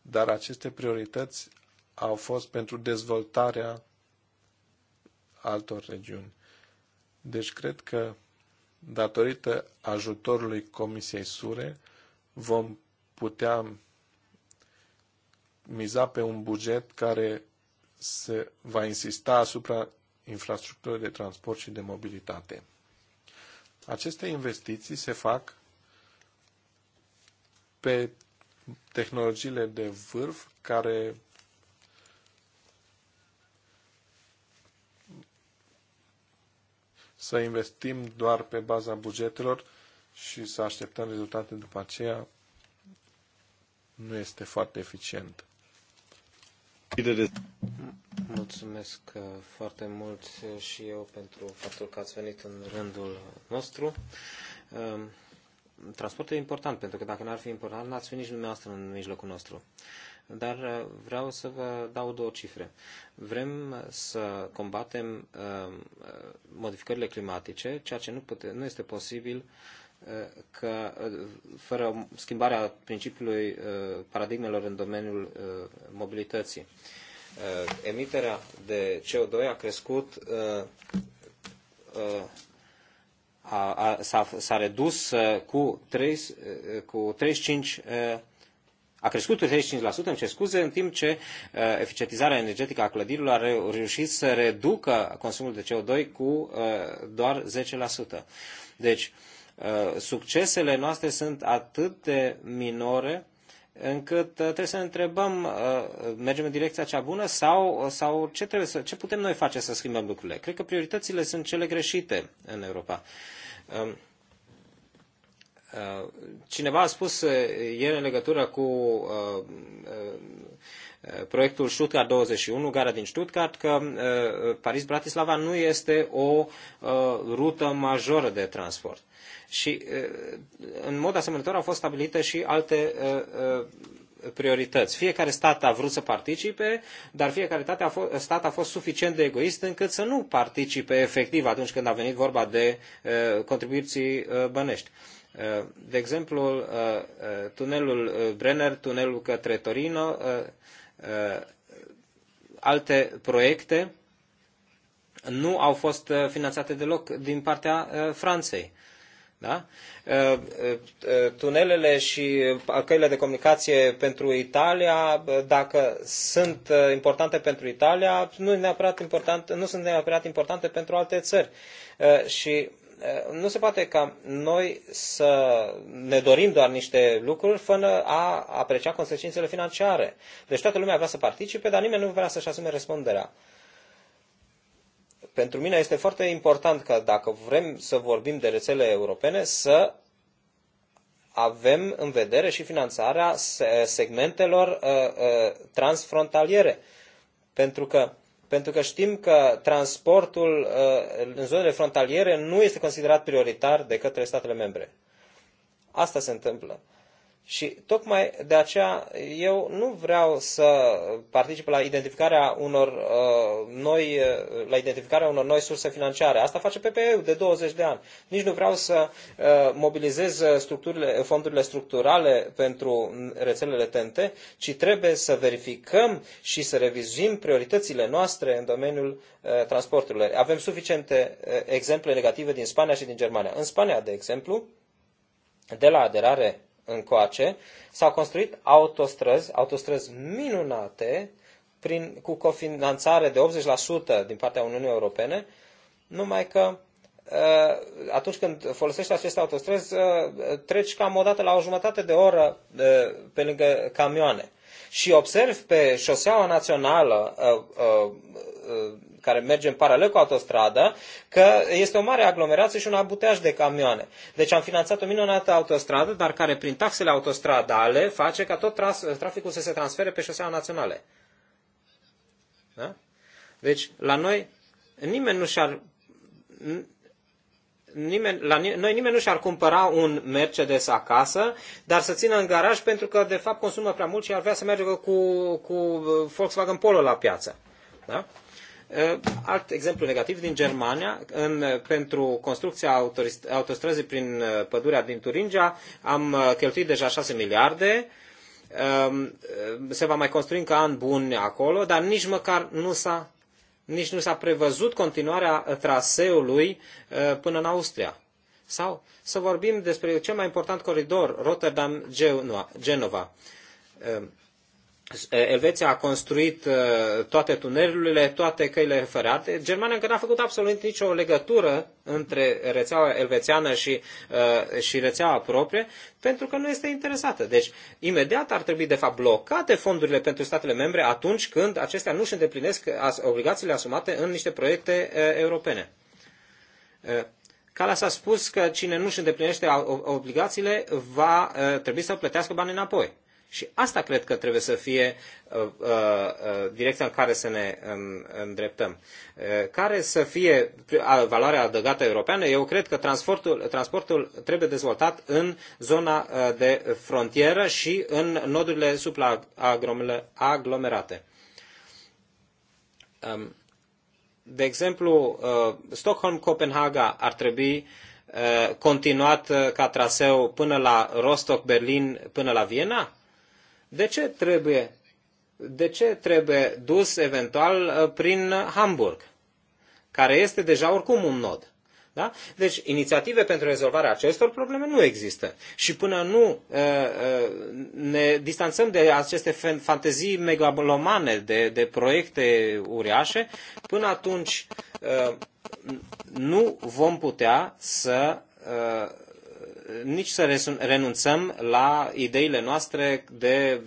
dar aceste priorități au fost pentru dezvoltarea altor regiuni. Deci cred că datorită ajutorului Comisiei Sure vom putea miza pe un buget care se va insista asupra infrastructurii de transport și de mobilitate. Aceste investiții se fac pe tehnologiile de vârf care să investim doar pe baza bugetelor și să așteptăm rezultate după aceea nu este foarte eficient. Mulțumesc uh, foarte mult și eu pentru faptul că ați venit în rândul nostru. Um, transportul e important, pentru că dacă n-ar fi important, n-ați fi nici dumneavoastră în mijlocul nostru. Dar uh, vreau să vă dau două cifre. Vrem să combatem um, uh, modificările climatice, ceea ce nu, pute, nu este posibil uh, că fără schimbarea principiului uh, paradigmelor în domeniul uh, mobilității. Uh, emiterea de CO2 a crescut, s-a redus cu, 3, cu 35 a crescut cu 35%, în ce scuze, în timp ce uh, eficientizarea energetică a clădirilor a reușit să reducă consumul de CO2 cu uh, doar 10%. Deci, uh, Uh, succesele noastre sunt atât de minore încât uh, trebuie să ne întrebăm, uh, mergem în direcția cea bună sau, sau ce, trebuie să, ce putem noi face să schimbăm lucrurile? Cred că prioritățile sunt cele greșite în Europa. Um, cineva a spus ieri în legătură cu proiectul Stuttgart 21, gara din Stuttgart, că Paris-Bratislava nu este o rută majoră de transport și în mod asemănător au fost stabilite și alte priorități. Fiecare stat a vrut să participe, dar fiecare stat a, fost, stat a fost suficient de egoist încât să nu participe efectiv atunci când a venit vorba de contribuții bănești. De exemplu, tunelul Brenner, tunelul către Torino, alte proiecte nu au fost finanțate deloc din partea Franței. Da? Ă, ă, ă, tunelele și căile de comunicație pentru Italia, dacă sunt importante pentru Italia, nu, neapărat important, nu sunt neapărat importante pentru alte țări. Și nu se poate ca noi să ne dorim doar niște lucruri fără a aprecia consecințele financiare. Deci toată lumea vrea să participe, dar nimeni nu vrea să-și asume răspunderea pentru mine este foarte important că dacă vrem să vorbim de rețele europene, să avem în vedere și finanțarea segmentelor uh, uh, transfrontaliere. Pentru că, pentru că știm că transportul uh, în zonele frontaliere nu este considerat prioritar de către statele membre. Asta se întâmplă. Și tocmai de aceea eu nu vreau să particip la identificarea unor uh, noi, uh, la identificarea unor noi surse financiare. Asta face PPE-ul de 20 de ani. Nici nu vreau să uh, mobilizez uh, structurile, fondurile structurale pentru rețelele TNT, ci trebuie să verificăm și să revizuim prioritățile noastre în domeniul uh, transporturilor. Avem suficiente uh, exemple negative din Spania și din Germania. În Spania, de exemplu, de la aderare încoace, s-au construit autostrăzi, autostrăzi minunate, prin, cu cofinanțare de 80% din partea Uniunii Europene, numai că uh, atunci când folosești aceste autostrăzi, uh, treci cam o dată la o jumătate de oră uh, pe lângă camioane. Și observ pe șoseaua națională care merge în paralel cu autostradă, că este o mare aglomerație și un abuteaj de camioane. Deci am finanțat o minunată autostradă, dar care prin taxele autostradale face ca tot traficul să se transfere pe șosea naționale. Da? Deci, la noi, nimeni nu și-ar nimeni, la noi nimeni nu și-ar cumpăra un Mercedes acasă, dar să țină în garaj pentru că, de fapt, consumă prea mult și ar vrea să meargă cu, cu Volkswagen Polo la piață. Da? Uh, alt exemplu negativ din Germania, în, uh, pentru construcția autostrăzii prin uh, pădurea din Turingia am cheltuit deja 6 miliarde, um, se va mai construi încă an bun acolo, dar nici măcar nu s-a nici nu s-a prevăzut continuarea traseului până în Austria. Sau să vorbim despre cel mai important coridor, Rotterdam-Genova. Elveția a construit toate tunelurile, toate căile ferate. Germania încă n-a făcut absolut nicio legătură între rețeaua elvețiană și, și rețeaua proprie, pentru că nu este interesată. Deci, imediat ar trebui, de fapt, blocate fondurile pentru statele membre atunci când acestea nu își îndeplinesc obligațiile asumate în niște proiecte europene. s a spus că cine nu își îndeplinește obligațiile va trebui să plătească bani înapoi. Și asta cred că trebuie să fie uh, uh, uh direcția în care să ne um, îndreptăm. Uh, care să fie valoarea adăugată europeană? Eu cred că transportul, transportul trebuie dezvoltat în zona uh, de frontieră și în nodurile supraaglomerate. Um, de exemplu, uh, Stockholm-Copenhaga ar trebui continuat ca traseu până la Rostock, Berlin, până la Viena? de ce trebuie, de ce trebuie dus eventual uh, prin Hamburg, care este deja oricum un nod? Da? Deci, inițiative pentru rezolvarea acestor probleme nu există. Și până nu uh, uh, ne distanțăm de aceste fantezii megalomane, de, de proiecte uriașe, până atunci uh, nu vom putea să uh, nici să renunțăm la ideile noastre de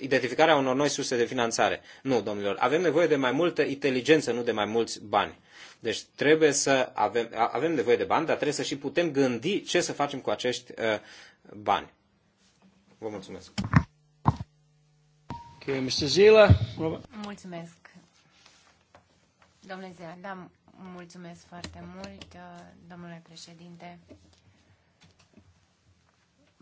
identificarea unor noi surse de finanțare. Nu, domnilor, avem nevoie de mai multă inteligență, nu de mai mulți bani. Deci trebuie să avem, avem nevoie de bani, dar trebuie să și putem gândi ce să facem cu acești bani. Vă mulțumesc. Okay, Mr. Zila. Mulțumesc. Domnule Zila, da, mulțumesc foarte mult, domnule președinte.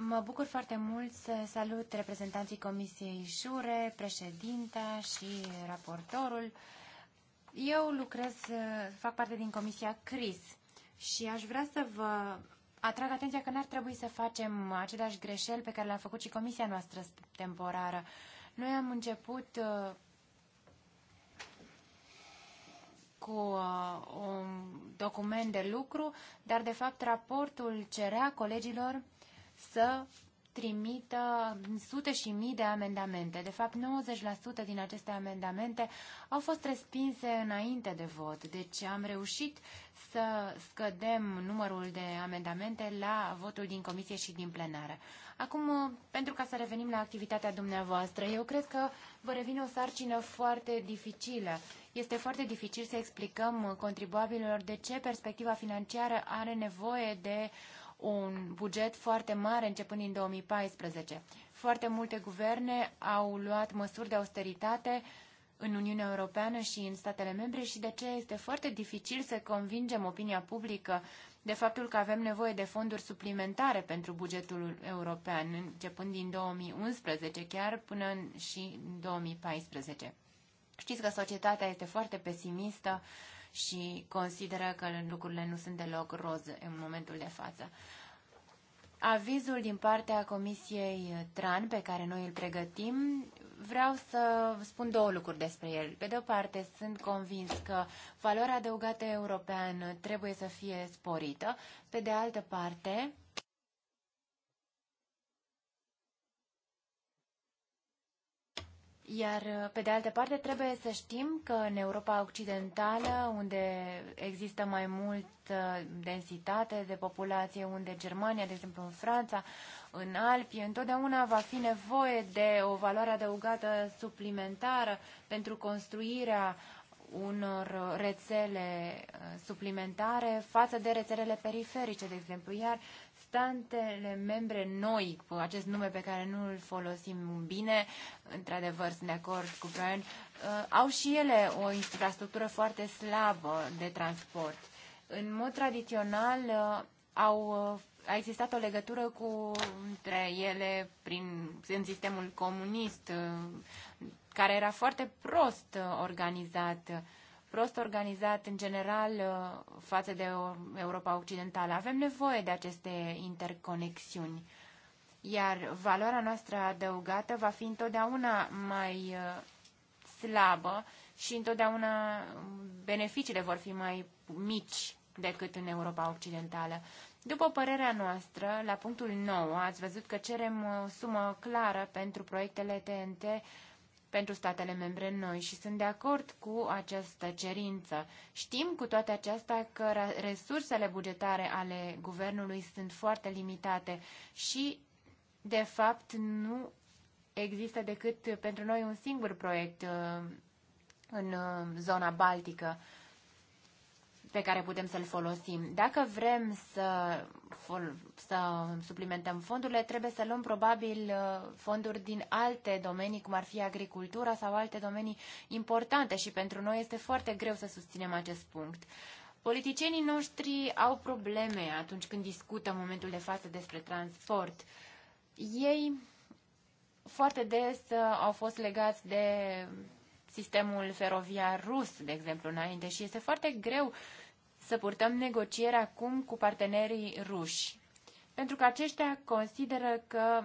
Mă bucur foarte mult să salut reprezentanții Comisiei Jure, președinta și raportorul. Eu lucrez, fac parte din Comisia CRIS și aș vrea să vă atrag atenția că n-ar trebui să facem aceleași greșeli pe care le-a făcut și Comisia noastră temporară. Noi am început uh, cu uh, un document de lucru, dar de fapt raportul cerea colegilor să trimită sute și mii de amendamente. De fapt, 90% din aceste amendamente au fost respinse înainte de vot. Deci am reușit să scădem numărul de amendamente la votul din comisie și din plenară. Acum, pentru ca să revenim la activitatea dumneavoastră, eu cred că vă revine o sarcină foarte dificilă. Este foarte dificil să explicăm contribuabililor de ce perspectiva financiară are nevoie de uh, un buget foarte mare începând din 2014. Foarte multe guverne au luat măsuri de austeritate în Uniunea Europeană și în statele membre și de ce este foarte dificil să convingem opinia publică de faptul că avem nevoie de fonduri suplimentare pentru bugetul european, începând din 2011 chiar până și în 2014. Știți că societatea este foarte pesimistă și consideră că lucrurile nu sunt deloc roz în momentul de față. Avizul din partea Comisiei TRAN pe care noi îl pregătim, vreau să spun două lucruri despre el. Pe de o parte, sunt convins că valoarea adăugată europeană trebuie să fie sporită. Pe de altă parte, Iar, uh, pe de altă parte, trebuie să știm că în Europa Occidentală, unde există mai mult uh, densitate de populație, unde Germania, de exemplu în Franța, în Alpi, întotdeauna va fi nevoie de o valoare adăugată suplimentară pentru construirea unor rețele uh, suplimentare față de rețelele periferice, de exemplu. Iar statele membre noi, cu acest nume pe care nu îl folosim bine, într-adevăr sunt de acord cu Brian, uh, au și ele o infrastructură foarte slabă de transport. În mod tradițional uh, au, uh, a existat o legătură cu între ele prin, în sistemul comunist, care era foarte prost organizat prost organizat în general uh, față de Europa Occidentală. Avem nevoie de aceste interconexiuni, iar valoarea noastră adăugată va fi întotdeauna mai uh, slabă și întotdeauna beneficiile vor fi mai mici decât în Europa Occidentală. După părerea noastră, la punctul 9, ați văzut că cerem o sumă clară pentru proiectele TNT pentru statele membre noi și sunt de acord cu această cerință. Știm cu toate acestea că resursele bugetare ale guvernului sunt foarte limitate și, de fapt, nu există decât pentru noi un singur proiect uh, în uh, zona baltică pe care putem să-l folosim. Dacă vrem să, să suplimentăm fondurile, trebuie să luăm probabil uh, fonduri din alte domenii, cum ar fi agricultura sau alte domenii importante și pentru noi este foarte greu să susținem acest punct. Politicienii noștri au probleme atunci când discută în momentul de față despre transport. Ei foarte des uh, au fost legați de sistemul feroviar rus, de exemplu, înainte și este foarte greu să purtăm negocieri acum cu partenerii ruși. Pentru că aceștia consideră că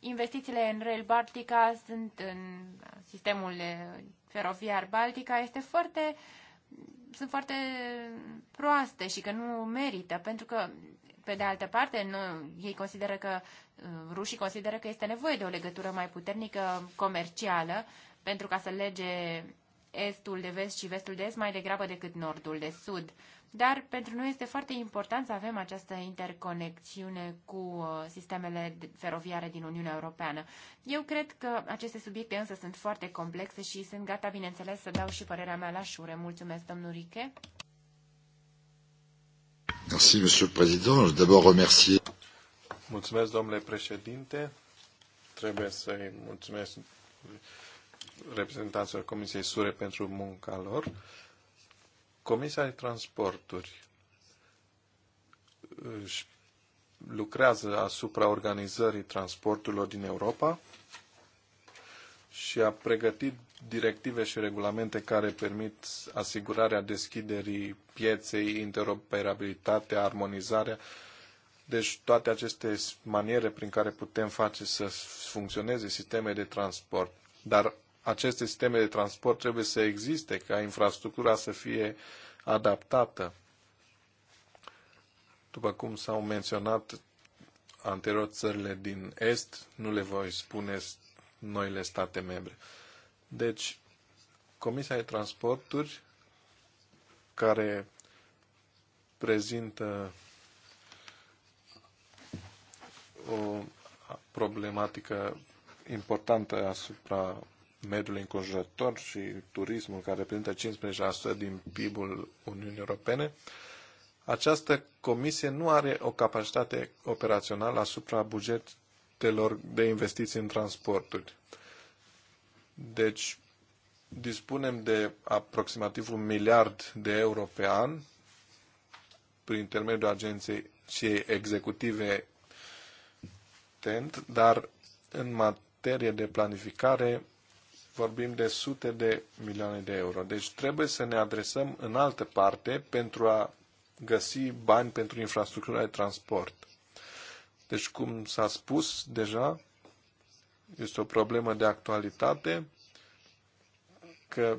investițiile în Rail Baltica sunt în sistemul feroviar Baltica este foarte sunt foarte proaste și că nu merită, pentru că pe de altă parte, nu, ei consideră că uh, rușii consideră că este nevoie de o legătură mai puternică comercială pentru ca să lege estul de vest și vestul de est mai degrabă decât nordul de sud dar pentru noi este foarte important să avem această interconexiune cu uh, sistemele feroviare din Uniunea Europeană. Eu cred că aceste subiecte însă sunt foarte complexe și sunt gata, bineînțeles, să dau și părerea mea la șure. Mulțumesc, domnul Riche. Merci, Monsieur le Président. D'abord remercier. Mulțumesc, domnule președinte. Trebuie să-i mulțumesc reprezentanților Comisiei Sure pentru munca lor. Comisia de Transporturi își lucrează asupra organizării transporturilor din Europa și a pregătit directive și regulamente care permit asigurarea deschiderii pieței, interoperabilitatea, armonizarea. Deci toate aceste maniere prin care putem face să funcționeze sisteme de transport. Dar aceste sisteme de transport trebuie să existe, ca infrastructura să fie adaptată. După cum s-au menționat anterior țările din Est, nu le voi spune noile state membre. Deci, Comisia de Transporturi, care prezintă o problematică importantă asupra mediul înconjurător și turismul, care reprezintă 15% din PIB-ul Uniunii Europene, această comisie nu are o capacitate operațională asupra bugetelor de investiții în transporturi. Deci, dispunem de aproximativ un miliard de euro pe an prin intermediul agenței și executive TENT, dar în materie de planificare vorbim de sute de milioane de euro. Deci trebuie să ne adresăm în altă parte pentru a găsi bani pentru infrastructura de transport. Deci, cum s-a spus deja, este o problemă de actualitate că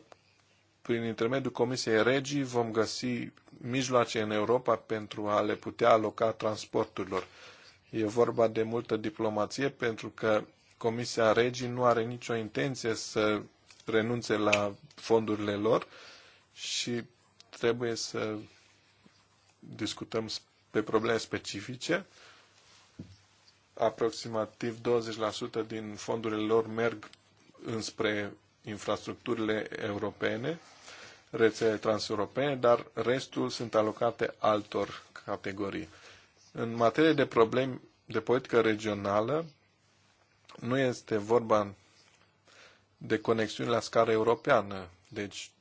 prin intermediul Comisiei Regii vom găsi mijloace în Europa pentru a le putea aloca transporturilor. E vorba de multă diplomație pentru că Comisia Regi nu are nicio intenție să renunțe la fondurile lor și trebuie să discutăm pe probleme specifice. Aproximativ 20% din fondurile lor merg înspre infrastructurile europene, rețele transeuropene, dar restul sunt alocate altor categorii. În materie de probleme de politică regională, nu este vorba de conexiuni la scară europeană. Deci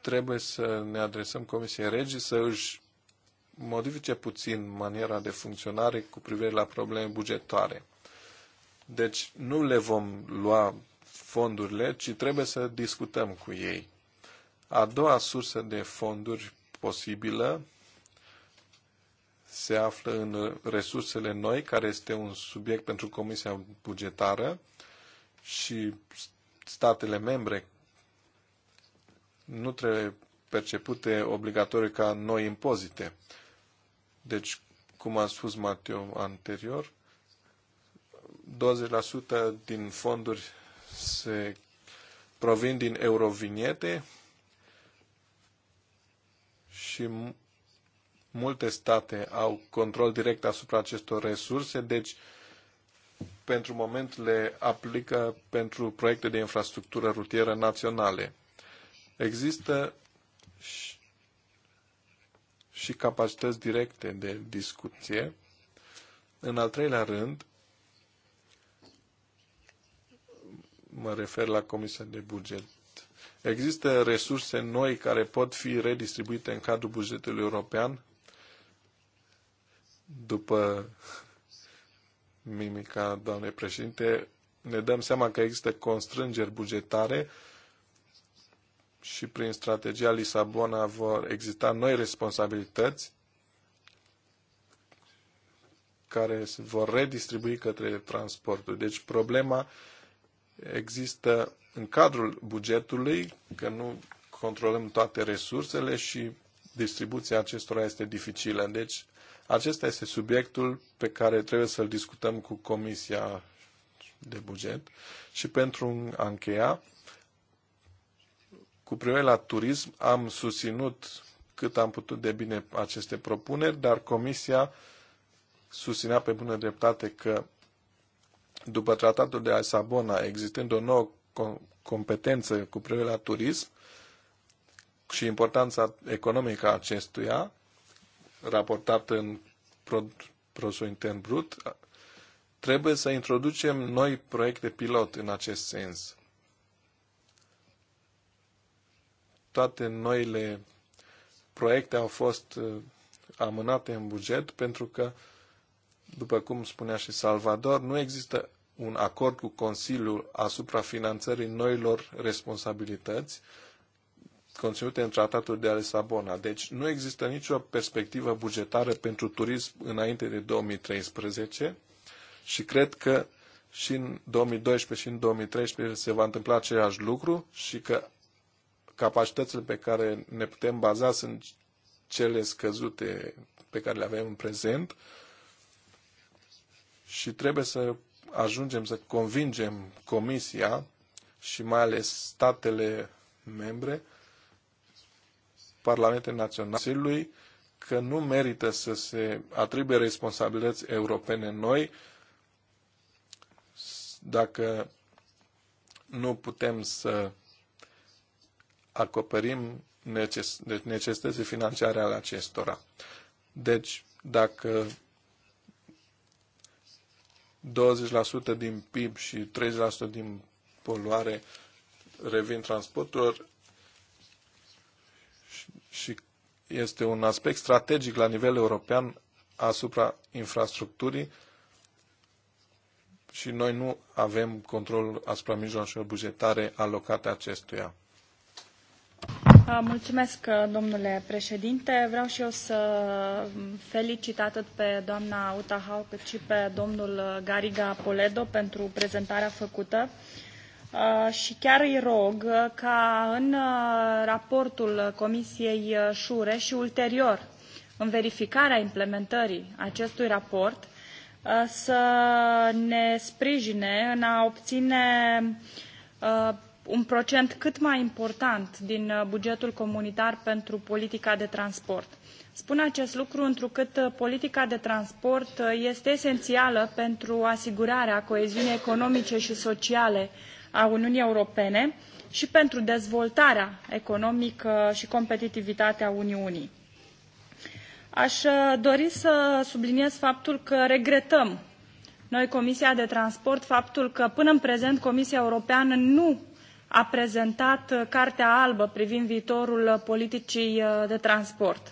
trebuie să ne adresăm Comisiei Regii să își modifice puțin maniera de funcționare cu privire la probleme bugetare. Deci nu le vom lua fondurile, ci trebuie să discutăm cu ei. A doua sursă de fonduri posibilă se află în uh, resursele noi, care este un subiect pentru Comisia Bugetară și statele membre nu trebuie percepute obligatoriu ca noi impozite. Deci, cum am spus Mateo anterior, 20% din fonduri se provin din eurovinete și Multe state au control direct asupra acestor resurse, deci pentru moment le aplică pentru proiecte de infrastructură rutieră naționale. Există și, capacități directe de discuție. În al treilea rând, mă refer la Comisia de Buget. Există resurse noi care pot fi redistribuite în cadrul bugetului european după mimica doamnei președinte, ne dăm seama că există constrângeri bugetare și prin strategia Lisabona vor exista noi responsabilități care se vor redistribui către transportul. Deci problema există în cadrul bugetului, că nu controlăm toate resursele și distribuția acestora este dificilă. Deci acesta este subiectul pe care trebuie să-l discutăm cu Comisia de Buget. Și pentru a încheia, cu privire la turism, am susținut cât am putut de bine aceste propuneri, dar Comisia susținea pe bună dreptate că după tratatul de Lisabona, existând o nouă competență cu privire la turism și importanța economică a acestuia, raportat în produsul intern brut, trebuie să introducem noi proiecte pilot în acest sens. Toate noile proiecte au fost uh, amânate în buget pentru că, după cum spunea și Salvador, nu există un acord cu Consiliul asupra finanțării noilor responsabilități conținute în tratatul de la Lisabona. Deci nu există nicio perspectivă bugetară pentru turism înainte de 2013 și cred că și în 2012 și în 2013 se va întâmpla același lucru și că capacitățile pe care ne putem baza sunt cele scăzute pe care le avem în prezent și trebuie să ajungem să convingem Comisia și mai ales statele membre Parlamente Naționale Consiliului că nu merită să se atribuie responsabilități europene noi dacă nu putem să acoperim neces- deci necesității financiare ale acestora. Deci, dacă 20% din PIB și 30% din poluare revin transporturilor, și este un aspect strategic la nivel european asupra infrastructurii și noi nu avem control asupra mijloacelor bugetare alocate acestuia. Mulțumesc, domnule președinte. Vreau și eu să felicit atât pe doamna Utahau cât și pe domnul Gariga Poledo pentru prezentarea făcută. Uh, Uh, și chiar îi rog ca în uh, raportul Comisiei uh, Șure și ulterior în verificarea implementării acestui raport să ne sprijine în a obține un procent cât mai important din bugetul comunitar pentru politica de transport. Spun acest lucru întrucât politica de transport este esențială pentru asigurarea coeziunii economice și sociale uh, a Uniunii Europene și pentru dezvoltarea economică și competitivitatea Uniunii. Aș uh, dori să subliniez faptul că regretăm noi, Comisia de Transport, faptul că până în prezent Comisia Europeană nu a prezentat uh, Cartea Albă privind viitorul uh, politicii de transport.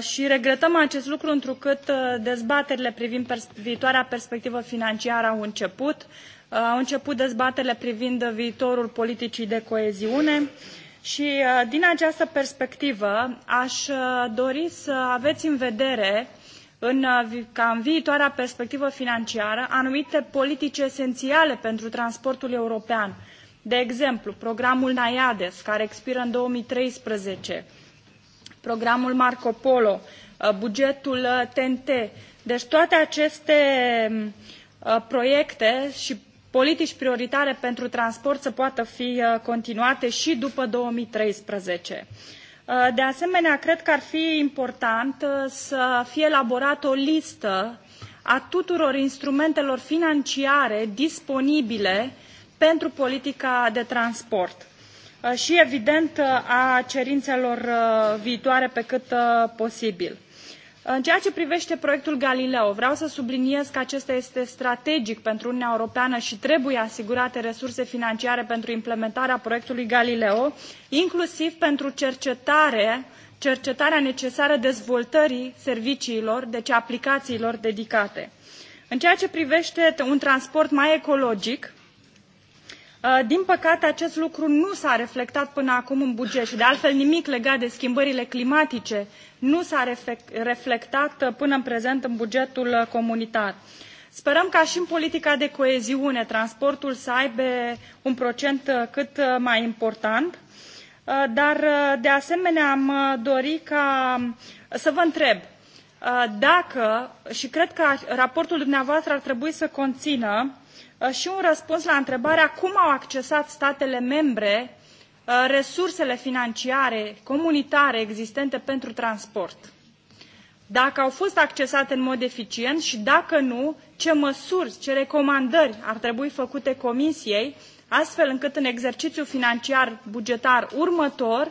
Și regretăm acest lucru întrucât dezbaterile privind viitoarea perspectivă financiară au început, Uh, au început dezbaterile privind viitorul politicii de coeziune și uh, din această perspectivă aș uh, dori să aveți în vedere în, ca în viitoarea perspectivă financiară anumite politici esențiale pentru transportul european. De exemplu, programul Naiades, care expiră în 2013, programul Marco Polo, bugetul TNT. Deci toate aceste proiecte și politici prioritare pentru transport să poată fi uh, continuate și după 2013. Uh, de asemenea, cred că ar fi important uh, să fie elaborată o listă a tuturor instrumentelor financiare disponibile pentru politica de transport și, evident, a cerințelor viitoare pe cât posibil. În ceea ce privește proiectul Galileo, vreau să subliniez că acesta este strategic pentru Uniunea Europeană și trebuie asigurate resurse financiare pentru implementarea proiectului Galileo, inclusiv pentru cercetare, cercetarea necesară dezvoltării serviciilor, deci aplicațiilor dedicate. În ceea ce privește un transport mai ecologic, Uh, din păcate, acest lucru nu s-a reflectat până acum în buget și, de altfel, nimic legat de schimbările climatice nu s-a reflectat uh, până în prezent în bugetul uh, comunitar. Sperăm ca și în politica de coeziune transportul să aibă un procent cât mai important, dar, de asemenea, am dori ca um, să vă întreb Uh, dacă, și cred că raportul dumneavoastră ar trebui să conțină uh, și un răspuns la întrebarea cum au accesat statele membre uh, resursele financiare comunitare existente pentru transport. Dacă au fost accesate în mod eficient și dacă nu, ce măsuri, ce recomandări ar trebui făcute Comisiei, astfel încât în exercițiul financiar bugetar următor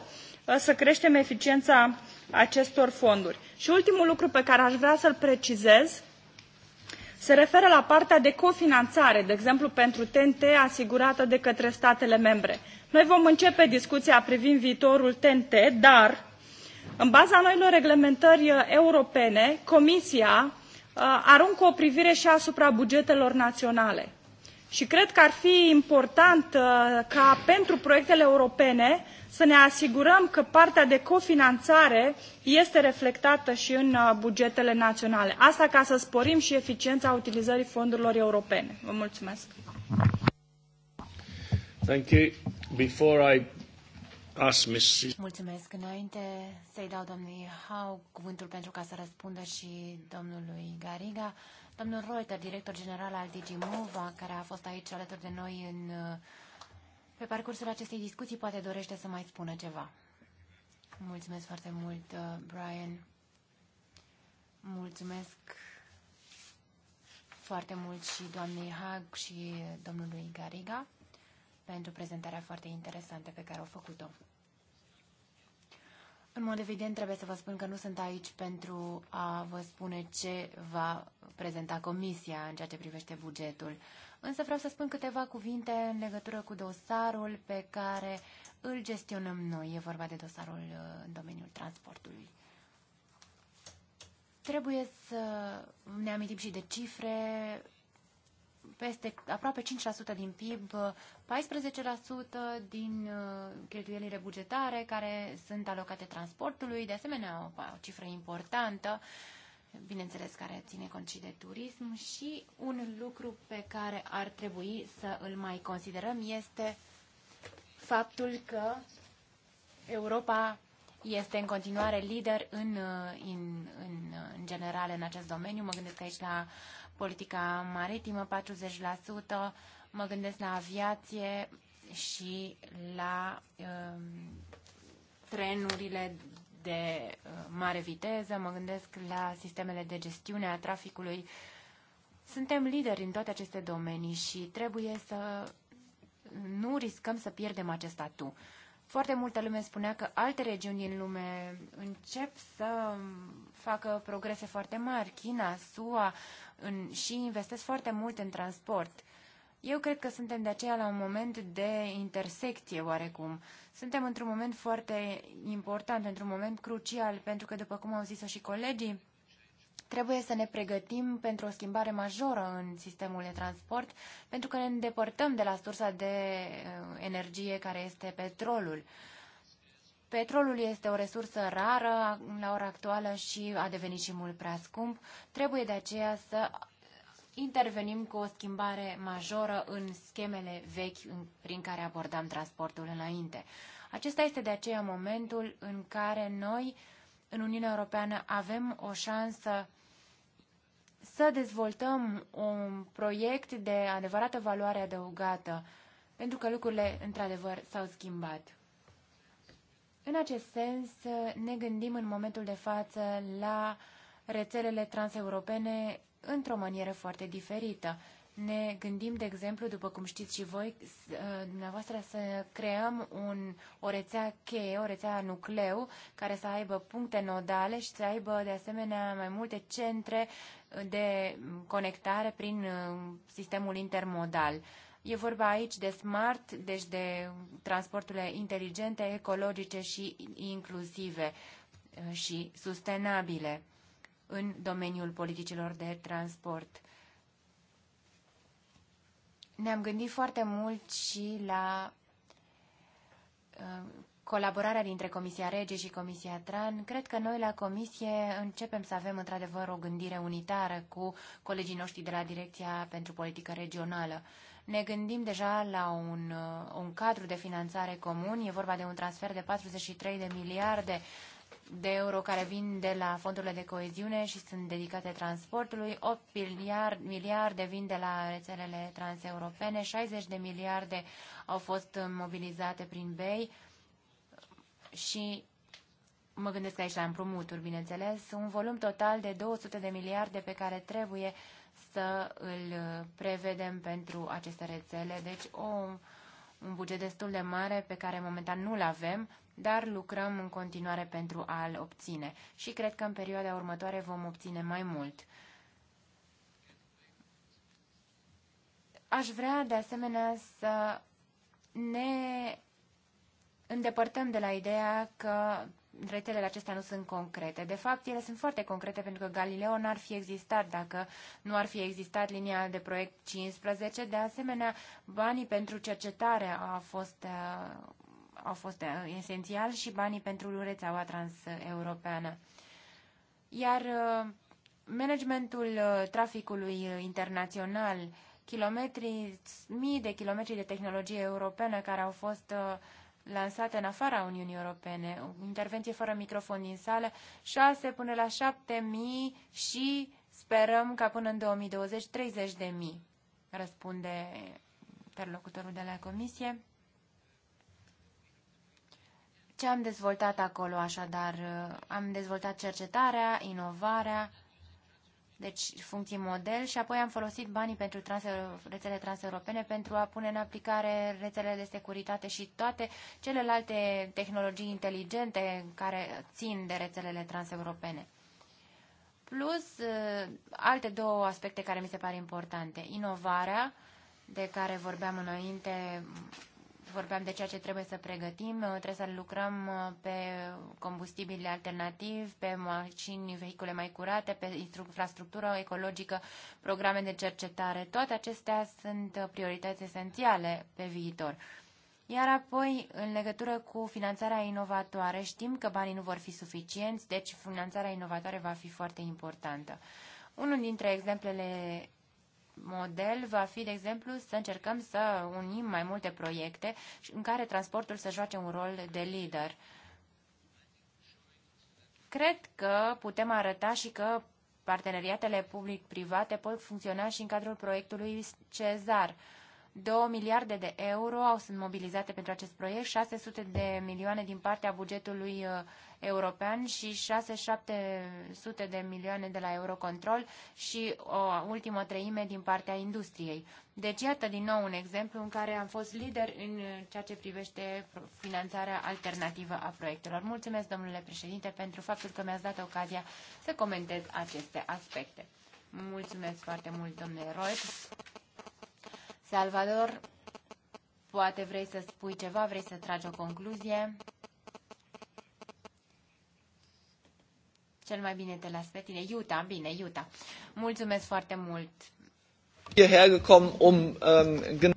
să creștem eficiența acestor fonduri. Și ultimul lucru pe care aș vrea să-l precizez se referă la partea de cofinanțare, de exemplu pentru TNT asigurată de către statele membre. Noi vom începe discuția privind viitorul TNT, dar în baza noilor reglementări uh, europene, Comisia uh, aruncă o privire și asupra bugetelor naționale și cred că ar fi important uh, ca pentru proiectele europene să ne asigurăm că partea de cofinanțare este reflectată și în uh, bugetele naționale. Asta ca să sporim și eficiența utilizării fondurilor europene. Vă mulțumesc. Thank you. Before I ask Mrs. Mulțumesc. Înainte să-i dau domnului Hau cuvântul pentru ca să răspundă și domnului Gariga, Domnul Reuter, director general al DigiMova, care a fost aici alături de noi în, pe parcursul acestei discuții, poate dorește să mai spună ceva. Mulțumesc foarte mult, uh, Brian. Mulțumesc foarte mult și doamnei Hag și domnului Gariga pentru prezentarea foarte interesantă pe care au făcut-o. În mod evident, trebuie să vă spun că nu sunt aici pentru a vă spune ce va prezenta Comisia în ceea ce privește bugetul. Însă vreau să spun câteva cuvinte în legătură cu dosarul pe care îl gestionăm noi. E vorba de dosarul uh, în domeniul transportului. Trebuie să ne amintim și de cifre peste aproape 5% din PIB, 14% din uh, cheltuielile bugetare care sunt alocate transportului, de asemenea o, o cifră importantă, bineînțeles care ține cont și de turism și un lucru pe care ar trebui să îl mai considerăm este faptul că Europa este în continuare lider în, uh, în, în, în general în acest domeniu. Mă gândesc aici la uh, politica maritimă 40%, mă gândesc la aviație și la uh, trenurile de uh, mare viteză, mă gândesc la sistemele de gestiune a traficului. Suntem lideri în toate aceste domenii și trebuie să nu riscăm să pierdem acest atu. Foarte multă lume spunea că alte regiuni din lume încep să facă progrese foarte mari, China, SUA, în, și investesc foarte mult în transport. Eu cred că suntem de aceea la un moment de intersecție oarecum. Suntem într-un moment foarte important, într-un moment crucial, pentru că, după cum au zis-o și colegii, Trebuie să ne pregătim pentru o schimbare majoră în sistemul de transport, pentru că ne îndepărtăm de la sursa de uh, energie care este petrolul. Petrolul este o resursă rară la ora actuală și a devenit și mult prea scump. Trebuie de aceea să intervenim cu o schimbare majoră în schemele vechi prin care abordam transportul înainte. Acesta este de aceea momentul în care noi, în Uniunea Europeană, avem o șansă să dezvoltăm un proiect de adevărată valoare adăugată, pentru că lucrurile, într-adevăr, s-au schimbat. În acest sens, ne gândim în momentul de față la rețelele transeuropene într-o manieră foarte diferită. Ne gândim, de exemplu, după cum știți și voi, uh, dumneavoastră să creăm un, o rețea cheie, o rețea nucleu, care să aibă puncte nodale și să aibă, de asemenea, mai multe centre de conectare prin uh, sistemul intermodal. E vorba aici de smart, deci de transporturile inteligente, ecologice și inclusive uh, și sustenabile în domeniul politicilor de transport. Ne-am gândit foarte mult și la uh, colaborarea dintre Comisia Rege și Comisia Tran, cred că noi la Comisie începem să avem într-adevăr o gândire unitară cu colegii noștri de la Direcția pentru Politică Regională. Ne gândim deja la un, uh, un cadru de finanțare comun, e vorba de un transfer de 43 de miliarde de euro care vin de la fondurile de coeziune și sunt dedicate transportului, 8 miliard, miliarde vin de la rețelele transeuropene, 60 de miliarde au fost mobilizate prin BEI, și mă gândesc aici la împrumuturi, bineînțeles, un volum total de 200 de miliarde pe care trebuie să îl uh, prevedem pentru aceste rețele. Deci o, un buget destul de mare pe care momentan nu-l avem, dar lucrăm în continuare pentru a-l obține. Și cred că în perioada următoare vom obține mai mult. Aș vrea de asemenea să ne îndepărtăm de la ideea că rețelele acestea nu sunt concrete. De fapt, ele sunt foarte concrete pentru că Galileo n-ar fi existat dacă nu ar fi existat linia de proiect 15. De asemenea, banii pentru cercetare au fost, uh, au fost uh, esențial și banii pentru rețeaua transeuropeană. Iar uh, managementul traficului internațional, kilometri, mii de kilometri de tehnologie europeană care au fost uh, lansate în afara Uniunii Europene, o intervenție fără microfon din sală, 6 până la 7 mii și sperăm ca până în 2020 30 de mii, răspunde interlocutorul de la Comisie. Ce am dezvoltat acolo, așadar? Am dezvoltat cercetarea, inovarea, deci funcții model și apoi am folosit banii pentru trans, rețele transeuropene pentru a pune în aplicare rețelele de securitate și toate celelalte tehnologii inteligente care țin de rețelele transeuropene. Plus eh, alte două aspecte care mi se par importante. Inovarea, de care vorbeam înainte, vorbeam de ceea ce trebuie să pregătim, uh, trebuie să lucrăm uh, pe combustibili alternativi, pe mașini, vehicule mai curate, pe infrastructură ecologică, programe de cercetare. Toate acestea sunt uh, priorități esențiale pe viitor. Iar apoi, în legătură cu finanțarea inovatoare, știm că banii nu vor fi suficienți, deci finanțarea inovatoare va fi foarte importantă. Unul dintre exemplele model va fi, de exemplu, să încercăm să unim mai multe proiecte în care transportul să joace un rol de lider. Cred că putem arăta și că parteneriatele public-private pot funcționa și în cadrul proiectului Cezar. 2 miliarde de euro au sunt mobilizate pentru acest proiect, 600 de milioane din partea bugetului uh, european și 6.700 de milioane de la Eurocontrol și o ultimă treime din partea industriei. Deci iată din nou un exemplu în care am fost lider în uh, ceea ce privește finanțarea alternativă a proiectelor. Mulțumesc, domnule președinte, pentru faptul că mi-ați dat ocazia să comentez aceste aspecte. Mulțumesc foarte mult, domnule Roy. Salvador, poate vrei să spui ceva, vrei să tragi o concluzie. Cel mai bine te las pe tine. Iuta, bine, Iuta. Mulțumesc foarte mult. Um, ähm,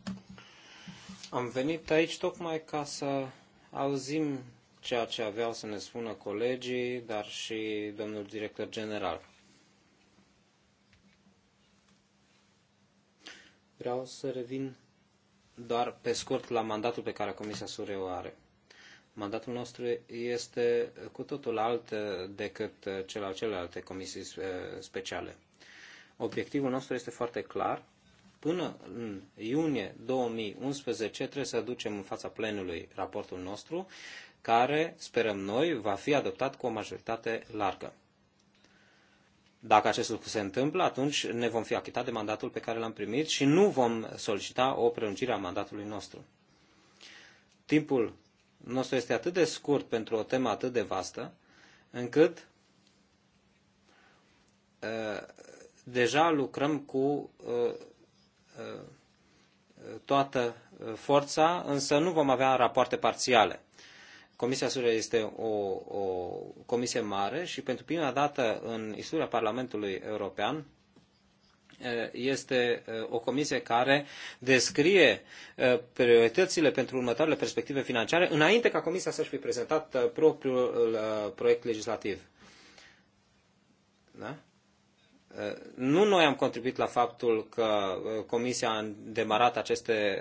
Am venit aici tocmai ca să auzim ceea ce aveau să ne spună colegii, dar și domnul director general. Vreau să revin doar pe scurt la mandatul pe care Comisia Sure o are. Mandatul nostru este cu totul alt decât cel al celelalte comisii eh, speciale. Obiectivul nostru este foarte clar. Până în iunie 2011 trebuie să aducem în fața plenului raportul nostru, care, sperăm noi, va fi adoptat cu o majoritate largă. Dacă acest lucru se întâmplă, atunci ne vom fi achitat de mandatul pe care l-am primit și nu vom solicita o prelungire a mandatului nostru. Timpul nostru este atât de scurt pentru o temă atât de vastă, încât uh, deja lucrăm cu uh, uh, toată forța, însă nu vom avea rapoarte parțiale. Comisia Sure este o, o comisie mare și pentru prima dată în istoria Parlamentului European este o comisie care descrie prioritățile pentru următoarele perspective financiare înainte ca comisia să-și fi prezentat propriul proiect legislativ. Da? Uh, nu noi am contribuit la faptul că uh, Comisia a demarat aceste,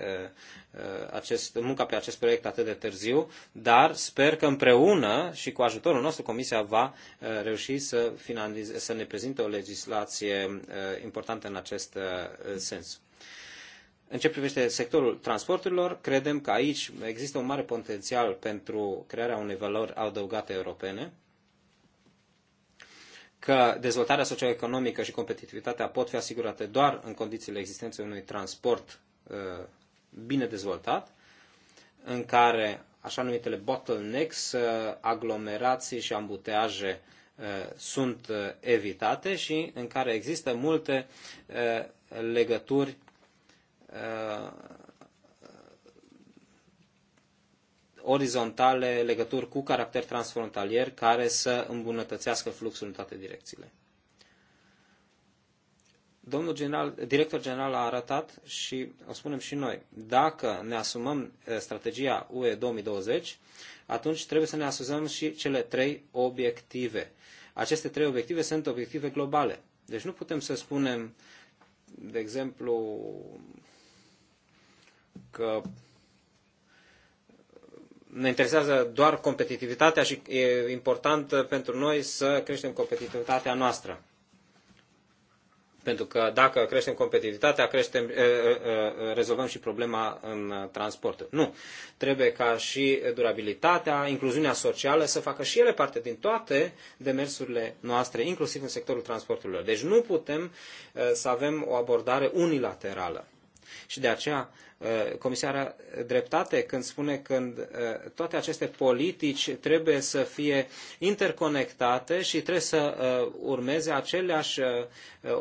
uh, acest, munca pe acest proiect atât de târziu, dar sper că împreună și cu ajutorul nostru Comisia va reuși să, finalize, să ne prezinte o legislație importantă în acest sens. În ce privește sectorul transporturilor, credem că aici există un mare potențial pentru crearea unei valori adăugate europene că dezvoltarea socioeconomică și competitivitatea pot fi asigurate doar în condițiile existenței unui transport uh, bine dezvoltat, în care așa numitele bottlenecks, uh, aglomerații și ambuteaje uh, sunt evitate și în care există multe legături orizontale, legături cu caracter transfrontalier care să îmbunătățească fluxul în toate direcțiile. Domnul general, director general a arătat și o spunem și noi, dacă ne asumăm eh, strategia UE 2020, atunci trebuie să ne asumăm și cele trei obiective. Aceste trei obiective sunt obiective globale. Deci nu putem să spunem, de exemplu, că ne interesează doar competitivitatea și e important pentru noi să creștem competitivitatea noastră. Pentru că dacă creștem competitivitatea, creștem, rezolvăm și problema în transport. Nu. Trebuie ca și durabilitatea, incluziunea socială să facă și ele parte din toate demersurile noastre, inclusiv în sectorul transporturilor. Deci nu putem să avem o abordare unilaterală. Și de aceea Eh, comisara dreptate când spune că eh, toate aceste politici trebuie să fie interconectate și trebuie să eh, urmeze aceleași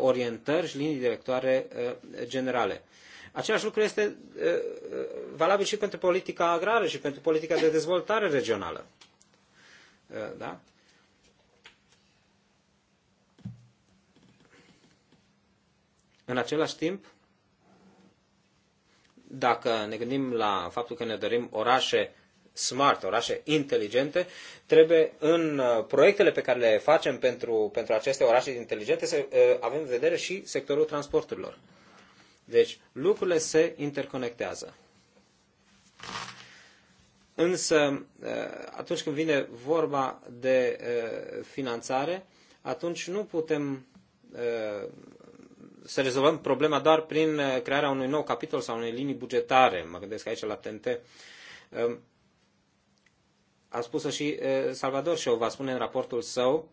orientări și linii directoare generale. Același lucru este valabil și pentru politica agrară și pentru politica de dezvoltare regională. Da? În același timp, dacă ne gândim la faptul că ne dorim orașe smart, orașe inteligente, trebuie în uh, proiectele pe care le facem pentru, pentru aceste orașe inteligente să uh, avem în vedere și sectorul transporturilor. Deci lucrurile se interconectează. Însă, uh, atunci când vine vorba de finanțare, atunci nu putem să rezolvăm problema doar prin uh, crearea unui nou capitol sau unei linii bugetare. Mă gândesc aici la TNT. Um, a spus și uh, Salvador și o va spune în raportul său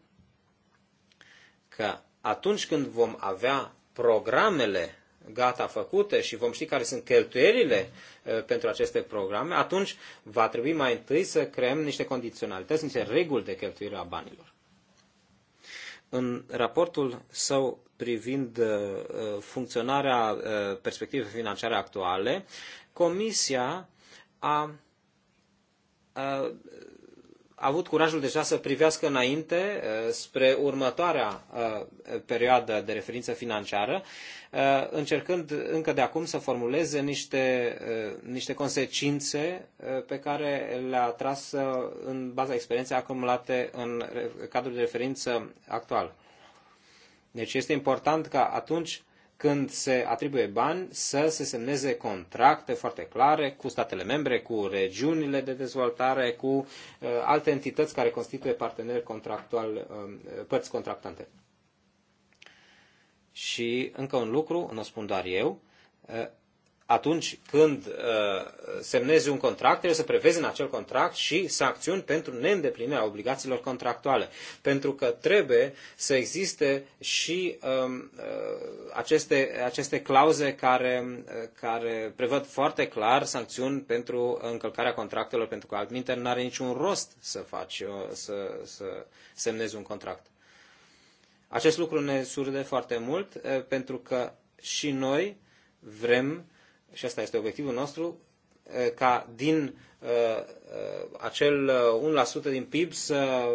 că atunci când vom avea programele gata făcute și vom ști care sunt cheltuielile uh, pentru aceste programe, atunci va trebui mai întâi să creăm niște condiționalități, niște reguli de cheltuire a banilor. În raportul său privind uh, funcționarea uh, perspectivei financiare actuale, Comisia a avut curajul deja să privească înainte uh, spre următoarea uh, perioadă de referință financiară, uh, încercând încă de acum să formuleze niște, niște consecințe pe care le-a tras în baza experienței acumulate în cadrul de referință actual. Deci este important ca atunci când se atribuie bani, să se semneze contracte foarte clare cu statele membre, cu regiunile de dezvoltare, cu uh, alte entități care constituie parteneri contractual, uh, părți contractante. Și încă un lucru, nu o spun doar eu, uh, atunci când uh, semnezi un contract, trebuie să prevezi în acel contract și sancțiuni pentru neîndeplinirea obligațiilor contractuale. Pentru că trebuie să existe și um, uh, aceste, aceste clauze care, uh, care prevăd foarte clar sancțiuni pentru încălcarea contractelor, pentru că altminte nu are niciun rost să faci, să, să semnezi un contract. Acest lucru ne surde foarte mult pentru că și noi vrem și asta este obiectivul nostru, ca din acel 1% din PIB să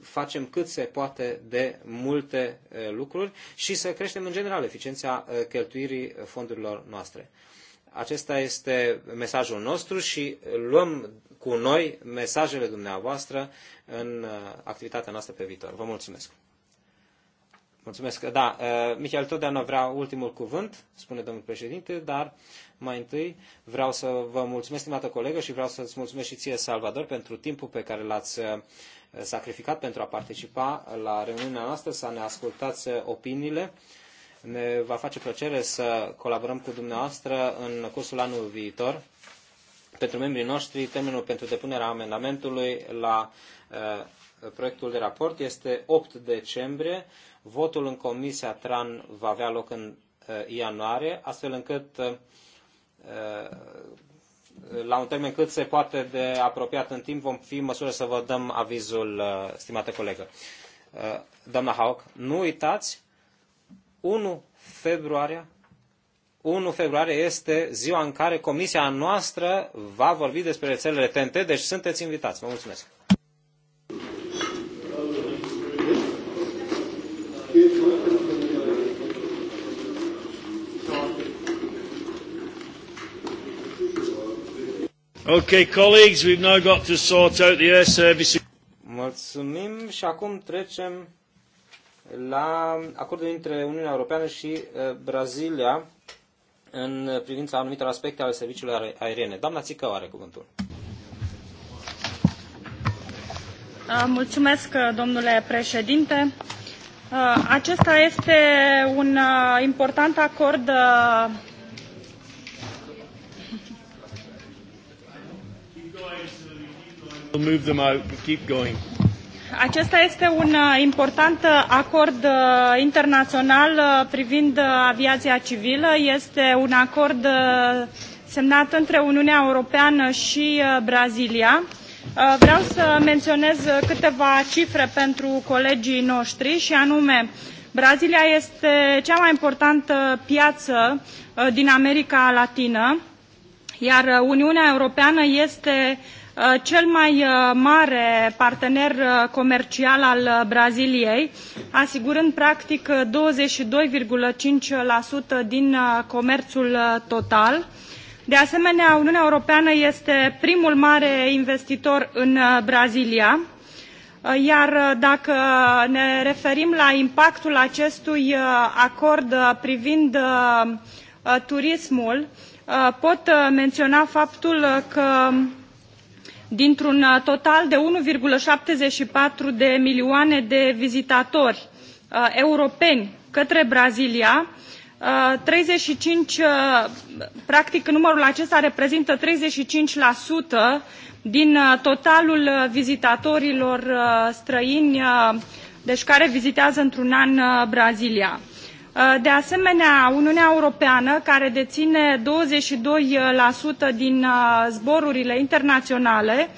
facem cât se poate de multe lucruri și să creștem în general eficiența cheltuirii fondurilor noastre. Acesta este mesajul nostru și luăm cu noi mesajele dumneavoastră în activitatea noastră pe viitor. Vă mulțumesc! Mulțumesc. Da, uh, Michael, totdeauna vreau ultimul cuvânt, spune domnul președinte, dar mai întâi vreau să vă mulțumesc, stimată colegă, și vreau să-ți mulțumesc și ție, Salvador, pentru timpul pe care l-ați uh, sacrificat pentru a participa la reuniunea noastră, să ne ascultați uh, opiniile. Ne va face plăcere să colaborăm cu dumneavoastră în cursul anului viitor. Pentru membrii noștri, termenul pentru depunerea amendamentului la proiectul de raport este 8 decembrie Votul în Comisia TRAN va avea loc în uh, ianuarie, astfel încât uh, uh, la un termen cât se poate de apropiat în timp, vom fi în măsură să vă dăm avizul, stimată colegă. Doamna Haug. nu uitați, 1 februarie, 1 februarie este ziua în care comisia noastră va vorbi despre rețelele TNT, deci sunteți invitați. Vă mulțumesc! Okay, colleagues, we've now got to sort out the air services. Mulțumim și acum trecem la acordul dintre Uniunea Europeană și uh, Brazilia în privința anumitor aspecte ale serviciilor aeriene. Doamna Țică are cuvântul. Uh, mulțumesc, uh, domnule președinte. Acesta este un important acord Acesta este un uh, important uh, acord uh, internațional privind aviația civilă. Este un acord semnat între Uniunea Europeană și Brazilia. Vreau să menționez câteva cifre pentru colegii noștri și anume Brazilia este cea mai importantă piață din America Latină, iar Uniunea Europeană este uh, Uh, cel mai uh, mare partener uh, comercial al Braziliei, asigurând practic 22,5% din comerțul total. De asemenea, Uniunea Europeană este primul mare investitor în Brazilia, iar dacă ne referim la impactul acestui acord privind turismul, pot menționa faptul că dintr-un uh, total de 1,74 de milioane de vizitatori uh, europeni către Brazilia, 35, uh, practic numărul acesta reprezintă 35% din totalul vizitatorilor străini, deci care vizitează într-un an Brazilia. Uh, de asemenea, Uniunea Europeană, care deține 22% din uh, zborurile internaționale,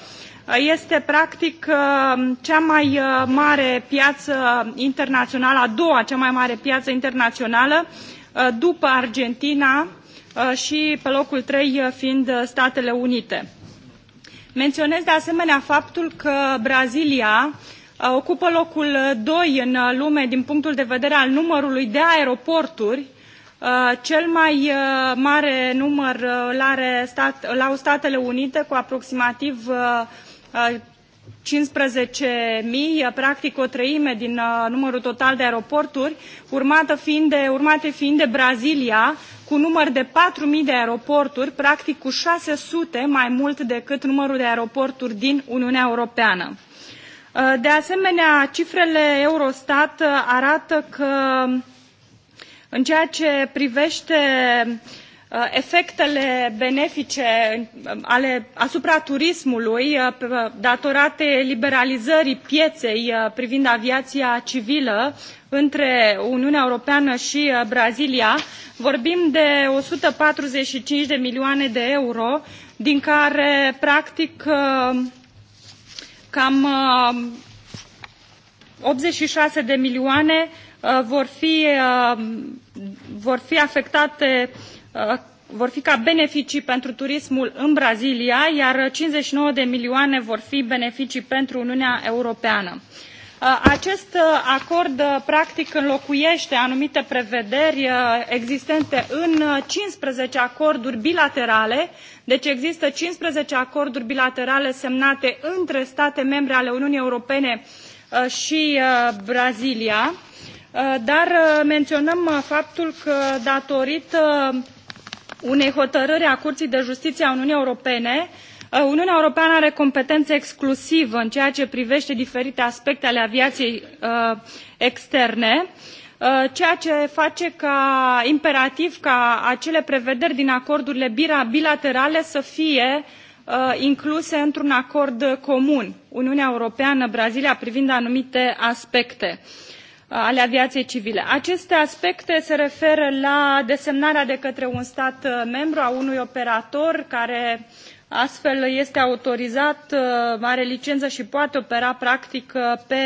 uh, este practic cea mai mare piață internațională, a doua cea mai mare piață internațională, după Argentina și pe locul trei fiind Statele Unite. Menționez de asemenea faptul că Brazilia ocupă locul uh, doi în uh, lume din punctul de vedere al numărului de aeroporturi. Uh, cel mai mare număr îl, are stat, îl au Statele Unite cu aproximativ 15.000, practic o treime din numărul total de aeroporturi, urmată fiind de, urmate fiind de Brazilia, cu număr de 4.000 de aeroporturi, practic cu 600 mai mult decât numărul de aeroporturi din Uniunea Europeană. Uh, de asemenea, cifrele Eurostat uh, arată că um, în ceea ce privește uh, efectele benefice um, ale, asupra turismului datorate liberalizării pieței privind aviația civilă între Uniunea Europeană și Brazilia, vorbim de 145 de milioane de euro, din care, practic, cam 86 uh, de milioane uh, vor fi, uh, vor fi afectate vor fi ca beneficii pentru turismul în Brazilia, iar 59 de milioane vor fi beneficii pentru Uniunea Europeană. Uh, acest uh, acord uh, practic înlocuiește anumite prevederi existente în 15 acorduri bilaterale, deci există 15 acorduri bilaterale semnate între state membre ale Uniunii Europene și Brazilia, dar menționăm faptul că datorită unei hotărâri a Curții de Justiție a Uniunii Europene, Uh, uniunea europeană are competență exclusivă în ceea ce privește diferite aspecte ale aviației uh, externe uh, ceea ce face ca imperativ ca acele prevederi din acordurile bilaterale să fie incluse într un acord comun uniunea europeană brazilia privind anumite aspecte ale aviației civile. aceste aspecte se referă la desemnarea de către un stat membru a unui operator care astfel este autorizat uh, are licență și poate opera practic uh, pe,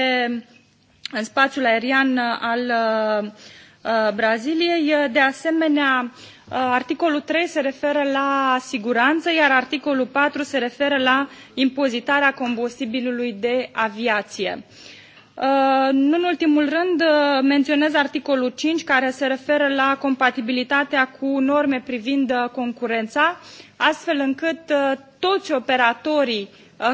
în spațiul aerian uh, al braziliei de asemenea articolul trei se referă la siguranță iar articolul patru se referă la impozitarea combustibilului de aviație. Nu uh, în ultimul rând uh, menționez articolul cinci care se referă la compatibilitatea cu norme privind uh, concurența, astfel încât toți operatorii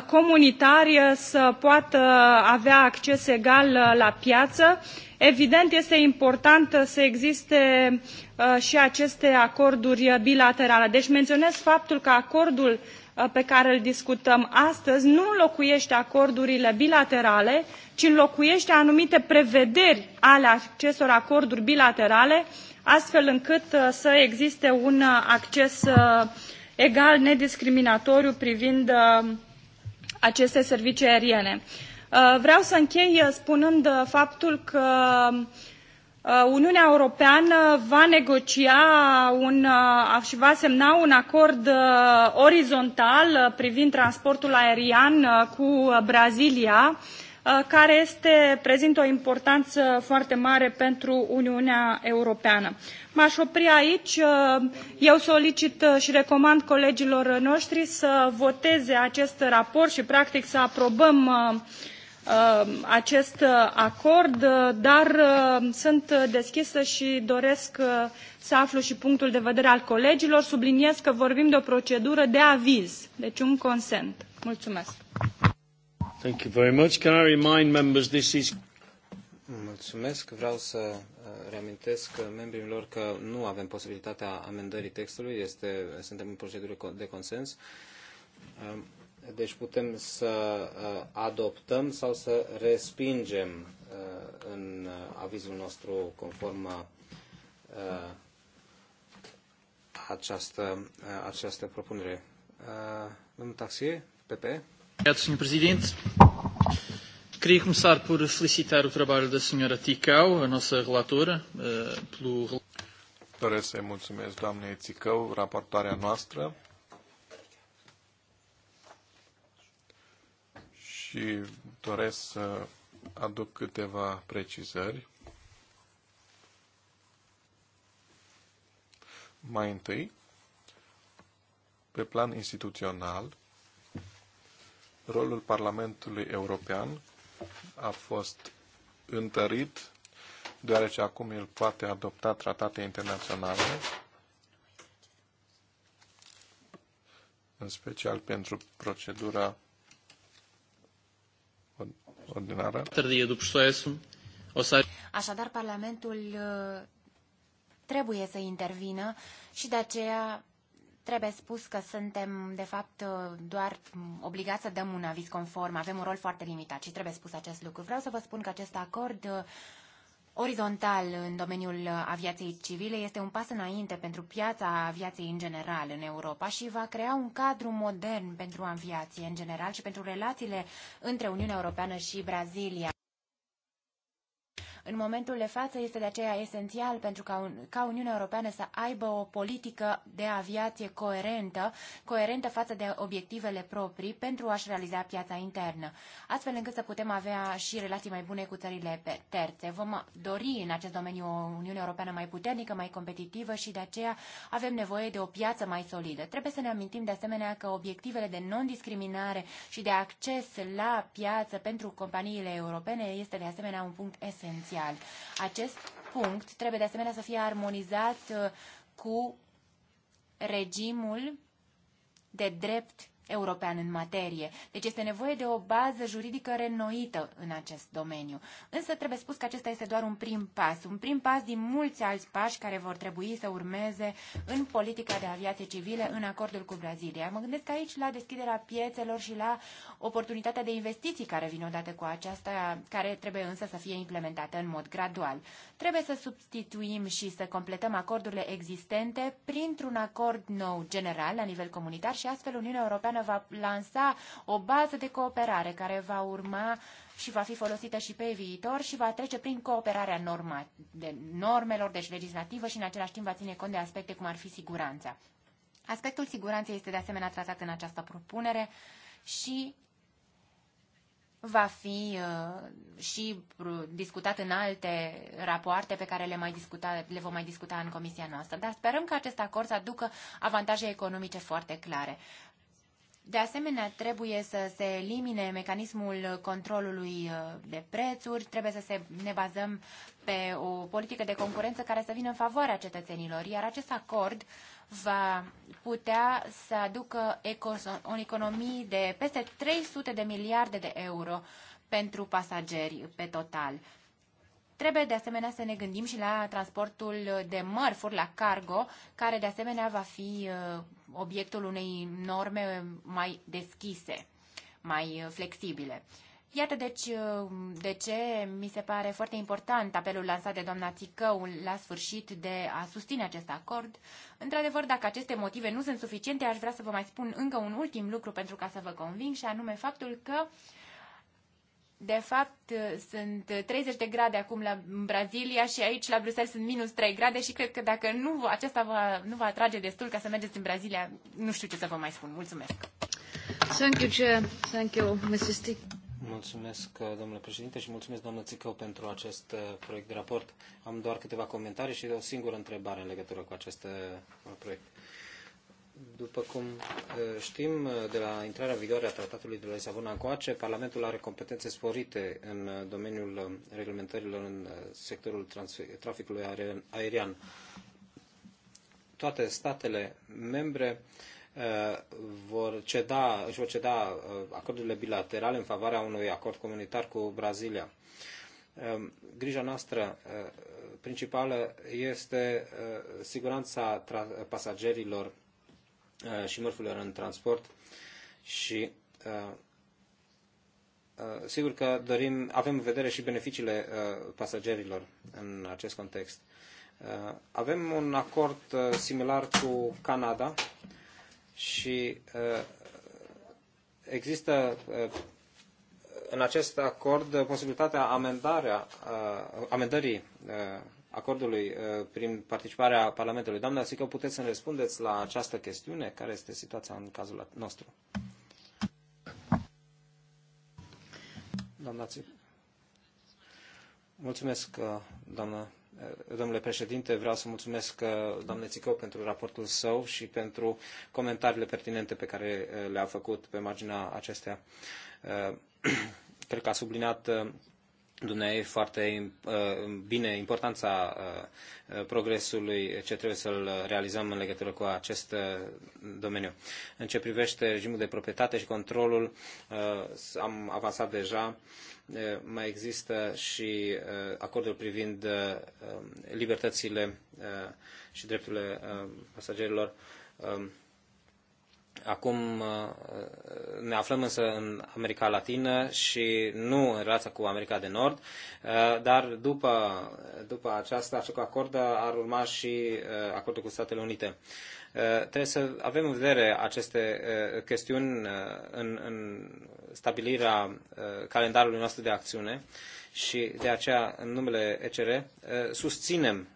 comunitari să poată avea acces egal la piață. Evident, este important să existe și aceste acorduri bilaterale. Deci menționez faptul că acordul pe care îl discutăm astăzi nu înlocuiește acordurile bilaterale, ci înlocuiește anumite prevederi ale acestor acorduri bilaterale, astfel încât uh, să existe un uh, acces uh, egal, nediscriminatoriu privind aceste servicii aeriene. Vreau să închei spunând faptul că Uniunea Europeană va negocia un, și va semna un acord orizontal privind transportul aerian cu Brazilia, Uh, care este, prezintă o importanță foarte mare pentru Uniunea Europeană. M-aș opri aici. Uh, eu solicit uh, și recomand colegilor noștri să voteze acest raport și, practic, să aprobăm acest acord, dar sunt deschisă și doresc să aflu și punctul de vedere al colegilor. Subliniez că vorbim de o procedură de aviz, deci un consent. Mulțumesc. Thank you very much. Can I remind members this is... Mulțumesc. Vreau să uh, reamintesc membrilor că nu avem posibilitatea amendării textului. Este, suntem în procedură de consens. Um, deci putem să uh, adoptăm sau să respingem uh, în avizul nostru conform această, această propunere. Domnul Taxie, PPE? Obrigado, Sr. Presidente. Queria começar por felicitar o trabalho da Sra. Ticau, a nossa relatora, eh, pelo... Doresc să-i mulțumesc doamnei Țicău, raportoarea noastră, și doresc să aduc câteva precizări. Mai întâi, pe plan instituțional, rolul Parlamentului European a fost întărit, deoarece acum el poate adopta tratate internaționale, în special pentru procedura ordinară. Așadar, Parlamentul uh, trebuie să intervină și de aceea Trebuie spus că suntem, de fapt, doar obligați să dăm un aviz conform. Avem un rol foarte limitat și trebuie spus acest lucru. Vreau să vă spun că acest acord uh, orizontal în domeniul aviației civile este un pas înainte pentru piața aviației în general în Europa și va crea un cadru modern pentru aviație în general și pentru relațiile între Uniunea Europeană și Brazilia în momentul de față este de aceea esențial pentru ca, ca Uniunea Europeană să aibă o politică de aviație coerentă, coerentă față de obiectivele proprii pentru a-și realiza piața internă, astfel încât să putem avea și relații mai bune cu țările terțe. Vom dori în acest domeniu o Uniune Europeană mai puternică, mai competitivă și de aceea avem nevoie de o piață mai solidă. Trebuie să ne amintim de asemenea că obiectivele de non-discriminare și de acces la piață pentru companiile europene este de asemenea un punct esențial social. Acest punct trebuie de asemenea să fie armonizat uh, cu regimul de drept european în materie. Deci este nevoie de o bază juridică renoită în acest domeniu. Însă trebuie spus că acesta este doar un prim pas, un prim pas din mulți alți pași care vor trebui să urmeze în politica de aviație civile în acordul cu Brazilia. Mă gândesc aici la deschiderea piețelor și la oportunitatea de investiții care vin odată cu aceasta, care trebuie însă să fie implementată în mod gradual. Trebuie să substituim și să completăm acordurile existente printr-un acord nou general la nivel comunitar și astfel Uniunea Europeană Europeană va lansa o bază de cooperare care va urma și va fi folosită și pe viitor și va trece prin cooperarea norma, de normelor, deci legislativă și în același timp va ține cont de aspecte cum ar fi siguranța. Aspectul siguranței este de asemenea tratat în această propunere și va fi uh, și discutat în alte rapoarte pe care le, mai discuta, le vom mai discuta în comisia noastră. Dar sperăm că acest acord să aducă avantaje economice foarte clare. De asemenea, trebuie să se elimine mecanismul controlului uh, de prețuri, trebuie să se, ne bazăm pe o politică de concurență care să vină în favoarea cetățenilor, iar acest acord va putea să aducă o economie de peste 300 de miliarde de euro pentru pasageri pe total. Trebuie de asemenea să ne gândim și la transportul de mărfuri, la cargo, care de asemenea va fi uh, obiectul unei norme mai deschise, mai uh, flexibile. Iată deci uh, de ce mi se pare foarte important apelul lansat de doamna Țicău la sfârșit de a susține acest acord. Într-adevăr, dacă aceste motive nu sunt suficiente, aș vrea să vă mai spun încă un ultim lucru pentru ca să vă conving și anume faptul că uh, de fapt, uh, sunt 30 uh, de grade acum la Brazilia și aici la Bruxelles sunt minus 3 grade și cred că dacă nu, acesta va, nu va atrage destul ca să mergeți în Brazilia, nu știu ce să vă mai spun. Mulțumesc! Thank you, Chair. Thank you, Mrs. Stick. Mulțumesc, uh, domnule președinte, și mulțumesc, doamnă Țicău, pentru acest proiect de raport. Am doar câteva comentarii și o singură întrebare în legătură cu acest proiect. După cum știm, de la intrarea în vigoare a Tratatului de la Lisabona încoace, Parlamentul are competențe sporite în domeniul reglementărilor în sectorul traficului aerian. Toate statele membre vor ceda, își vor ceda acordurile bilaterale în favoarea unui acord comunitar cu Brazilia. Grija noastră principală este siguranța pasagerilor Uh, și mărfurilor în transport și uh, uh, sigur că dorim, avem în vedere și beneficiile pasagerilor în acest context. Avem un acord similar cu Canada și există în acest acord posibilitatea amendarea, amendării acordului uh, prin participarea Parlamentului. Doamna Sică, puteți să ne răspundeți la această chestiune? Care este situația în cazul nostru? Doamna Mulțumesc, uh, doamnă, uh, domnule președinte. Vreau să mulțumesc doamnei Țicău pentru raportul său și pentru comentariile pertinente pe care le-a făcut pe marginea acestea. Cred că a subliniat dumneai foarte uh, bine importanța uh, progresului ce trebuie să-l realizăm în legătură cu acest uh, domeniu. În ce privește regimul de proprietate și controlul, am avansat deja. Mai există și acordul privind libertățile și drepturile pasagerilor um, Acum uh, ne aflăm însă în America Latină și nu în relația cu America de Nord, uh, dar după, după aceasta, acest acord ar urma și uh, acordul cu Statele Unite. Trebuie să avem în vedere aceste chestiuni în, în stabilirea calendarului nostru de acțiune și de aceea, în numele ECR, susținem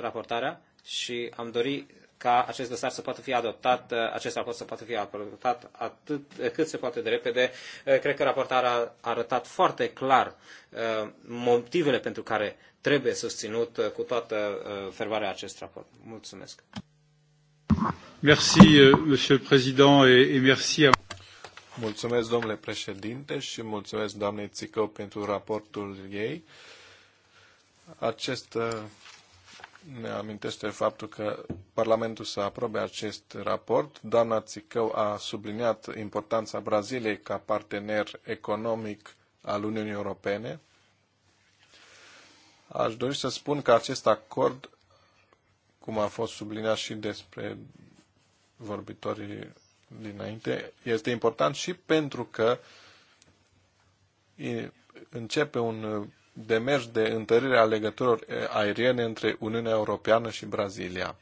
raportarea și am dorit ca acest dosar să poată fi adoptat, acest raport să poată fi adoptat atât cât se poate de repede. Cred că raportarea a arătat foarte clar uh, motivele pentru care trebuie susținut uh, cu toată uh, fervoarea acest raport. Mulțumesc. Merci, monsieur le président, et merci à... Mulțumesc, domnule președinte, și mulțumesc doamnei Țicău pentru raportul ei. Acest ne amintește faptul că Parlamentul să aprobe acest raport. Doamna Țicău a subliniat importanța Braziliei ca partener economic al Uniunii Europene. Aș dori să spun că acest acord, cum a fost subliniat și despre vorbitorii dinainte, este important și pentru că începe un demers de întărire a legăturilor aeriene între Uniunea Europeană și Brazilia.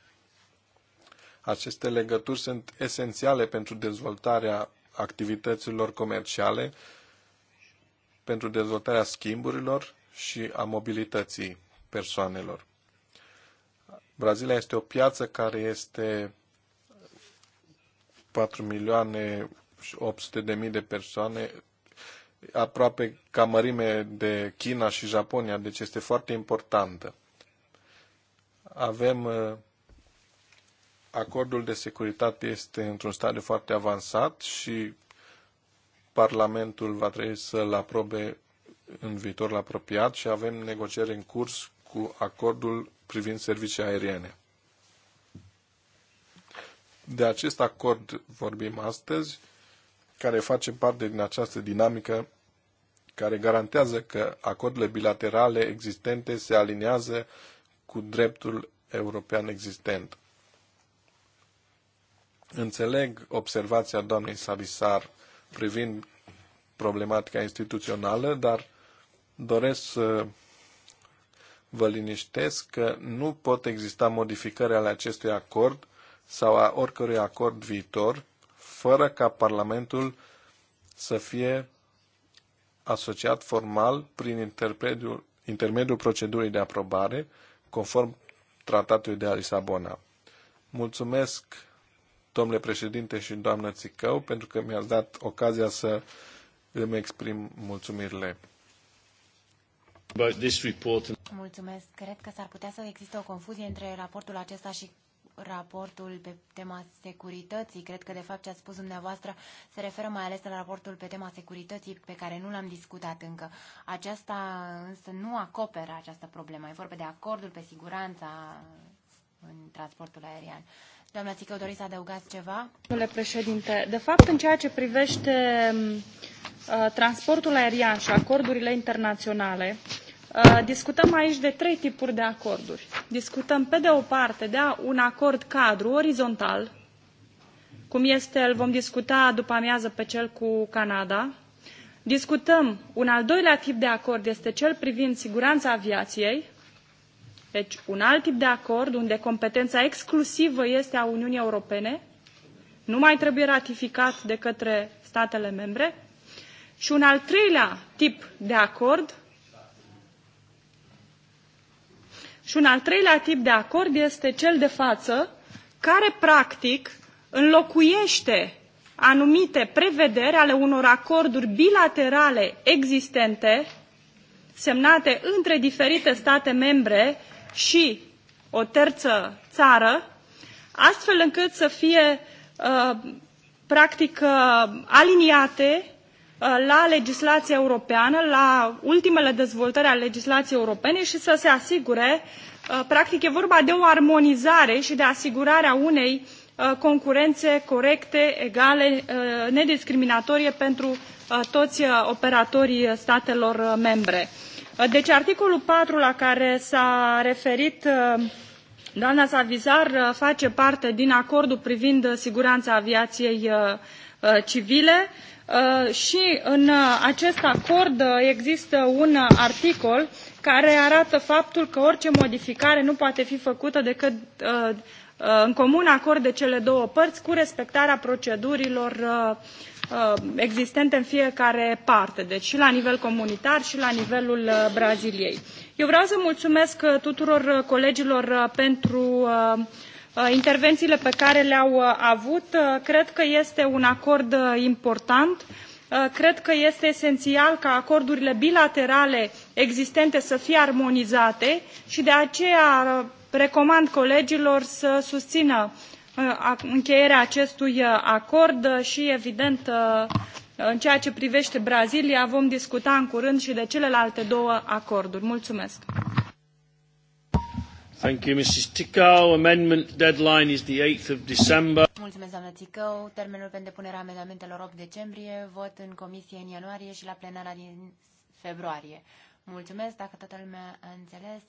Aceste legături sunt esențiale pentru dezvoltarea activităților comerciale, pentru dezvoltarea schimburilor și a mobilității persoanelor. Brazilia este o piață care este 4 milioane 800 de mii de persoane, aproape ca mărime de China și Japonia, deci este foarte importantă. Avem uh, acordul de securitate este într-un stadiu foarte avansat și Parlamentul va trebui să-l aprobe în viitorul apropiat și avem negocieri în curs cu acordul privind servicii aeriene. De acest acord vorbim astăzi, care face parte din această dinamică care garantează că acordurile bilaterale existente se aliniază cu dreptul european existent. Înțeleg observația doamnei Savisar privind problematica instituțională, dar doresc să vă liniștesc că nu pot exista modificări ale acestui acord sau a oricărui acord viitor fără ca Parlamentul să fie asociat formal prin intermediul, intermediul procedurii de aprobare, conform Tratatului de Lisabona. Mulțumesc domnule președinte și doamnă Țicău, pentru că mi-ați dat ocazia să îmi exprim mulțumirile. Mulțumesc. Cred că s-ar putea să existe o confuzie între raportul acesta și raportul pe tema securității. Cred că, de fapt, ce ați spus dumneavoastră se referă mai ales la raportul pe tema securității, pe care nu l-am discutat încă. Aceasta însă nu acoperă această problemă. E vorba de acordul pe siguranța în transportul aerian. Doamna Țică, doriți să adăugați ceva? Domnule președinte, de fapt, în ceea ce privește mm, uh, transportul aerian și acordurile internaționale, uh, discutăm aici de trei tipuri de acorduri. Discutăm, pe de o parte, de un acord cadru orizontal, cum este, îl vom discuta după amiază pe cel cu Canada. Discutăm, un al doilea tip de acord este cel privind siguranța aviației, deci un alt tip de acord unde competența exclusivă este a Uniunii Europene, nu mai trebuie ratificat de către statele membre, și un al treilea tip de acord și un al treilea tip de acord este cel de față, care practic înlocuiește anumite prevederi ale unor acorduri bilaterale existente semnate între diferite state membre și o terță țară, astfel încât să fie uh, practic uh, aliniate uh, la legislația europeană, la ultimele dezvoltări ale legislației europene și să se asigure, practic e vorba de o armonizare și de asigurarea unei concurențe corecte, egale, nediscriminatorie pentru toți operatorii statelor membre. Deci articolul patru la care s-a referit uh, doamna Savizar uh, face parte din acordul privind siguranța aviației uh, civile și în acest acord există un articol care arată faptul că orice modificare nu poate fi făcută decât în comun acord de cele două părți cu respectarea procedurilor Uh, existente în fiecare parte, deci și la nivel comunitar și la nivelul uh, Braziliei. Eu vreau să mulțumesc uh, tuturor colegilor pentru intervențiile pe care le-au avut. Cred că este un acord important. Cred că este esențial ca acordurile bilaterale existente să fie armonizate și de aceea recomand colegilor să susțină uh, Uh, încheierea acestui uh, acord și, evident, uh, în ceea ce privește Brazilia, vom discuta în curând și de celelalte două acorduri. Mulțumesc! Thank you, Mrs. Ticau. Amendment deadline is the 8th of December. Mulțumesc, doamnă Ticau. Termenul pentru depunerea amendamentelor 8 decembrie, vot în comisie în ianuarie și la plenara din februarie. Mulțumesc, dacă toată lumea a înțeles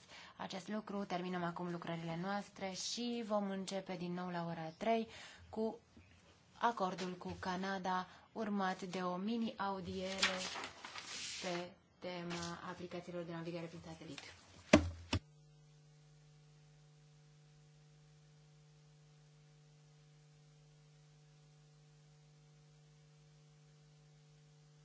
acest lucru. Terminăm acum lucrările noastre și vom începe din nou la ora 3 cu acordul cu Canada, urmat de o mini-audiere pe tema aplicațiilor de navigare prin satelit.